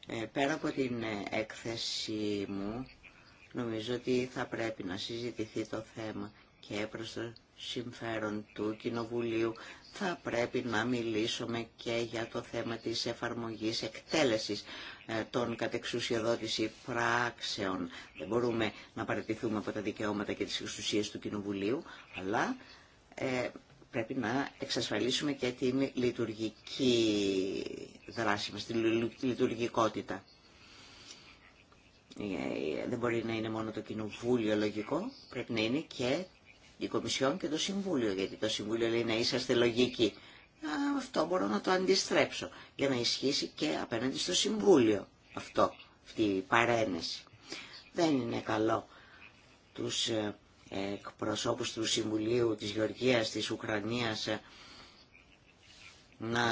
Ε, πέρα από την ε, έκθεση μου, νομίζω ότι θα πρέπει να συζητηθεί το θέμα και προς το συμφέρον του Κοινοβουλίου θα πρέπει να μιλήσουμε και για το θέμα της εφαρμογής εκτέλεσης ε, των κατεξουσιοδότηση πράξεων. Δεν μπορούμε να παραιτηθούμε από τα δικαιώματα και τις εξουσίες του Κοινοβουλίου, αλλά ε, πρέπει να εξασφαλίσουμε και την λειτουργική δράση μας, την λειτουργικότητα. Ε, δεν μπορεί να είναι μόνο το κοινοβούλιο λογικό, πρέπει να είναι και η Κομισιόν και το Συμβούλιο, γιατί το Συμβούλιο λέει να είσαστε λογικοί. Αυτό μπορώ να το αντιστρέψω για να ισχύσει και απέναντι στο Συμβούλιο αυτό, αυτή η παρένεση. Δεν είναι καλό τους ε, εκπροσώπους του Συμβουλίου της Γεωργίας, της Ουκρανίας ε, να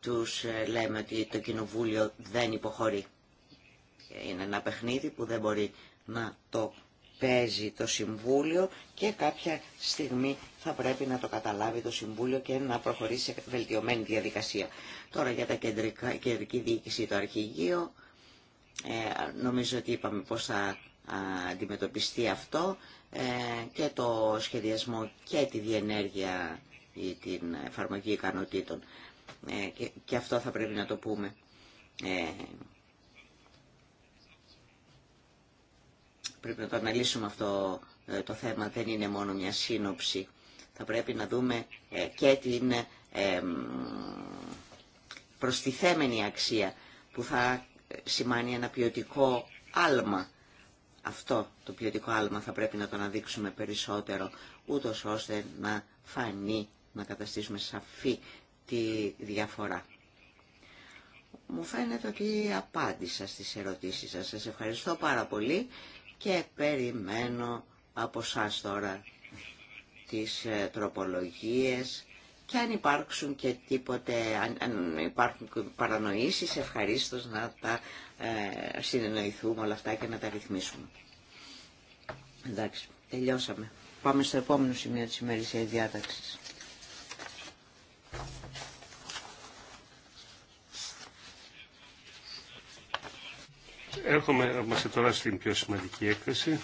τους ε, λέμε ότι το Κοινοβούλιο δεν υποχωρεί. Είναι ένα παιχνίδι που δεν μπορεί να το παίζει το Συμβούλιο και κάποια στιγμή θα πρέπει να το καταλάβει το Συμβούλιο και να προχωρήσει σε βελτιωμένη διαδικασία. Τώρα για τα κεντρικά, κεντρική διοίκηση το αρχηγείο, ε, νομίζω ότι είπαμε πώς θα αντιμετωπιστεί αυτό ε, και το σχεδιασμό και τη διενέργεια ή την εφαρμογή ικανοτήτων. Ε, και, και αυτό θα πρέπει να το πούμε. Ε, Πρέπει να το αναλύσουμε αυτό ε, το θέμα, δεν είναι μόνο μια σύνοψη. Θα πρέπει να δούμε ε, και την προστιθέμενη αξία που θα σημάνει ένα ποιοτικό άλμα. Αυτό το ποιοτικό άλμα θα πρέπει να το αναδείξουμε περισσότερο, ούτως ώστε να φανεί, να καταστήσουμε σαφή τη διαφορά. Μου φαίνεται ότι απάντησα στις ερωτήσεις σας. Σας ευχαριστώ πάρα πολύ και περιμένω από σας τώρα τις ε, τροπολογίες και αν υπάρξουν και τίποτε, αν, υπάρχουν παρανοήσεις, ευχαρίστως να τα ε, συνεννοηθούμε όλα αυτά και να τα ρυθμίσουμε. Εντάξει, τελειώσαμε. Πάμε στο επόμενο σημείο της ημερησίας διάταξης. Έρχομαι όμως τώρα στην πιο σημαντική έκθεση.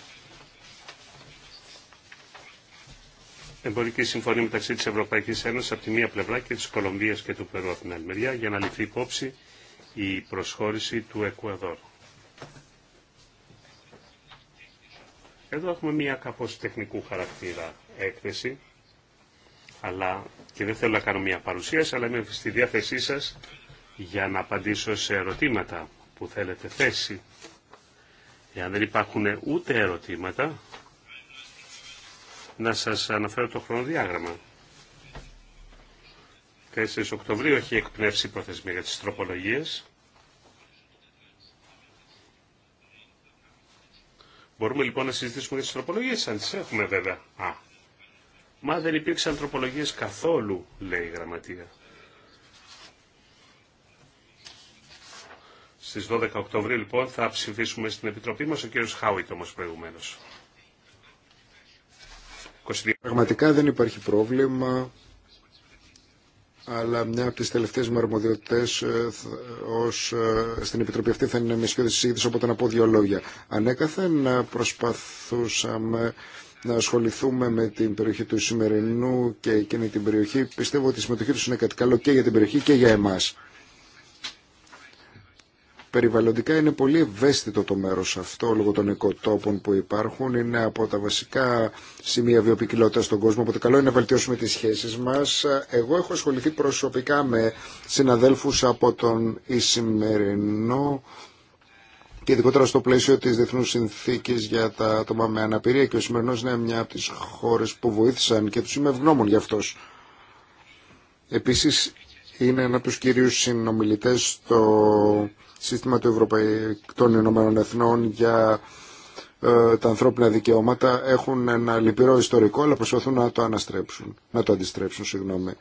Εμπορική συμφωνία μεταξύ της Ευρωπαϊκής Ένωσης από τη μία πλευρά και της Κολομβίας και του Περού από την άλλη μεριά για να ληφθεί υπόψη η προσχώρηση του Εκουαδόρ. Εδώ έχουμε μία κάπως τεχνικού χαρακτήρα έκθεση αλλά, και δεν θέλω να κάνω μία παρουσίαση αλλά είμαι στη διάθεσή σας για να απαντήσω σε ερωτήματα που θέλετε θέση. Εάν δεν υπάρχουν ούτε ερωτήματα, να σας αναφέρω το χρονοδιάγραμμα. 4 Οκτωβρίου έχει εκπνεύσει η προθεσμία για τις τροπολογίες. Μπορούμε λοιπόν να συζητήσουμε για τις τροπολογίες, αν τις έχουμε βέβαια. Α, μα δεν υπήρξαν τροπολογίες καθόλου, λέει η γραμματεία. Στις 12 Οκτωβρίου λοιπόν θα ψηφίσουμε στην Επιτροπή μας ο κύριος Χάουιτ όμως προηγουμένως. Πραγματικά δεν υπάρχει πρόβλημα, αλλά μια από τις τελευταίες μου αρμοδιότητες ε, ως, ε, στην Επιτροπή αυτή θα είναι μια σχέδια συζήτηση, οπότε να πω δύο λόγια. Ανέκαθεν προσπαθούσαμε να ασχοληθούμε με την περιοχή του σημερινού και εκείνη την περιοχή. Πιστεύω ότι η συμμετοχή του είναι κάτι καλό και για την περιοχή και για εμάς. Περιβαλλοντικά είναι πολύ ευαίσθητο το μέρος αυτό λόγω των οικοτόπων που υπάρχουν. Είναι από τα βασικά σημεία βιοπικιλότητας στον κόσμο, οπότε καλό είναι να βελτιώσουμε τις σχέσεις μας. Εγώ έχω ασχοληθεί προσωπικά με συναδέλφους από τον Ισημερινό και ειδικότερα στο πλαίσιο της Διεθνούς Συνθήκης για τα άτομα με αναπηρία και ο Ισημερινός είναι μια από τις χώρες που βοήθησαν και τους είμαι ευγνώμων γι' αυτός. Επίσης είναι ένα από τους κυρίους στο σύστημα του των Ηνωμένων Εθνών για ε, τα ανθρώπινα δικαιώματα έχουν ένα λυπηρό ιστορικό, αλλά προσπαθούν να το αναστρέψουν, να το αντιστρέψουν, συγγνώμη.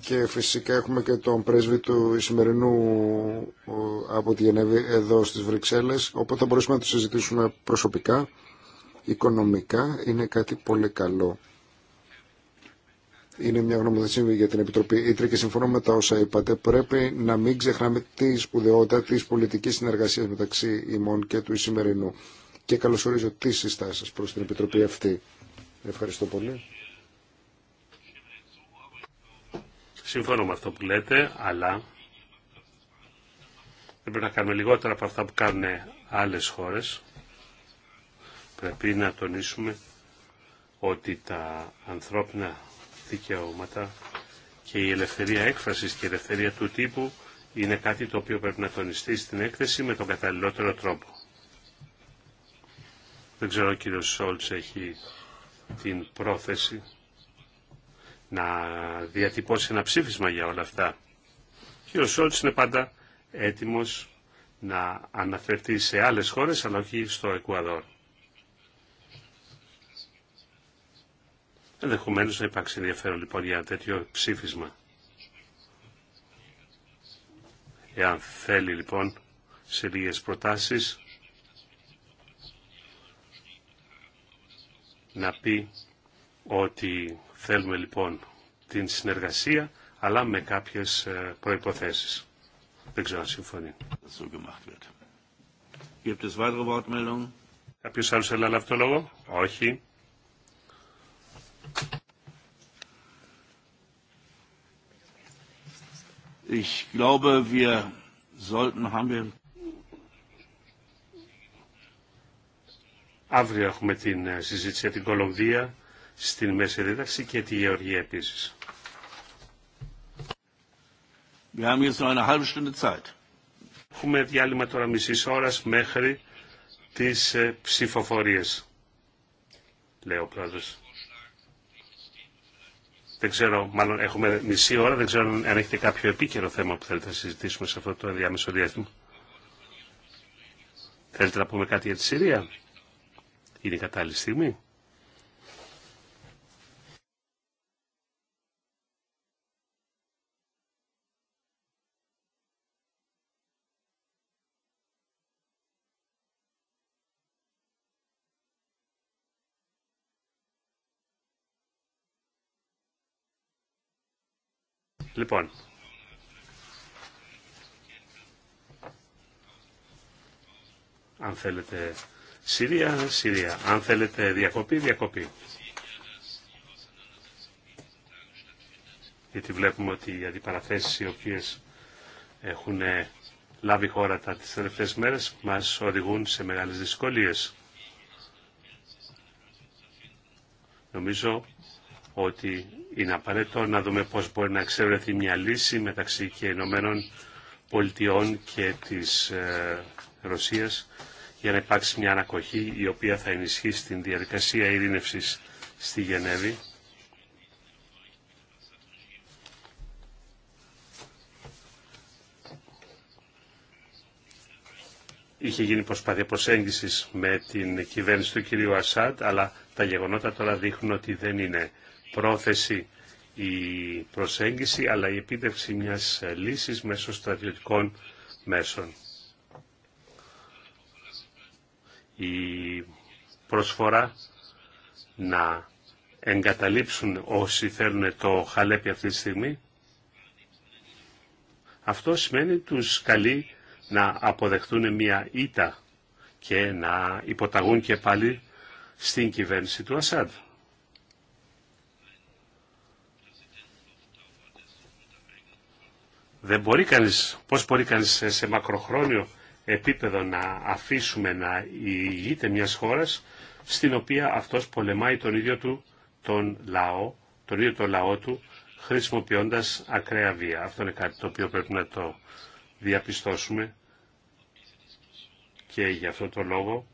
Και φυσικά έχουμε και τον πρέσβη του Ισημερινού από τη Γενέβη εδώ στις Βρυξέλλες, οπότε θα μπορούσαμε να το συζητήσουμε προσωπικά, οικονομικά, είναι κάτι πολύ καλό είναι μια γνωμοδοσία για την Επιτροπή Ήτρε και συμφωνώ με τα όσα είπατε. Πρέπει να μην ξεχνάμε τη σπουδαιότητα τη πολιτική συνεργασία μεταξύ ημών και του σημερινού. Και καλωσορίζω τι συστάσει προ την Επιτροπή αυτή. Ευχαριστώ πολύ. Συμφωνώ με αυτό που λέτε, αλλά δεν πρέπει να κάνουμε λιγότερα από αυτά που κάνουν άλλες χώρες. Πρέπει να τονίσουμε ότι τα ανθρώπινα δικαιώματα και η ελευθερία έκφρασης και η ελευθερία του τύπου είναι κάτι το οποίο πρέπει να τονιστεί στην έκθεση με τον καταλληλότερο τρόπο. Δεν ξέρω ο κύριος Σόλτς έχει την πρόθεση να διατυπώσει ένα ψήφισμα για όλα αυτά. Ο κύριος Σόλτς είναι πάντα έτοιμος να αναφερθεί σε άλλες χώρες αλλά όχι στο Εκουαδόρ. Ενδεχομένω να υπάρξει ενδιαφέρον λοιπόν για ένα τέτοιο ψήφισμα. Εάν θέλει λοιπόν σε λίγες προτάσεις να πει ότι θέλουμε λοιπόν την συνεργασία αλλά με κάποιες ε, προϋποθέσεις. Δεν ξέρω αν συμφωνεί. Κάποιος άλλος θέλει να λάβει λόγο. Όχι. Ich glaube, wir sollten, haben wir... Αύριο έχουμε την ε, συζήτηση για την Κολομβία στην Μέση Δίδαξη και τη Γεωργία επίση. Έχουμε διάλειμμα τώρα μισή ώρα μέχρι τι ε, ψηφοφορίε. λέει ο πρόεδρος. Δεν ξέρω, μάλλον έχουμε μισή ώρα, δεν ξέρω αν έχετε κάποιο επίκαιρο θέμα που θέλετε να συζητήσουμε σε αυτό το διάμεσο διάστημα. Θέλετε να πούμε κάτι για τη Συρία. Είναι η κατάλληλη στιγμή. Λοιπόν, αν θέλετε Συρία, Συρία. Αν θέλετε διακοπή, διακοπή. Γιατί βλέπουμε ότι οι αντιπαραθέσεις οι οποίες έχουν ε, λάβει χώρα τα τις τελευταίες μέρες μας οδηγούν σε μεγάλες δυσκολίες. Νομίζω ότι είναι απαραίτητο να δούμε πώς μπορεί να εξευρεθεί μια λύση μεταξύ και Ηνωμένων Πολιτειών και της ε, Ρωσίας για να υπάρξει μια ανακοχή η οποία θα ενισχύσει την διαδικασία ειρήνευσης στη Γενέβη. Είχε γίνει προσπάθεια προσέγγισης με την κυβέρνηση του κυρίου Ασάντ, αλλά τα γεγονότα τώρα δείχνουν ότι δεν είναι πρόθεση η προσέγγιση, αλλά η επίτευξη μιας λύσης μέσω στρατιωτικών μέσων. Η προσφορά να εγκαταλείψουν όσοι θέλουν το χαλέπι αυτή τη στιγμή, αυτό σημαίνει τους καλεί να αποδεχτούν μια ήττα και να υποταγούν και πάλι στην κυβέρνηση του Ασάντ. Δεν μπορεί κανείς, πώς μπορεί κανείς σε, μακροχρόνιο επίπεδο να αφήσουμε να ηγείται μιας χώρας στην οποία αυτός πολεμάει τον ίδιο του τον λαό, τον ίδιο τον λαό του χρησιμοποιώντας ακραία βία. Αυτό είναι κάτι το οποίο πρέπει να το διαπιστώσουμε και για αυτό το λόγο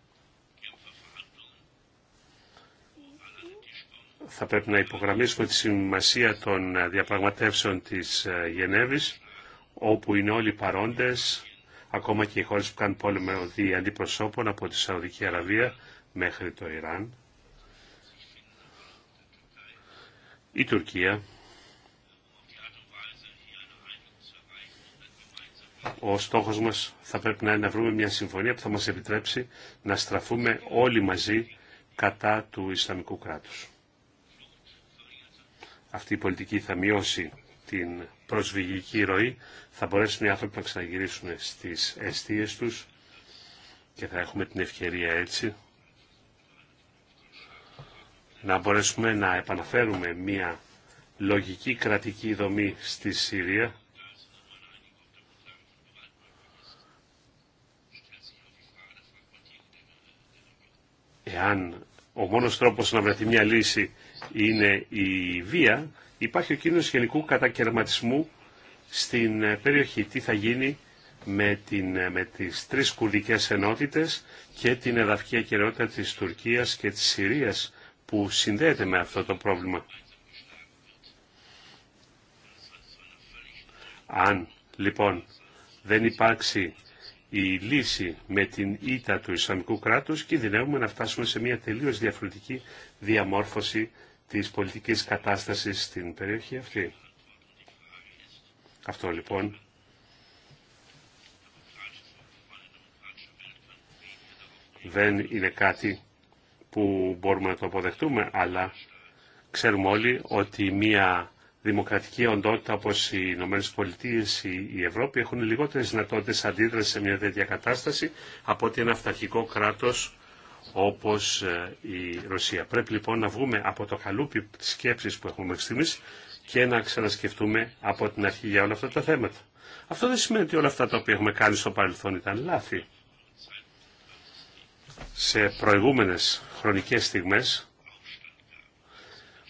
θα πρέπει να υπογραμμίσουμε τη σημασία των διαπραγματεύσεων της ε, Γενέβης όπου είναι όλοι παρόντες, ακόμα και οι χώρες που κάνουν πόλεμο δι αντιπροσώπων από τη Σαουδική Αραβία μέχρι το Ιράν, η Τουρκία, ο στόχος μας θα πρέπει να είναι να βρούμε μια συμφωνία που θα μας επιτρέψει να στραφούμε όλοι μαζί κατά του Ισλαμικού κράτους. Αυτή η πολιτική θα μειώσει την προσβηγική ροή θα μπορέσουν οι άνθρωποι να ξαναγυρίσουν στις αιστείες τους και θα έχουμε την ευκαιρία έτσι να μπορέσουμε να επαναφέρουμε μια λογική κρατική δομή στη Συρία εάν ο μόνος τρόπος να βρεθεί μια λύση είναι η βία Υπάρχει ο κίνδυνος γενικού κατακαιρματισμού στην ε, περιοχή. Τι θα γίνει με, την, ε, με τις τρεις κουρδικές ενότητες και την εδαφική αικαιρεότητα της Τουρκίας και της Συρίας που συνδέεται με αυτό το πρόβλημα. Αν λοιπόν δεν υπάρξει η λύση με την ήττα του Ισλαμικού κράτους κινδυνεύουμε να φτάσουμε σε μια τελείως διαφορετική διαμόρφωση της πολιτικής κατάστασης στην περιοχή αυτή. Αυτό λοιπόν δεν είναι κάτι που μπορούμε να το αποδεχτούμε, αλλά ξέρουμε όλοι ότι μια δημοκρατική οντότητα όπως οι Ηνωμένε Πολιτείε ή η Ευρώπη έχουν λιγότερες δυνατότητες αντίδρασης σε μια τέτοια κατάσταση από ότι ένα αυταρχικό κράτος όπως ε, η Ρωσία. Πρέπει λοιπόν να βγούμε από το καλούπι της σκέψης που έχουμε μέχρι και να ξανασκεφτούμε από την αρχή για όλα αυτά τα θέματα. Αυτό δεν σημαίνει ότι όλα αυτά τα οποία έχουμε κάνει στο παρελθόν ήταν λάθη. Σε προηγούμενες χρονικές στιγμές,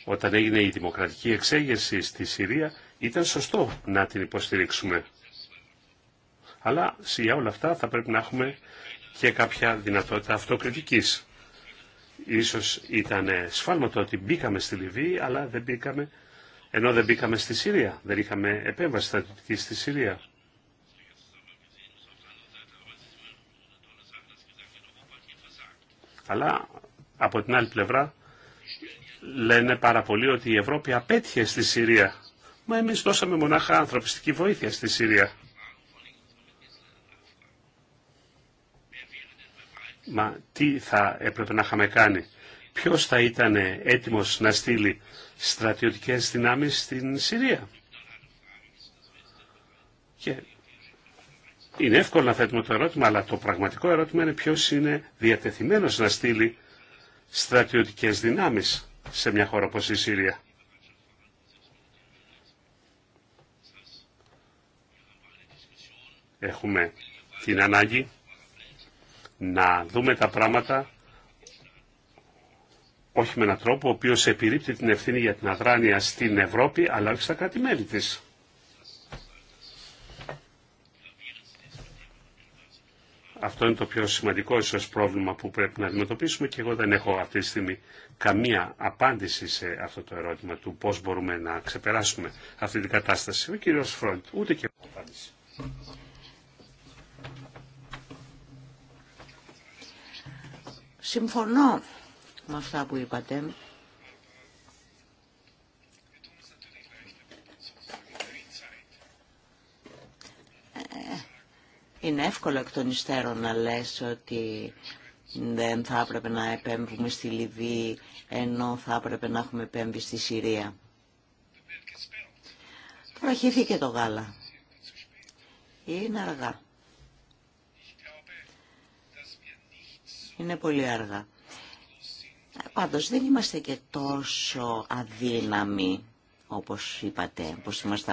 όταν έγινε η δημοκρατική εξέγερση στη Συρία, ήταν σωστό να την υποστηρίξουμε. Αλλά για όλα αυτά θα πρέπει να έχουμε και κάποια δυνατότητα αυτοκριτικής. Ίσως ήταν σφάλμα το ότι μπήκαμε στη Λιβύη, αλλά δεν μπήκαμε, ενώ δεν μπήκαμε στη Συρία. Δεν είχαμε επέμβαση στρατιωτική στη Συρία. Αλλά από την άλλη πλευρά λένε πάρα πολύ ότι η Ευρώπη απέτυχε στη Συρία. Μα εμείς δώσαμε μονάχα ανθρωπιστική βοήθεια στη Συρία. Μα τι θα έπρεπε να είχαμε κάνει. Ποιος θα ήταν έτοιμος να στείλει στρατιωτικές δυνάμεις στην Συρία. Και είναι εύκολο να θέτουμε το ερώτημα, αλλά το πραγματικό ερώτημα είναι ποιος είναι διατεθειμένος να στείλει στρατιωτικές δυνάμεις σε μια χώρα όπως η Συρία. Έχουμε την ανάγκη να δούμε τα πράγματα όχι με έναν τρόπο ο οποίος επιρρύπτει την ευθύνη για την αδράνεια στην Ευρώπη, αλλά όχι στα κράτη-μέλη Αυτό είναι το πιο σημαντικό ίσως πρόβλημα που πρέπει να αντιμετωπίσουμε και εγώ δεν έχω αυτή τη στιγμή καμία απάντηση σε αυτό το ερώτημα του πώς μπορούμε να ξεπεράσουμε αυτή την κατάσταση. Ο κύριος Φρόντ, ούτε και απάντηση. Συμφωνώ με αυτά που είπατε. Ε, είναι εύκολο εκ των υστέρων να λες ότι δεν θα έπρεπε να επέμβουμε στη Λιβύη ενώ θα έπρεπε να έχουμε επέμβει στη Συρία. Προχύθηκε το γάλα. Είναι αργά. Είναι πολύ αργά. Πάντως δεν είμαστε και τόσο αδύναμοι όπως είπατε, όπως μας τα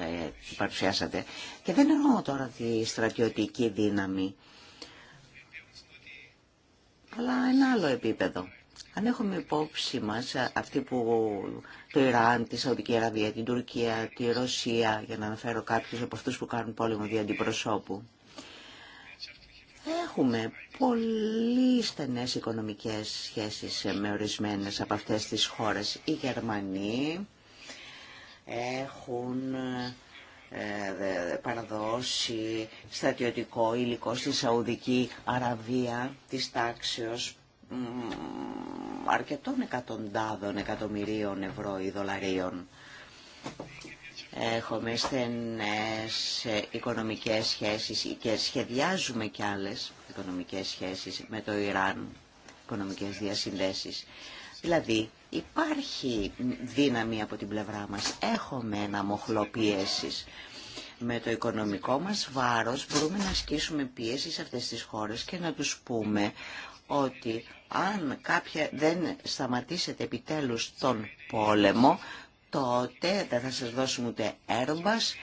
ε, παρουσιάσατε. Και δεν εννοώ τώρα τη στρατιωτική δύναμη, αλλά ένα άλλο επίπεδο. Αν έχουμε υπόψη μας ε, αυτοί που το Ιράν, τη Σαουδική Αραβία, την Τουρκία, τη Ρωσία, για να αναφέρω κάποιους από αυτούς που κάνουν πόλεμο δια αντιπροσώπου, Έχουμε πολύ στενές οικονομικές σχέσεις με ορισμένες από αυτές τις χώρες. Οι Γερμανοί έχουν ε, παραδώσει στρατιωτικό υλικό στη Σαουδική Αραβία της τάξεως αρκετών εκατοντάδων εκατομμυρίων ευρώ ή δολαρίων. Έχουμε στενές οικονομικές σχέσεις και σχεδιάζουμε κι άλλες οικονομικές σχέσεις με το Ιράν, οικονομικές διασυνδέσεις. Δηλαδή υπάρχει δύναμη από την πλευρά μας, έχουμε ένα μοχλό Με το οικονομικό μας βάρος μπορούμε να ασκήσουμε πίεση σε αυτές τις χώρες και να τους πούμε ότι αν κάποια δεν σταματήσετε επιτέλους τον πόλεμο τότε δεν θα σας δώσουμε ούτε έρμπας,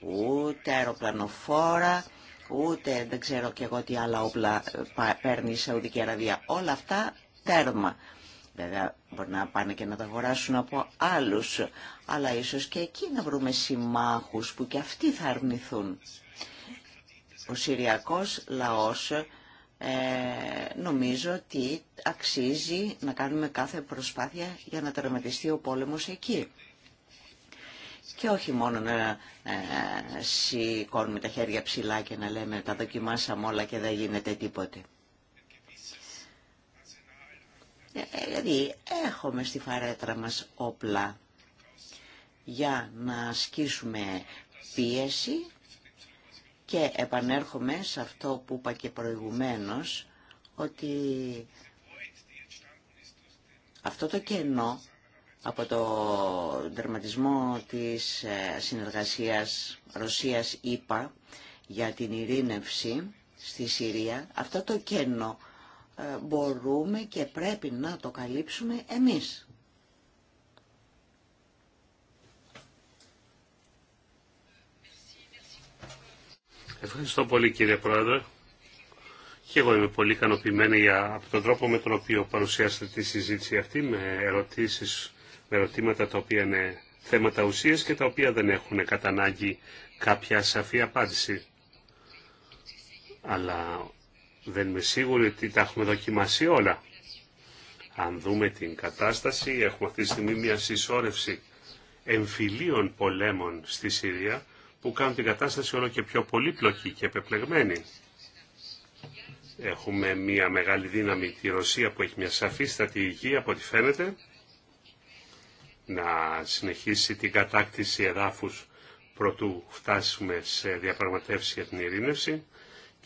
ούτε αεροπλανοφόρα, ούτε δεν ξέρω και εγώ τι άλλα όπλα ε, παίρνει η Σαουδική Αραβία. Όλα αυτά τέρμα. Βέβαια μπορεί να πάνε και να τα αγοράσουν από άλλους, αλλά ίσως και εκεί να βρούμε συμμάχους που και αυτοί θα αρνηθούν. Ο Συριακός λαός ε, νομίζω ότι αξίζει να κάνουμε κάθε προσπάθεια για να τερματιστεί ο πόλεμος εκεί και όχι μόνο να σηκώνουμε τα χέρια ψηλά και να λέμε τα δοκιμάσαμε όλα και δεν γίνεται τίποτε. Ε, ε, δηλαδή έχουμε στη φαρέτρα μας όπλα για να ασκήσουμε πίεση και επανέρχομαι σε αυτό που είπα και προηγουμένως ότι αυτό το κενό από το τερματισμό της ε, συνεργασίας Ρωσίας-ΙΠΑ για την ειρήνευση στη Συρία, αυτό το κένο ε, μπορούμε και πρέπει να το καλύψουμε εμείς. Ευχαριστώ πολύ κύριε Πρόεδρε. Και εγώ είμαι πολύ ικανοποιημένη από τον τρόπο με τον οποίο παρουσιάσατε τη συζήτηση αυτή με ερωτήσεις με ερωτήματα τα οποία είναι θέματα ουσίας και τα οποία δεν έχουν κατά ανάγκη κάποια σαφή απάντηση. Αλλά δεν είμαι σίγουροι ότι τα έχουμε δοκιμάσει όλα. Αν δούμε την κατάσταση, έχουμε αυτή τη στιγμή μια συσσόρευση εμφυλίων πολέμων στη Συρία που κάνουν την κατάσταση όλο και πιο πολύπλοκη και επεπλεγμένη. Έχουμε μια μεγάλη δύναμη, τη Ρωσία, που έχει μια σαφή στρατηγική από ό,τι φαίνεται να συνεχίσει την κατάκτηση εδάφους προτού φτάσουμε σε διαπραγματεύσεις για την ειρήνευση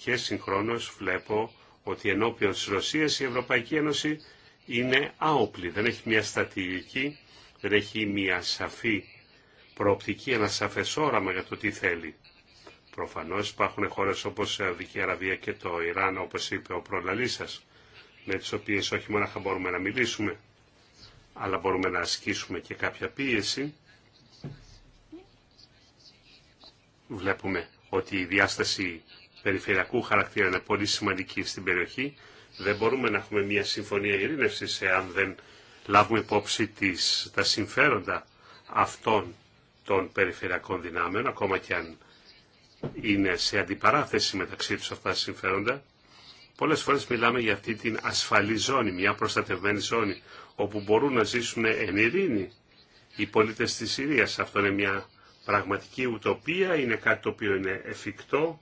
και συγχρόνως βλέπω ότι ενώπιον της Ρωσίας η Ευρωπαϊκή Ένωση είναι άοπλη, δεν έχει μια στατηγική, δεν έχει μια σαφή προοπτική, ένα σαφές όραμα για το τι θέλει. Προφανώς υπάρχουν χώρες όπως η Δική Αραβία και το Ιράν, όπως είπε ο προλαλής σας, με τις οποίες όχι μόνο μπορούμε να μιλήσουμε, αλλά μπορούμε να ασκήσουμε και κάποια πίεση. Βλέπουμε ότι η διάσταση περιφερειακού χαρακτήρα είναι πολύ σημαντική στην περιοχή. Δεν μπορούμε να έχουμε μια συμφωνία ειρήνευσης εάν δεν λάβουμε υπόψη τις, τα συμφέροντα αυτών των περιφερειακών δυνάμεων, ακόμα και αν είναι σε αντιπαράθεση μεταξύ τους αυτά τα συμφέροντα. Πολλές φορές μιλάμε για αυτή την ασφαλή ζώνη, μια προστατευμένη ζώνη, όπου μπορούν να ζήσουν εν ειρήνη οι πολίτες της Συρίας. Αυτό είναι μια πραγματική ουτοπία, είναι κάτι το οποίο είναι εφικτό,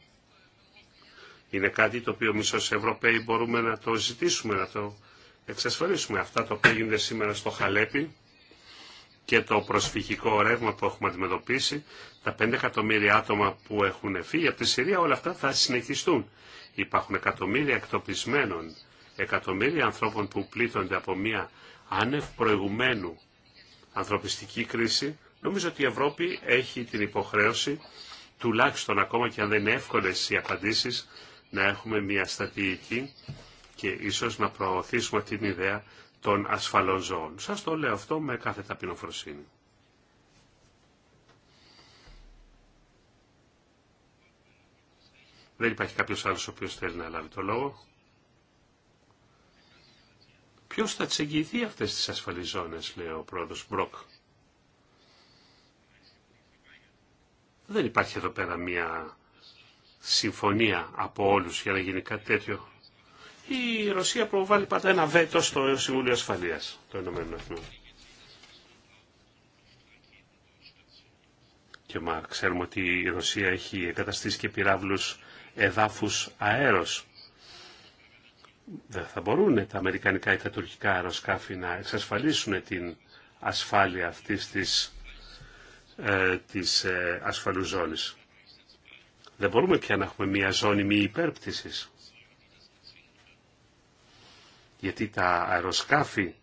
είναι κάτι το οποίο εμείς ως Ευρωπαίοι μπορούμε να το ζητήσουμε, να το εξασφαλίσουμε. Αυτά το οποίο γίνεται σήμερα στο Χαλέπι και το προσφυγικό ρεύμα που έχουμε αντιμετωπίσει, τα 5 εκατομμύρια άτομα που έχουν φύγει από τη Συρία, όλα αυτά θα συνεχιστούν. Υπάρχουν εκατομμύρια εκτοπισμένων, εκατομμύρια ανθρώπων που πλήττονται από μια άνευ προηγουμένου ανθρωπιστική κρίση, νομίζω ότι η Ευρώπη έχει την υποχρέωση, τουλάχιστον ακόμα και αν δεν είναι εύκολες οι απαντήσεις, να έχουμε μια στρατηγική και ίσως να προωθήσουμε την ιδέα των ασφαλών ζώων. Σας το λέω αυτό με κάθε ταπεινοφροσύνη. Δεν υπάρχει κάποιος άλλος ο οποίος θέλει να λάβει το λόγο. Ποιος θα τσεγγιθεί αυτές τις ασφαλείς ζώνες, λέει ο πρόεδρος Μπροκ. Δεν υπάρχει εδώ πέρα μια συμφωνία από όλους για να γίνει κάτι τέτοιο. Η Ρωσία προβάλλει πάντα ένα βέτο στο Συμβούλιο Ασφαλείας των Ηνωμένων Εθνών. Και μα ξέρουμε ότι η Ρωσία έχει εγκαταστήσει και πυράβλους εδάφους αέρος δεν θα μπορούν τα αμερικανικά ή τα τουρκικά αεροσκάφη να εξασφαλίσουν την ασφάλεια αυτής της, ε, της ε, ασφαλούς ζώνης. Δεν μπορούμε πια να έχουμε μια ζώνη μη υπέρπτυσης. Γιατί τα αεροσκάφη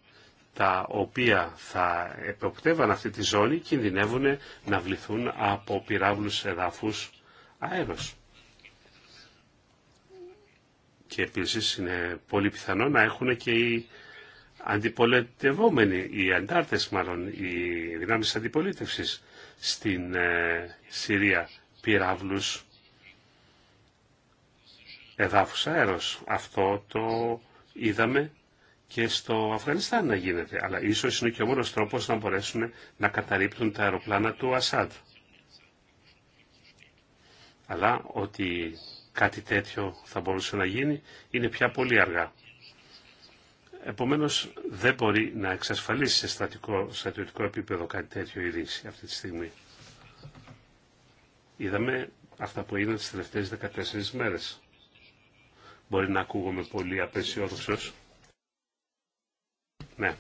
τα οποία θα επεκτεύαν αυτή τη ζώνη κινδυνεύουν να βληθούν από πυράβλους εδάφους αέρος. Και επίσης είναι πολύ πιθανό να έχουν και οι αντιπολιτευόμενοι, οι αντάρτες μάλλον, οι δυνάμεις αντιπολίτευσης στην ε, Συρία πυράβλους εδάφους αέρος. Αυτό το είδαμε και στο Αφγανιστάν να γίνεται. Αλλά ίσως είναι και ο μόνος τρόπος να μπορέσουν να καταρρύπτουν τα αεροπλάνα του Ασάντ. Αλλά ότι κάτι τέτοιο θα μπορούσε να γίνει, είναι πια πολύ αργά. Επομένως δεν μπορεί να εξασφαλίσει σε στατικό, επίπεδο κάτι τέτοιο η Δύση αυτή τη στιγμή. Είδαμε αυτά που έγιναν τις τελευταίες 14 μέρες. Μπορεί να ακούγομαι πολύ απεσιόδοξος. Ναι.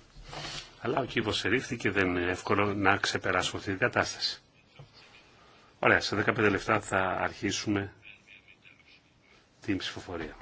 Αλλά ο κύβος ερήφθη και δεν είναι εύκολο να ξεπεράσουμε αυτή την κατάσταση. Ωραία, σε 15 λεπτά θα αρχίσουμε την ψηφοφορία.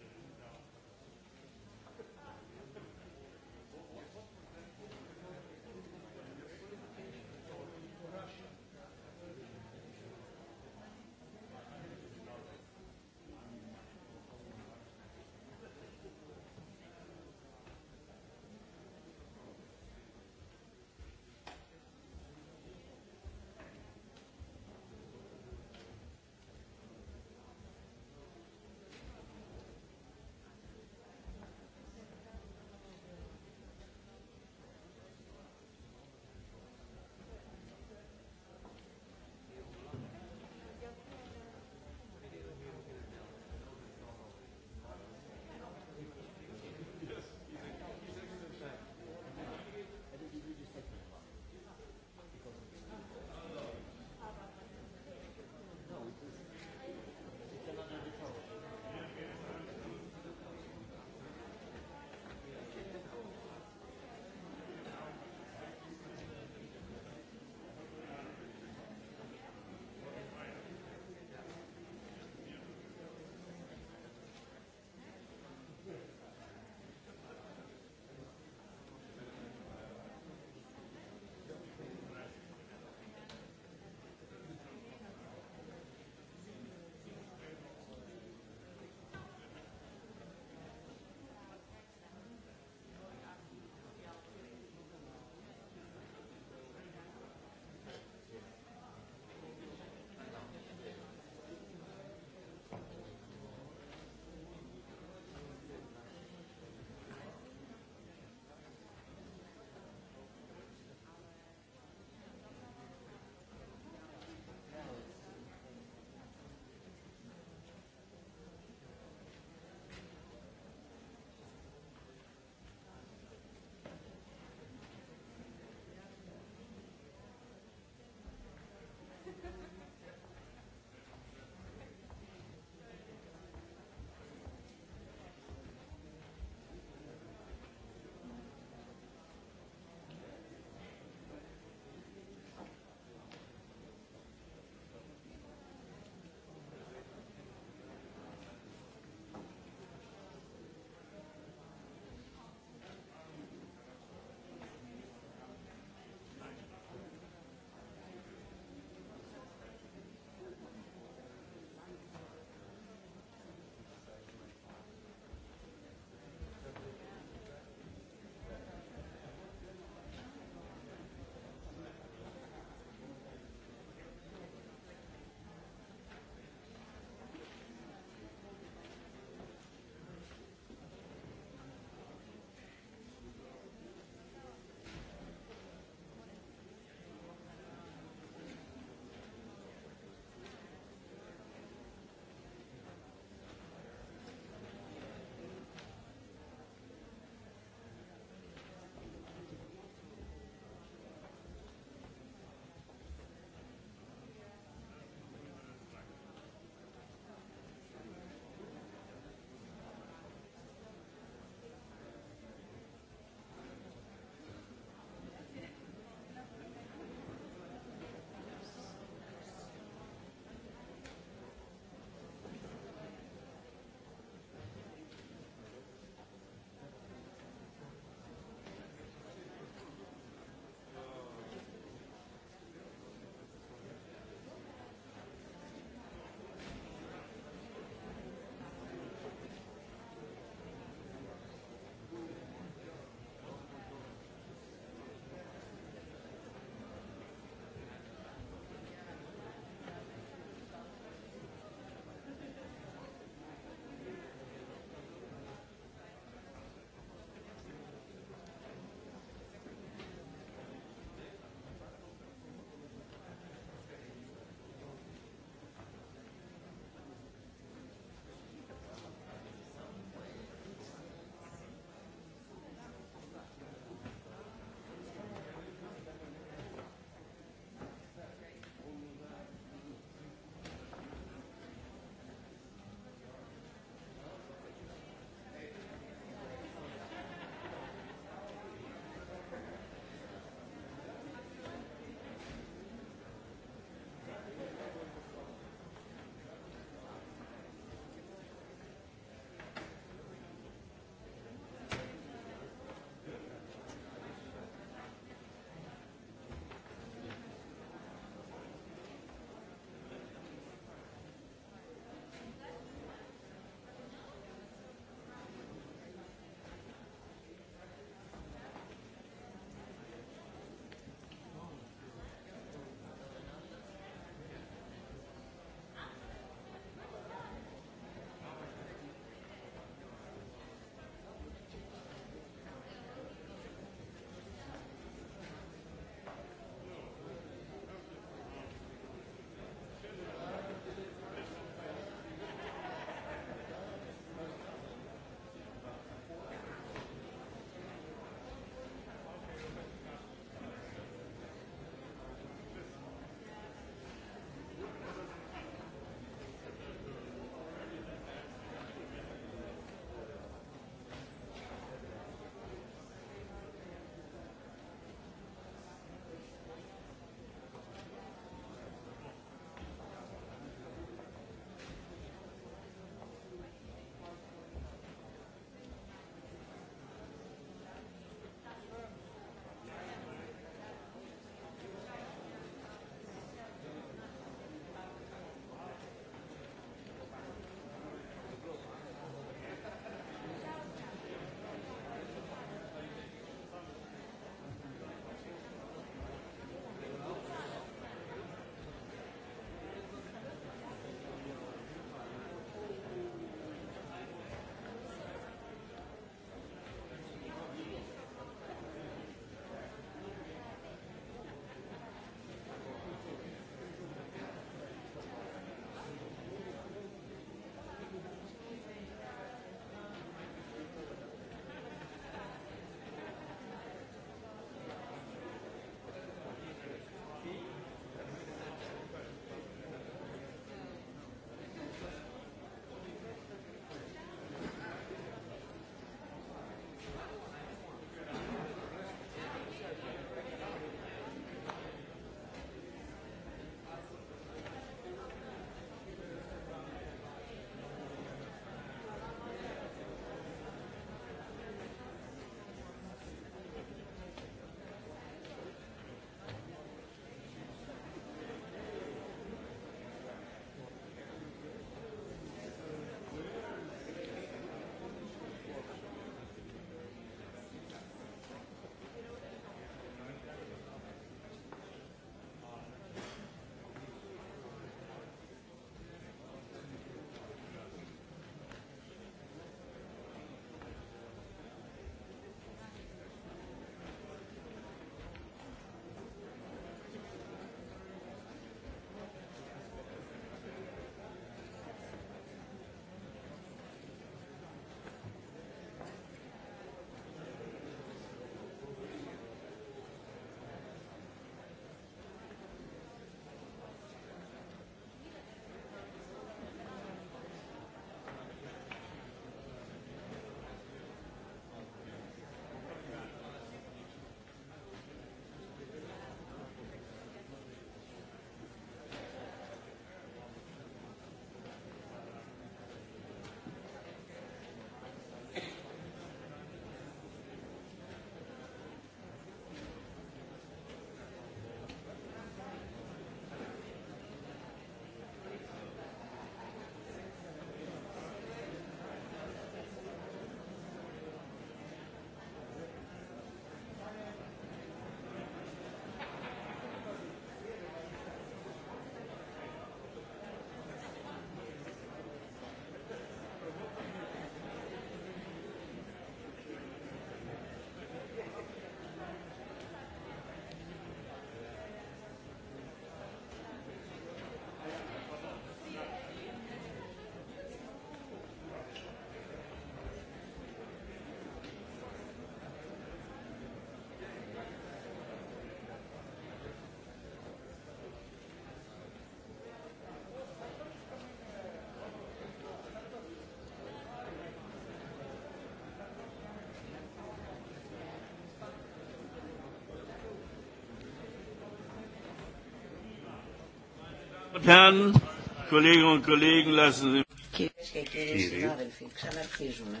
Κυρίες και κύριοι συνάδελφοι, ξαναρχίζουμε.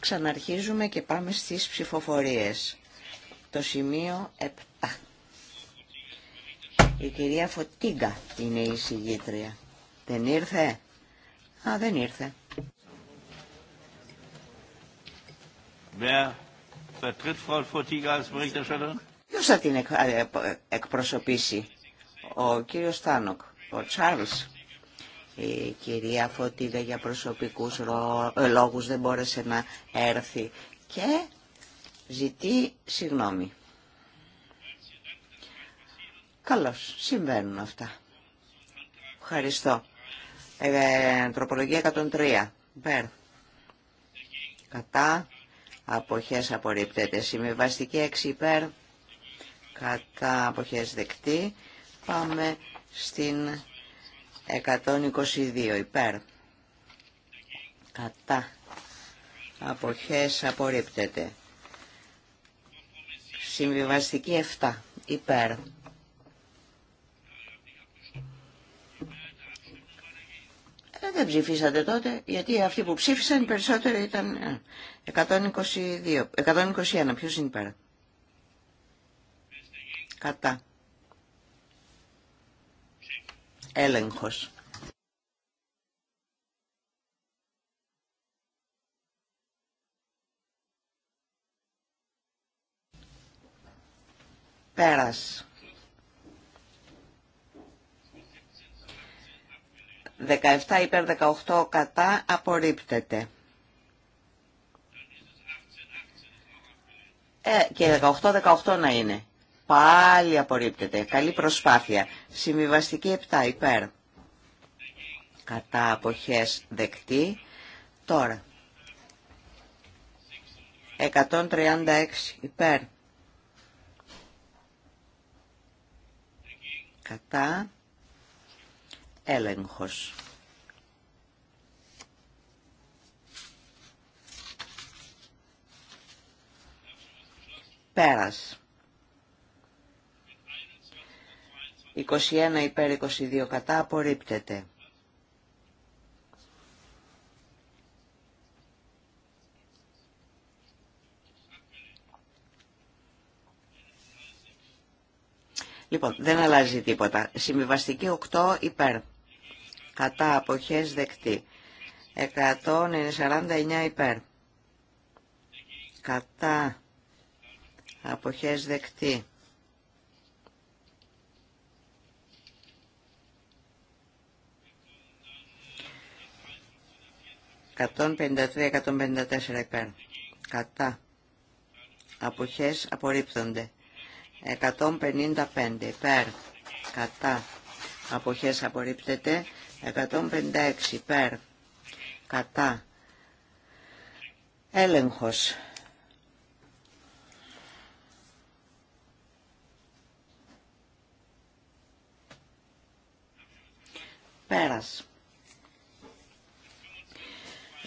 Ξαναρχίζουμε και πάμε στις ψηφοφορίες. Το σημείο 7. Η κυρία Φωτίγκα είναι η συγγήτρια. Δεν ήρθε. Α, δεν ήρθε. Ποιο θα την ε, εκπροσωπήσει ο κύριος Στάνοκ, ο Τσάρλς, η κυρία Φωτίδα για προσωπικούς ε, λόγους δεν μπόρεσε να έρθει και ζητεί συγγνώμη. Καλώς, συμβαίνουν αυτά. Ευχαριστώ. Ε, τροπολογία 103. πέρ. Κατά. Αποχές απορρίπτεται. Συμβιβαστική 6 υπέρ. Κατά αποχές δεκτή. Πάμε στην 122 υπέρ. Κατά. Αποχές απορρίπτεται. Συμβιβαστική 7 υπέρ. Ε, δεν ψηφίσατε τότε, γιατί αυτοί που ψήφισαν περισσότερο ήταν 122, ε, 121, ποιος είναι υπέρ. Κατά. έλεγχος. Πέρας. 17 υπέρ 18 κατά απορρίπτεται. Ε, και 18-18 να είναι. Πάλι απορρίπτεται. Καλή προσπάθεια. Συμβιβαστική 7 υπέρ. Κατά αποχές δεκτή. Τώρα. 136 υπέρ. Κατά έλεγχος. Πέρας. 21 υπέρ 22 κατά απορρίπτεται. Λοιπόν, δεν αλλάζει τίποτα. Συμβιβαστική 8 υπέρ. Κατά αποχές δεκτή. 149 υπέρ. Κατά αποχές δεκτή. 153-154 υπέρ. Κατά. Αποχές απορρίπτονται. 155 υπέρ. Κατά. Αποχές απορρίπτεται. 156 υπέρ. Κατά. Έλεγχος. Πέρας.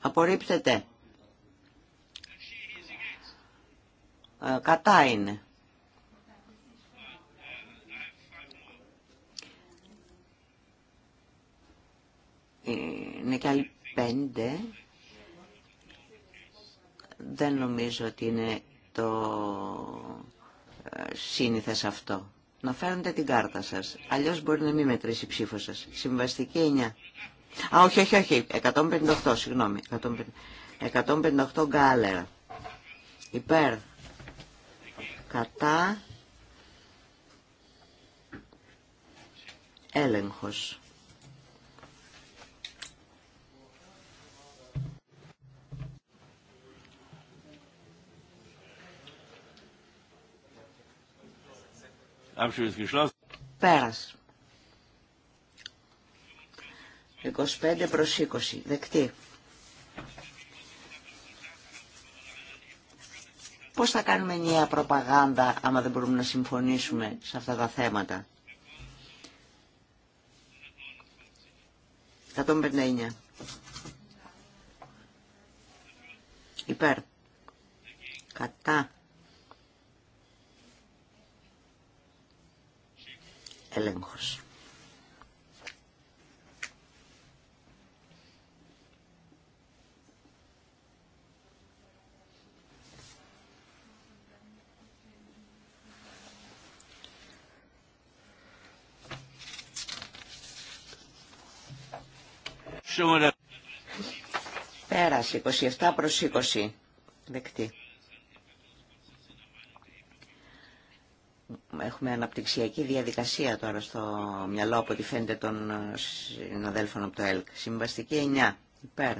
Απορρίπτεται. Ε, κατά είναι. Ε, είναι και άλλοι πέντε. Δεν νομίζω ότι είναι το ε, σύνηθες αυτό. Να φέρνετε την κάρτα σας. Αλλιώς μπορεί να μην μετρήσει η ψήφο σας. Συμβαστική 9. Α, όχι, όχι, όχι. 158, συγγνώμη. 158 γκάλερ. Υπέρ. Κατά. Έλεγχος. Πέρασε. 25 προς 20. Δεκτή. Πώς θα κάνουμε νέα προπαγάνδα άμα δεν μπορούμε να συμφωνήσουμε σε αυτά τα θέματα. 159. Υπέρ. Κατά. Έλεγχος. Πέρασε 27 προς 20. Δεκτή. Έχουμε αναπτυξιακή διαδικασία τώρα στο μυαλό από ό,τι φαίνεται των συναδέλφων από το ΕΛΚ. Συμβαστική 9. Υπέρ.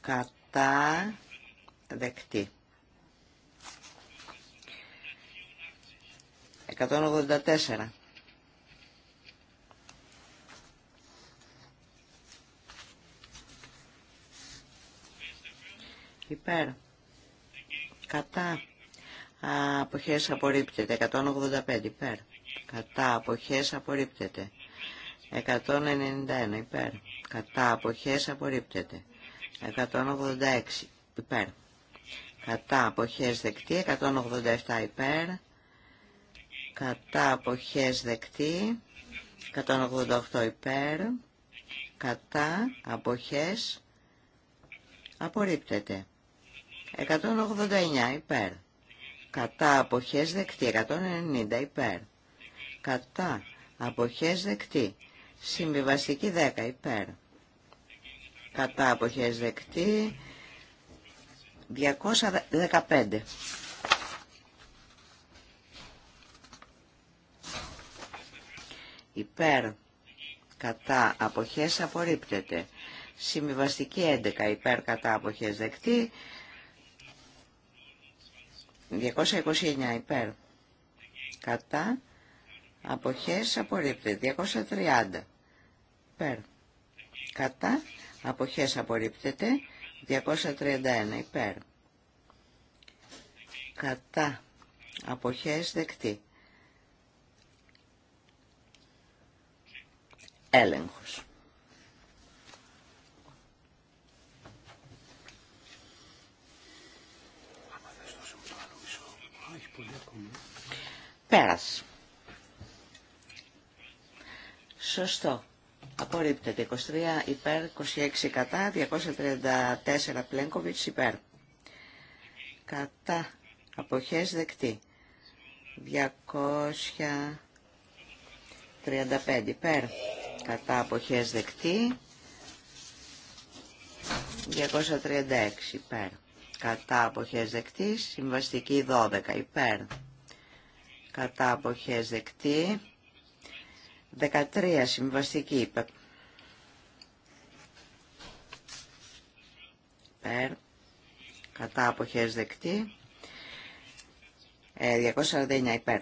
Κατά δεκτή. 184. υπέρ κατά αποχές απορρίπτεται 185 υπέρ κατά αποχές απορρίπτεται 191 υπέρ κατά αποχές απορρίπτεται 186 υπέρ κατά αποχές δεκτή 187 υπέρ κατά αποχές δεκτή 188 υπέρ κατά αποχές απορρίπτεται 189 υπέρ. Κατά αποχές δεκτή. 190 υπέρ. Κατά αποχές δεκτή. Συμβιβαστική 10 υπέρ. Κατά αποχές δεκτή. 215. Υπέρ κατά αποχές απορρίπτεται. Συμβιβαστική 11 υπέρ κατά αποχές δεκτή. 229 υπέρ. Κατά. Αποχές απορρίπτεται. 230 υπέρ. Κατά. Αποχές απορρίπτεται. 231 υπέρ. Κατά. Αποχές δεκτή. Έλεγχος. Πέρας. Σωστό. Απορρίπτεται. 23 υπέρ, 26 κατά, 234 Πλένκοβιτς υπέρ. Κατά. Αποχές δεκτή. 235 υπέρ. Κατά αποχές δεκτή. 236 υπέρ. Κατά αποχές δεκτής Συμβαστική 12 υπέρ κατά αποχές δεκτή. 13 συμβαστική υπέρ. Περ, κατά αποχές δεκτή. 249 ε, υπέρ.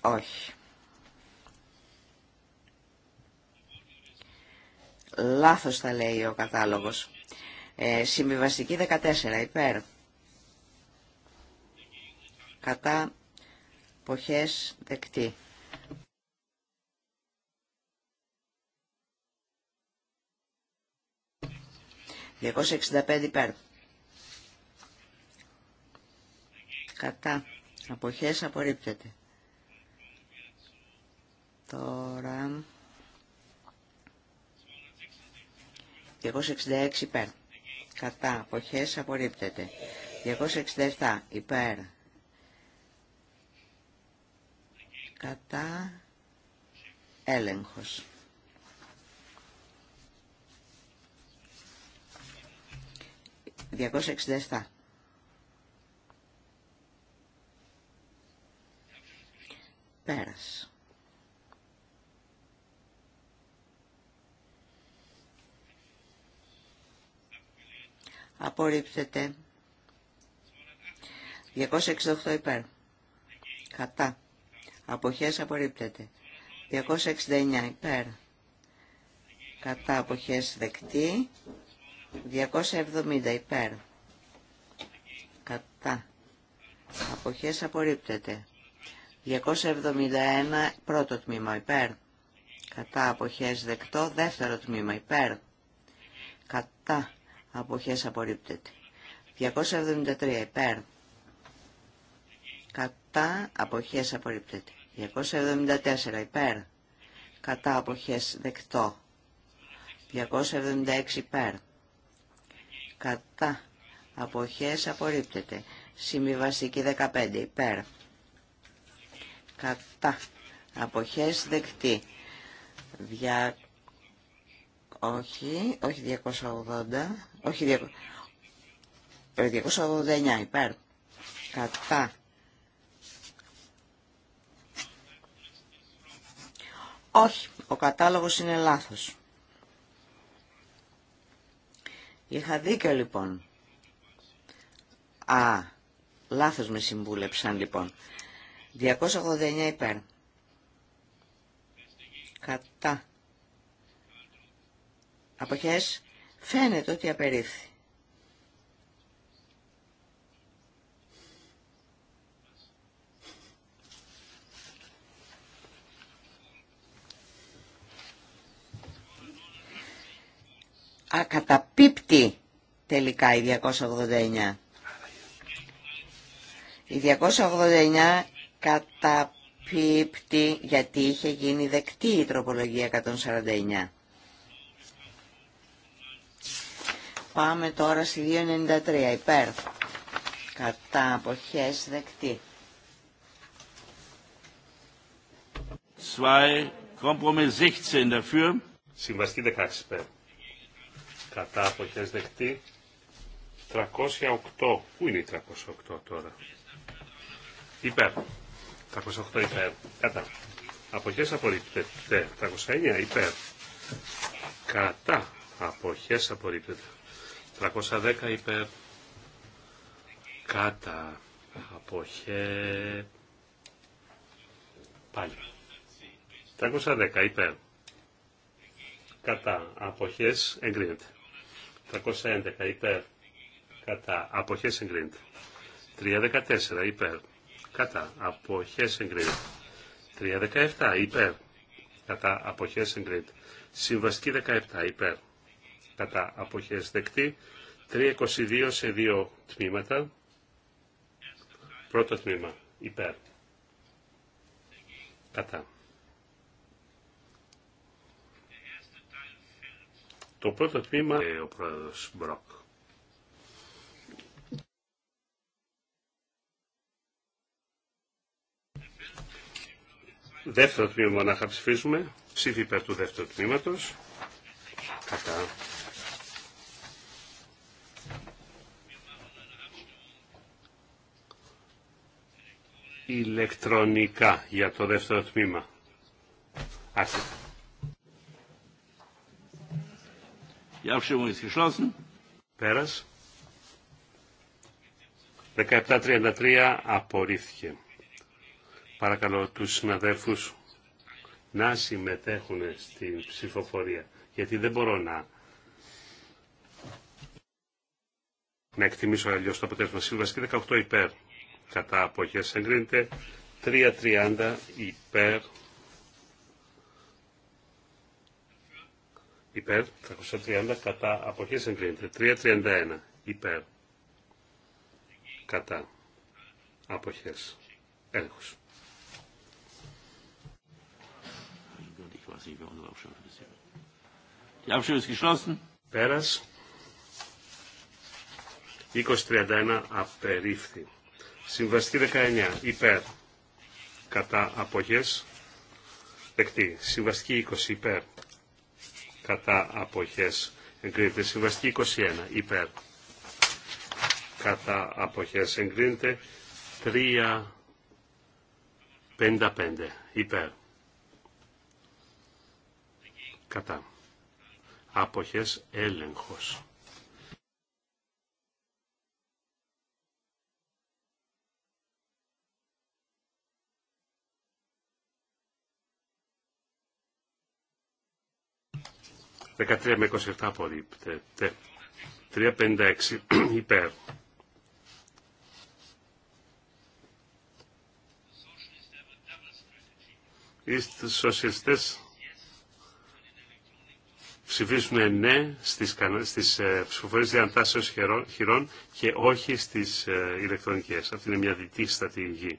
Όχι. Λάθος θα λέει ο κατάλογος. Ε, συμβιβαστική 14 υπέρ. Κατά ποχές δεκτή. ...265 υπέρ. Κατά. Αποχές απορρίπτεται. Τώρα... ...266 υπέρ κατά αποχές απορρίπτεται. 267 υπέρ κατά έλεγχος. ...267. Πέρας. απορρίπτεται. 268 υπέρ. Κατά. Αποχές απορρίπτεται. 269 υπέρ. Κατά αποχές δεκτή. 270 υπέρ. Κατά. Αποχές απορρίπτεται. 271 πρώτο τμήμα υπέρ. Κατά αποχές δεκτό δεύτερο τμήμα υπέρ. Κατά αποχές απορρίπτεται. 273 υπέρ κατά αποχές απορρίπτεται. 274 υπέρ κατά αποχές δεκτό. 276 υπέρ κατά αποχές απορρίπτεται. Συμβιβαστική 15 υπέρ κατά αποχές δεκτή όχι, όχι 280, όχι 200, 289 ε, υπέρ, κατά. Όχι, ο κατάλογος είναι λάθος. Είχα δίκιο λοιπόν. Α, λάθος με συμβούλεψαν λοιπόν. 289 υπέρ. Κατά. Αποχές. Φαίνεται ότι απερίφθη. Ακαταπίπτει τελικά η 289. Η 289 καταπίπτει γιατί είχε γίνει δεκτή η τροπολογία 149. Πάμε τώρα στη 293 υπέρ. Κατά αποχές δεκτή. Συμβαστή 16 υπέρ. Κατά αποχές δεκτή. 308. Πού είναι η 308 τώρα. Υπέρ. 308 υπέρ. Κατά. Αποχές απορρίπτεται. 309 υπέρ. Κατά. Αποχές απορρίπτεται. 310 υπέρ κατά αποχέ πάλι 310 υπέρ κατά αποχές εγκρίνεται 311 υπέρ κατά αποχές εγκρίνεται 314 υπέρ κατά αποχές εγκρίνεται 317 υπέρ κατά αποχές εγκρίνεται συμβαστική 17 υπέρ κατά αποχές δεκτή. 322 σε δύο τμήματα. Πρώτο τμήμα υπέρ. Κατά. Το πρώτο τμήμα ε, ο πρόεδρος Μπροκ. Δεύτερο τμήμα να χαψηφίσουμε. Ψήφι υπέρ του δεύτερου τμήματος. Κατά. ηλεκτρονικά για το δεύτερο τμήμα. Άρχισε. Η Πέρας. 17.33 απορρίφθηκε. Παρακαλώ τους συναδέλφους να συμμετέχουν στην ψηφοφορία, γιατί δεν μπορώ να, να εκτιμήσω αλλιώς το αποτέλεσμα σύμβαση και 18 υπέρ κατά αποχές εγκρίνεται 3.30 υπέρ υπέρ 330 κατά αποχές εγκρίνεται 3.31 υπέρ κατά αποχές έλεγχος Πέρας. 2031 απερίφθη. Συμβαστική 19 υπέρ κατά αποχές δεκτή. Συμβαστική 20 υπέρ κατά αποχές εγκρίνεται. Συμβαστική 21 υπέρ κατά αποχές εγκρίνεται. 3,55, υπέρ κατά αποχές έλεγχος. 13 με 27 απορρίπτεται. 356 υπέρ. Οι σοσιαλιστές ψηφίσουν ναι στις, στις ε, ψηφοφορίες διαντάσεως χειρών και όχι στις ε, ηλεκτρονικές. Αυτή είναι μια δυτή στρατηγική.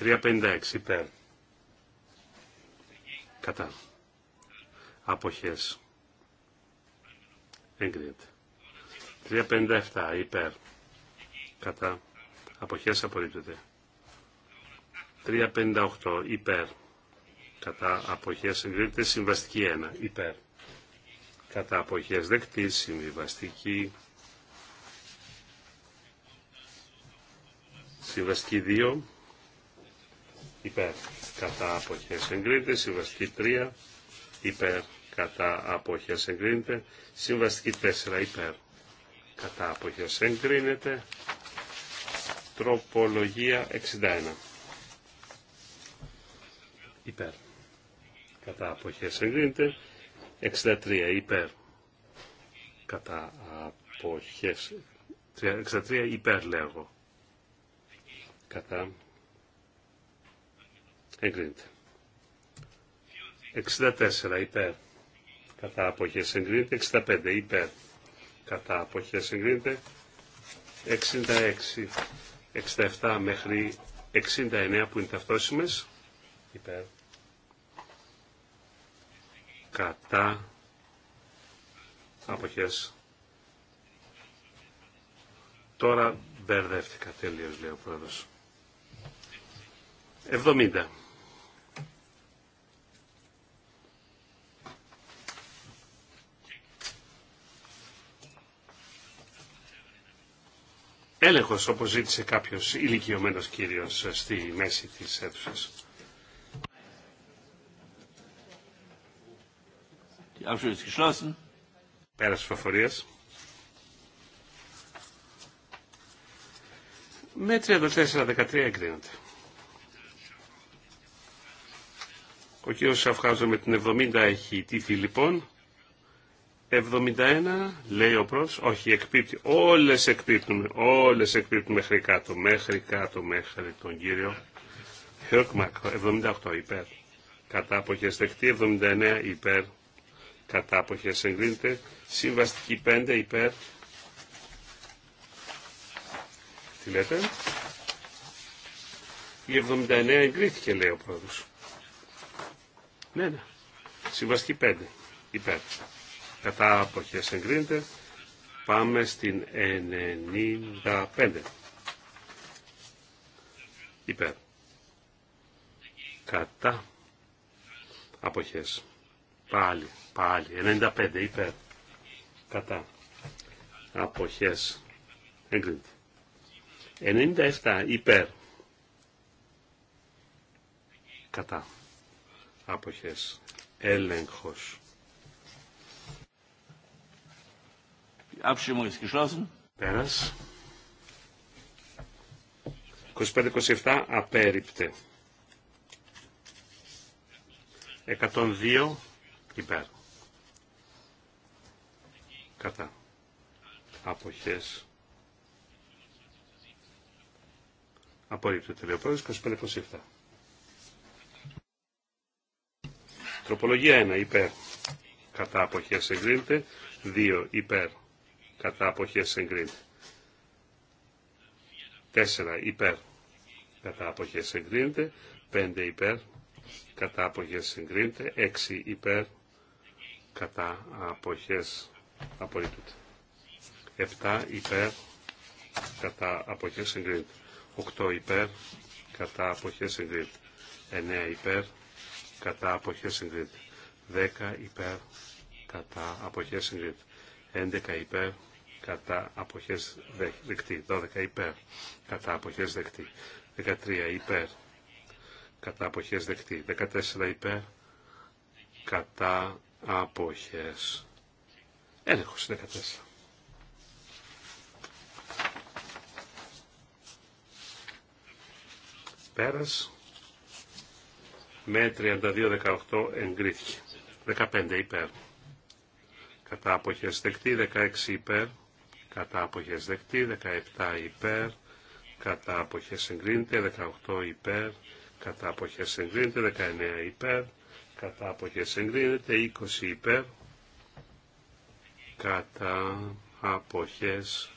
356 υπέρ. Κατά αποχές. Εγκρίνεται. 357 υπέρ κατά αποχές απορρίπτεται. 358 υπέρ κατά αποχές εγκρίνεται. Συμβαστική 1 υπέρ κατά αποχές δεκτή. Συμβιβαστική Συμβαστική 2 υπέρ κατά αποχές εγκρίνεται. Συμβαστική 3 υπέρ κατά αποχές εγκρίνεται. Συμβαστική 4 υπέρ κατά αποχές εγκρίνεται. Τροπολογία 61 υπέρ κατά αποχές εγκρίνεται. 63 υπέρ κατά αποχές 63 υπέρ λέγω κατά εγκρίνεται 64 υπέρ κατά αποχές εγκρίνεται 65 υπέρ κατά αποχές εγκρίνεται 66 67 μέχρι 69 που είναι ταυτόσιμες υπέρ κατά αποχές τώρα μπερδεύτηκα τελείως λέει ο πρόεδρος 70 έλεγχο, όπω ζήτησε κάποιο ηλικιωμένο κύριο ε, στη μέση αίθουσα. Πέρα τη φοφορία. Με 34-13 εγκρίνονται. Ο κύριο Σαφχάζο με την 70 έχει τύχει λοιπόν. 71 λέει ο πρόεδρος, όχι εκπίπτει, όλες εκπίπτουν, όλες εκπίπτουν μέχρι κάτω, μέχρι κάτω, μέχρι τον κύριο 78 υπέρ, κατά αποχές δεκτή, 79 υπέρ, κατά αποχές εγκρίνεται, συμβαστική 5 υπέρ, τι λέτε, η 79 εγκρίθηκε λέει ο πρόεδρος. Ναι, ναι, συμβαστική 5 υπέρ κατά αποχές εγκρίνεται. Πάμε στην 95. Υπέρ. Κατά αποχές. Πάλι, πάλι. 95 υπέρ. Κατά αποχές εγκρίνεται. 97 υπέρ. Κατά αποχές έλεγχος Die 25 25-27 απέριπτε. 102 υπέρ. Κατά. Αποχές. Απορρίπτεται λέει ο πρόεδρος 25-27. Τροπολογία 1 υπέρ. Κατά αποχές εγκρίνεται. 2 υπέρ κατά αποχές εγκρίνεται. 4 υπέρ κατά αποχές εγκρίνεται. 5 υπέρ κατά αποχές εγκρίνεται. 6 υπέρ κατά αποχές 7 υπέρ κατά αποχές εγκρίνεται. 8 υπέρ κατά αποχές εγκρίνεται. 9 υπέρ κατά αποχές εγκρίνεται. 10 υπέρ κατά αποχές εγκρίνεται. 11 υπέρ κατά αποχές δεκτή. 12 υπέρ κατά αποχές δεκτή. 13 υπέρ κατά αποχές δεκτή. 14 υπέρ κατά αποχές. Έλεγχος 14. Πέρας με 32-18 εγκρίθηκε. 15 υπέρ κατά αποχές δεκτή, 16 υπέρ, κατά αποχές δεκτή, 17 υπέρ, κατά αποχές εγκρίνεται, 18 υπέρ, κατά αποχές εγκρίνεται, 19 υπέρ, κατά αποχές εγκρίνεται, 20 υπέρ, κατά αποχές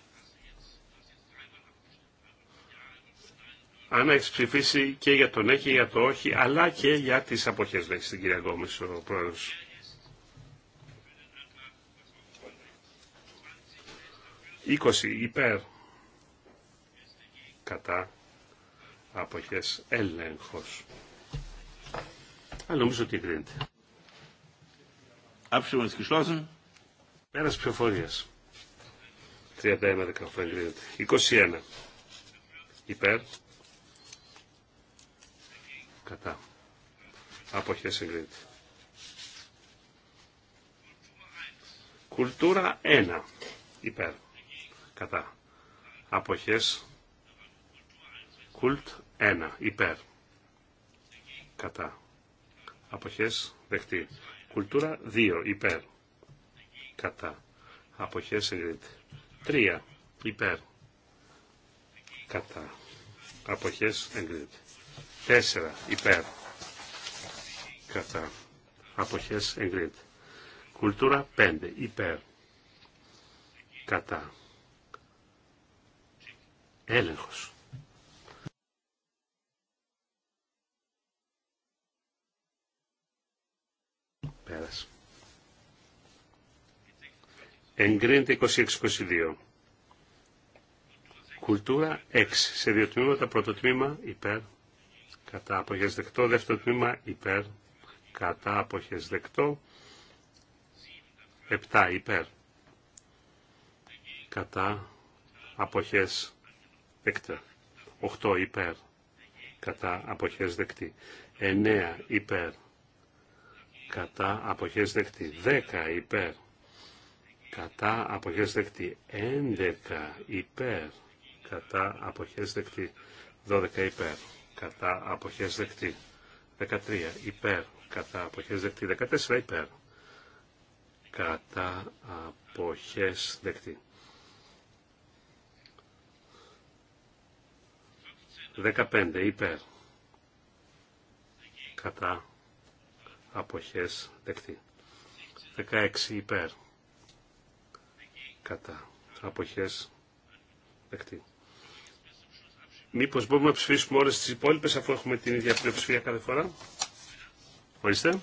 Αν έχει ψηφίσει και για τον έχει, για το όχι, αλλά και για τις αποχές, λέξει στην κυρία Γκόμης ο πρόεδρος. 20 υπέρ κατά αποχές έλεγχος. Αλλά νομίζω ότι εγκρίνεται. Άψιμο της Πέρας ψηφοφορίας. 31-18 εγκρίνεται. 21 υπέρ κατά αποχές εγκρίνεται. Κουλτούρα 1 υπέρ κατά αποχές κουλτ 1 υπέρ κατά αποχές δεχτεί κουλτούρα 2 υπέρ κατά αποχές εγκρίνεται 3 υπέρ κατά αποχές εγκρίνεται 4 υπέρ κατά αποχές εγκρίνεται κουλτούρα 5 υπέρ κατά έλεγχος. Πέρασε. Εγκρίνεται 26-22. Κουλτούρα 6. Σε δύο τμήματα. Πρώτο τμήμα υπέρ. Κατά αποχές δεκτό. Δεύτερο τμήμα υπέρ. Κατά αποχές δεκτό. 7 υπέρ. Κατά αποχές 8 υπέρ κατά αποχές δεκτή. 9 υπέρ κατά αποχές δεκτή. 10 υπέρ κατά αποχές δεκτή. 11 υπέρ κατά αποχές δεκτή. 12 υπέρ κατά αποχές δεκτή. 13 υπέρ κατά αποχές δεκτή. 14 υπέρ κατά αποχές δεκτή. 15 υπέρ κατά αποχές δεκτή. 16 υπέρ κατά αποχές δεκτή. Μήπως μπορούμε να ψηφίσουμε όλες τις υπόλοιπες αφού έχουμε την ίδια πλειοψηφία κάθε φορά. Ορίστε.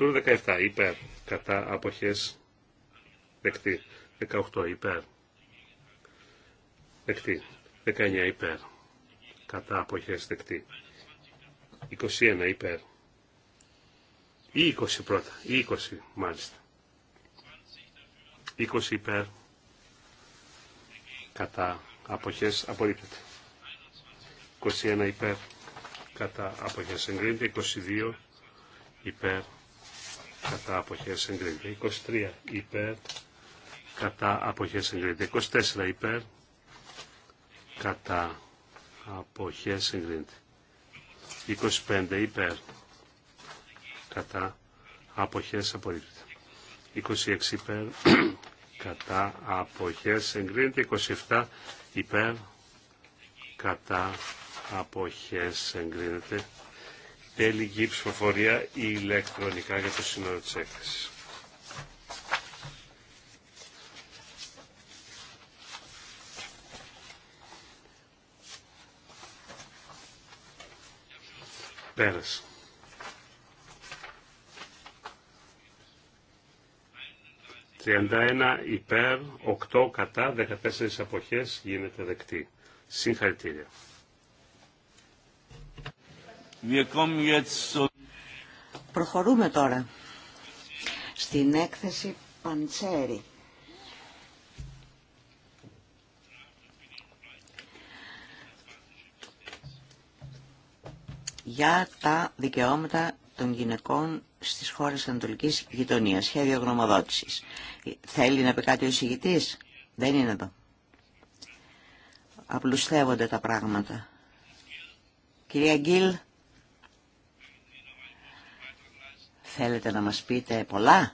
17 υπέρ κατά αποχές δεκτή. 18 υπέρ. Δεκτή. 19 υπέρ. Κατά αποχές δεκτή. 21 υπέρ. Ή 20 πρώτα. Ή 20 μάλιστα. 20 υπέρ. Κατά αποχές απορρίπτεται. 21 υπέρ. Κατά αποχές εγκρίνεται. 22 υπέρ. Κατά αποχές εγκρίνεται. 23 υπέρ κατά αποχές 24 υπέρ κατά αποχές εγκρίνεται. 25 υπέρ κατά αποχές απορρίπτεται. 26 υπέρ κατά αποχές εγκρίνεται. 27 υπέρ κατά αποχές εγκρίνεται. Τέλη ψηφοφορία ηλεκτρονικά για το σύνολο της έκθεσης. «31 υπέρ, 8 κατά, 14 αποχές γίνεται δεκτή». Συγχαρητήρια. Προχωρούμε τώρα στην έκθεση Παντσέρη. για τα δικαιώματα των γυναικών στις χώρες Ανατολικής Γειτονίας, σχέδιο γνωμοδότησης. Θέλει να πει κάτι ο Δεν είναι εδώ. Απλουστεύονται τα πράγματα. Κυρία Γκίλ, θέλετε να μας πείτε πολλά?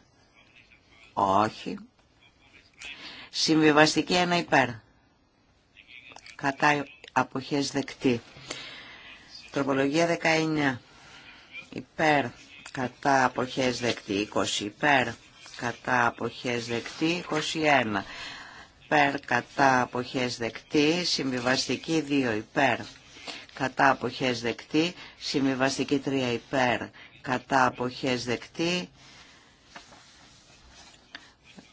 Όχι. Συμβιβαστική ένα υπέρ. Κατά αποχές δεκτή. Τροπολογία 19. Υπέρ. Κατά αποχές δεκτή. 20. Υπέρ. Κατά αποχές δεκτή. 21. Υπέρ. Κατά αποχές δεκτή. Συμβιβαστική 2. Υπέρ. Κατά αποχές δεκτή. Συμβιβαστική 3. Υπέρ. Κατά αποχές δεκτή.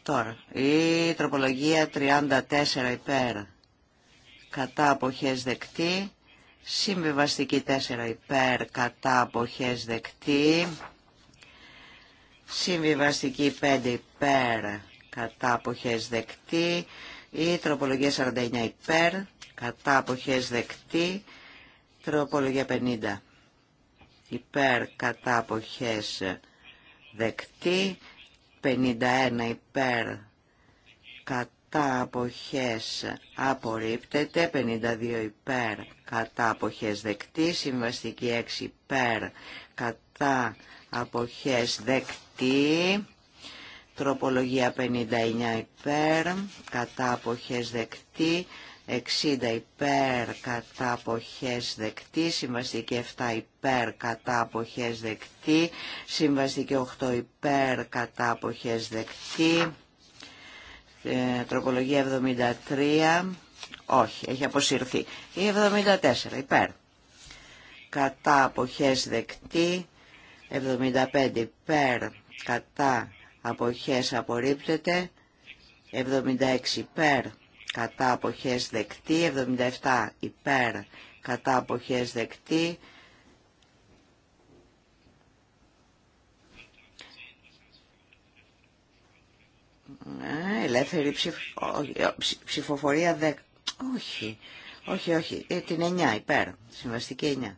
Τώρα, η τροπολογία 34 υπέρ κατά αποχές δεκτή, Συμβιβαστική 4 υπέρ κατά αποχές δεκτή. Συμβιβαστική 5 υπέρ κατά αποχές δεκτή. Η τροπολογία 49 υπέρ κατά αποχές δεκτή. Τροπολογία 50 υπέρ κατά αποχές δεκτή. 51 υπέρ κατά κατά αποχές απορρίπτεται, 52 υπέρ κατά αποχές δεκτή, συμβαστική 6 υπέρ κατά αποχές δεκτή, τροπολογία 59 υπέρ κατά αποχές δεκτή, 60 υπέρ κατά αποχές δεκτή, συμβαστική 7 υπέρ κατά αποχές δεκτή, συμβαστική 8 υπέρ κατά αποχές δεκτή, ε, τροπολογία 73, όχι, έχει αποσυρθεί. Η 74, υπέρ. Κατά αποχές δεκτή, 75 υπέρ, κατά αποχές απορρίπτεται, 76 υπέρ, κατά αποχές δεκτή, 77 υπέρ, κατά αποχές δεκτή, Ναι, ελεύθερη ε, ψηφοφορία 10. Όχι, όχι, όχι. Ε, την 9 υπέρ. Συμβαστική 9.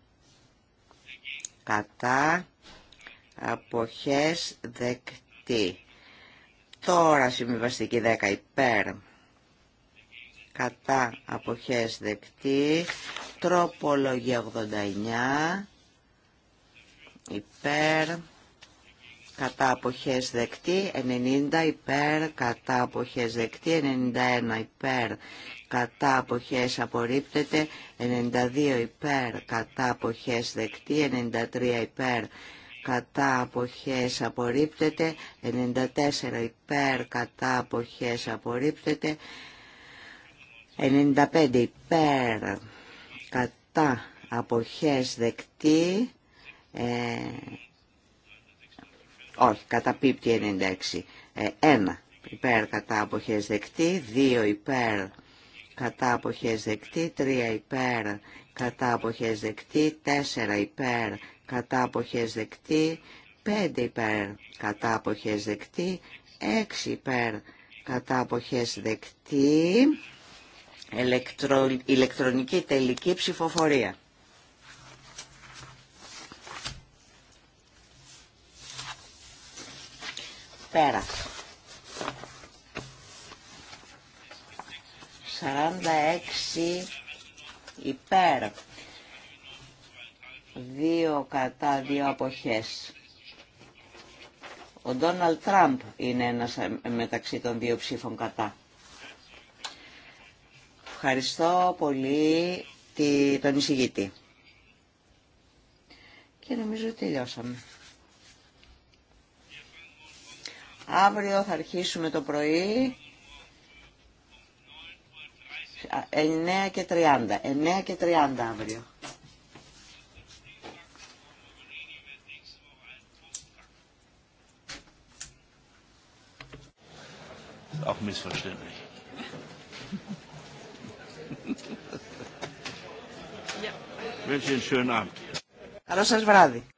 Κατά αποχές δεκτή. Τώρα συμβαστική 10 υπέρ. Κατά αποχές δεκτή. Τροπολογία 89 υπέρ κατά αποχές δεκτή, 90 υπέρ, κατά αποχές δεκτή, 91 υπέρ, κατά αποχές απορρίπτεται, 92 υπέρ, κατά αποχές δεκτή, 93 υπέρ, κατά αποχές απορρίπτεται, 94 υπέρ, κατά αποχές απορρίπτεται, 95 υπέρ, κατά αποχές δεκτή, ε, όχι, καταπίπτει 96. 1 ε, υπέρ κατά αποχές δεκτή, 2 υπέρ κατά αποχές δεκτή, 3 υπέρ κατά αποχές δεκτή, 4 υπέρ κατά αποχές δεκτή, 5 υπέρ κατά αποχές δεκτή, 6 υπέρ κατά αποχές δεκτή, ηλεκτρονική τελική ψηφοφορία. Πέρα. 46 υπέρ. Δύο κατά δύο αποχές. Ο Ντόναλτ Τραμπ είναι ένας ε, μεταξύ των δύο ψήφων κατά. Ευχαριστώ πολύ τον εισηγητή. Και νομίζω τελειώσαμε. Αύριο θα αρχίσουμε το πρωί 9 και 30. 9 και 30 αύριο. Auch missverständlich. ja. Wünsche schönen Abend. Καλό σας βράδυ.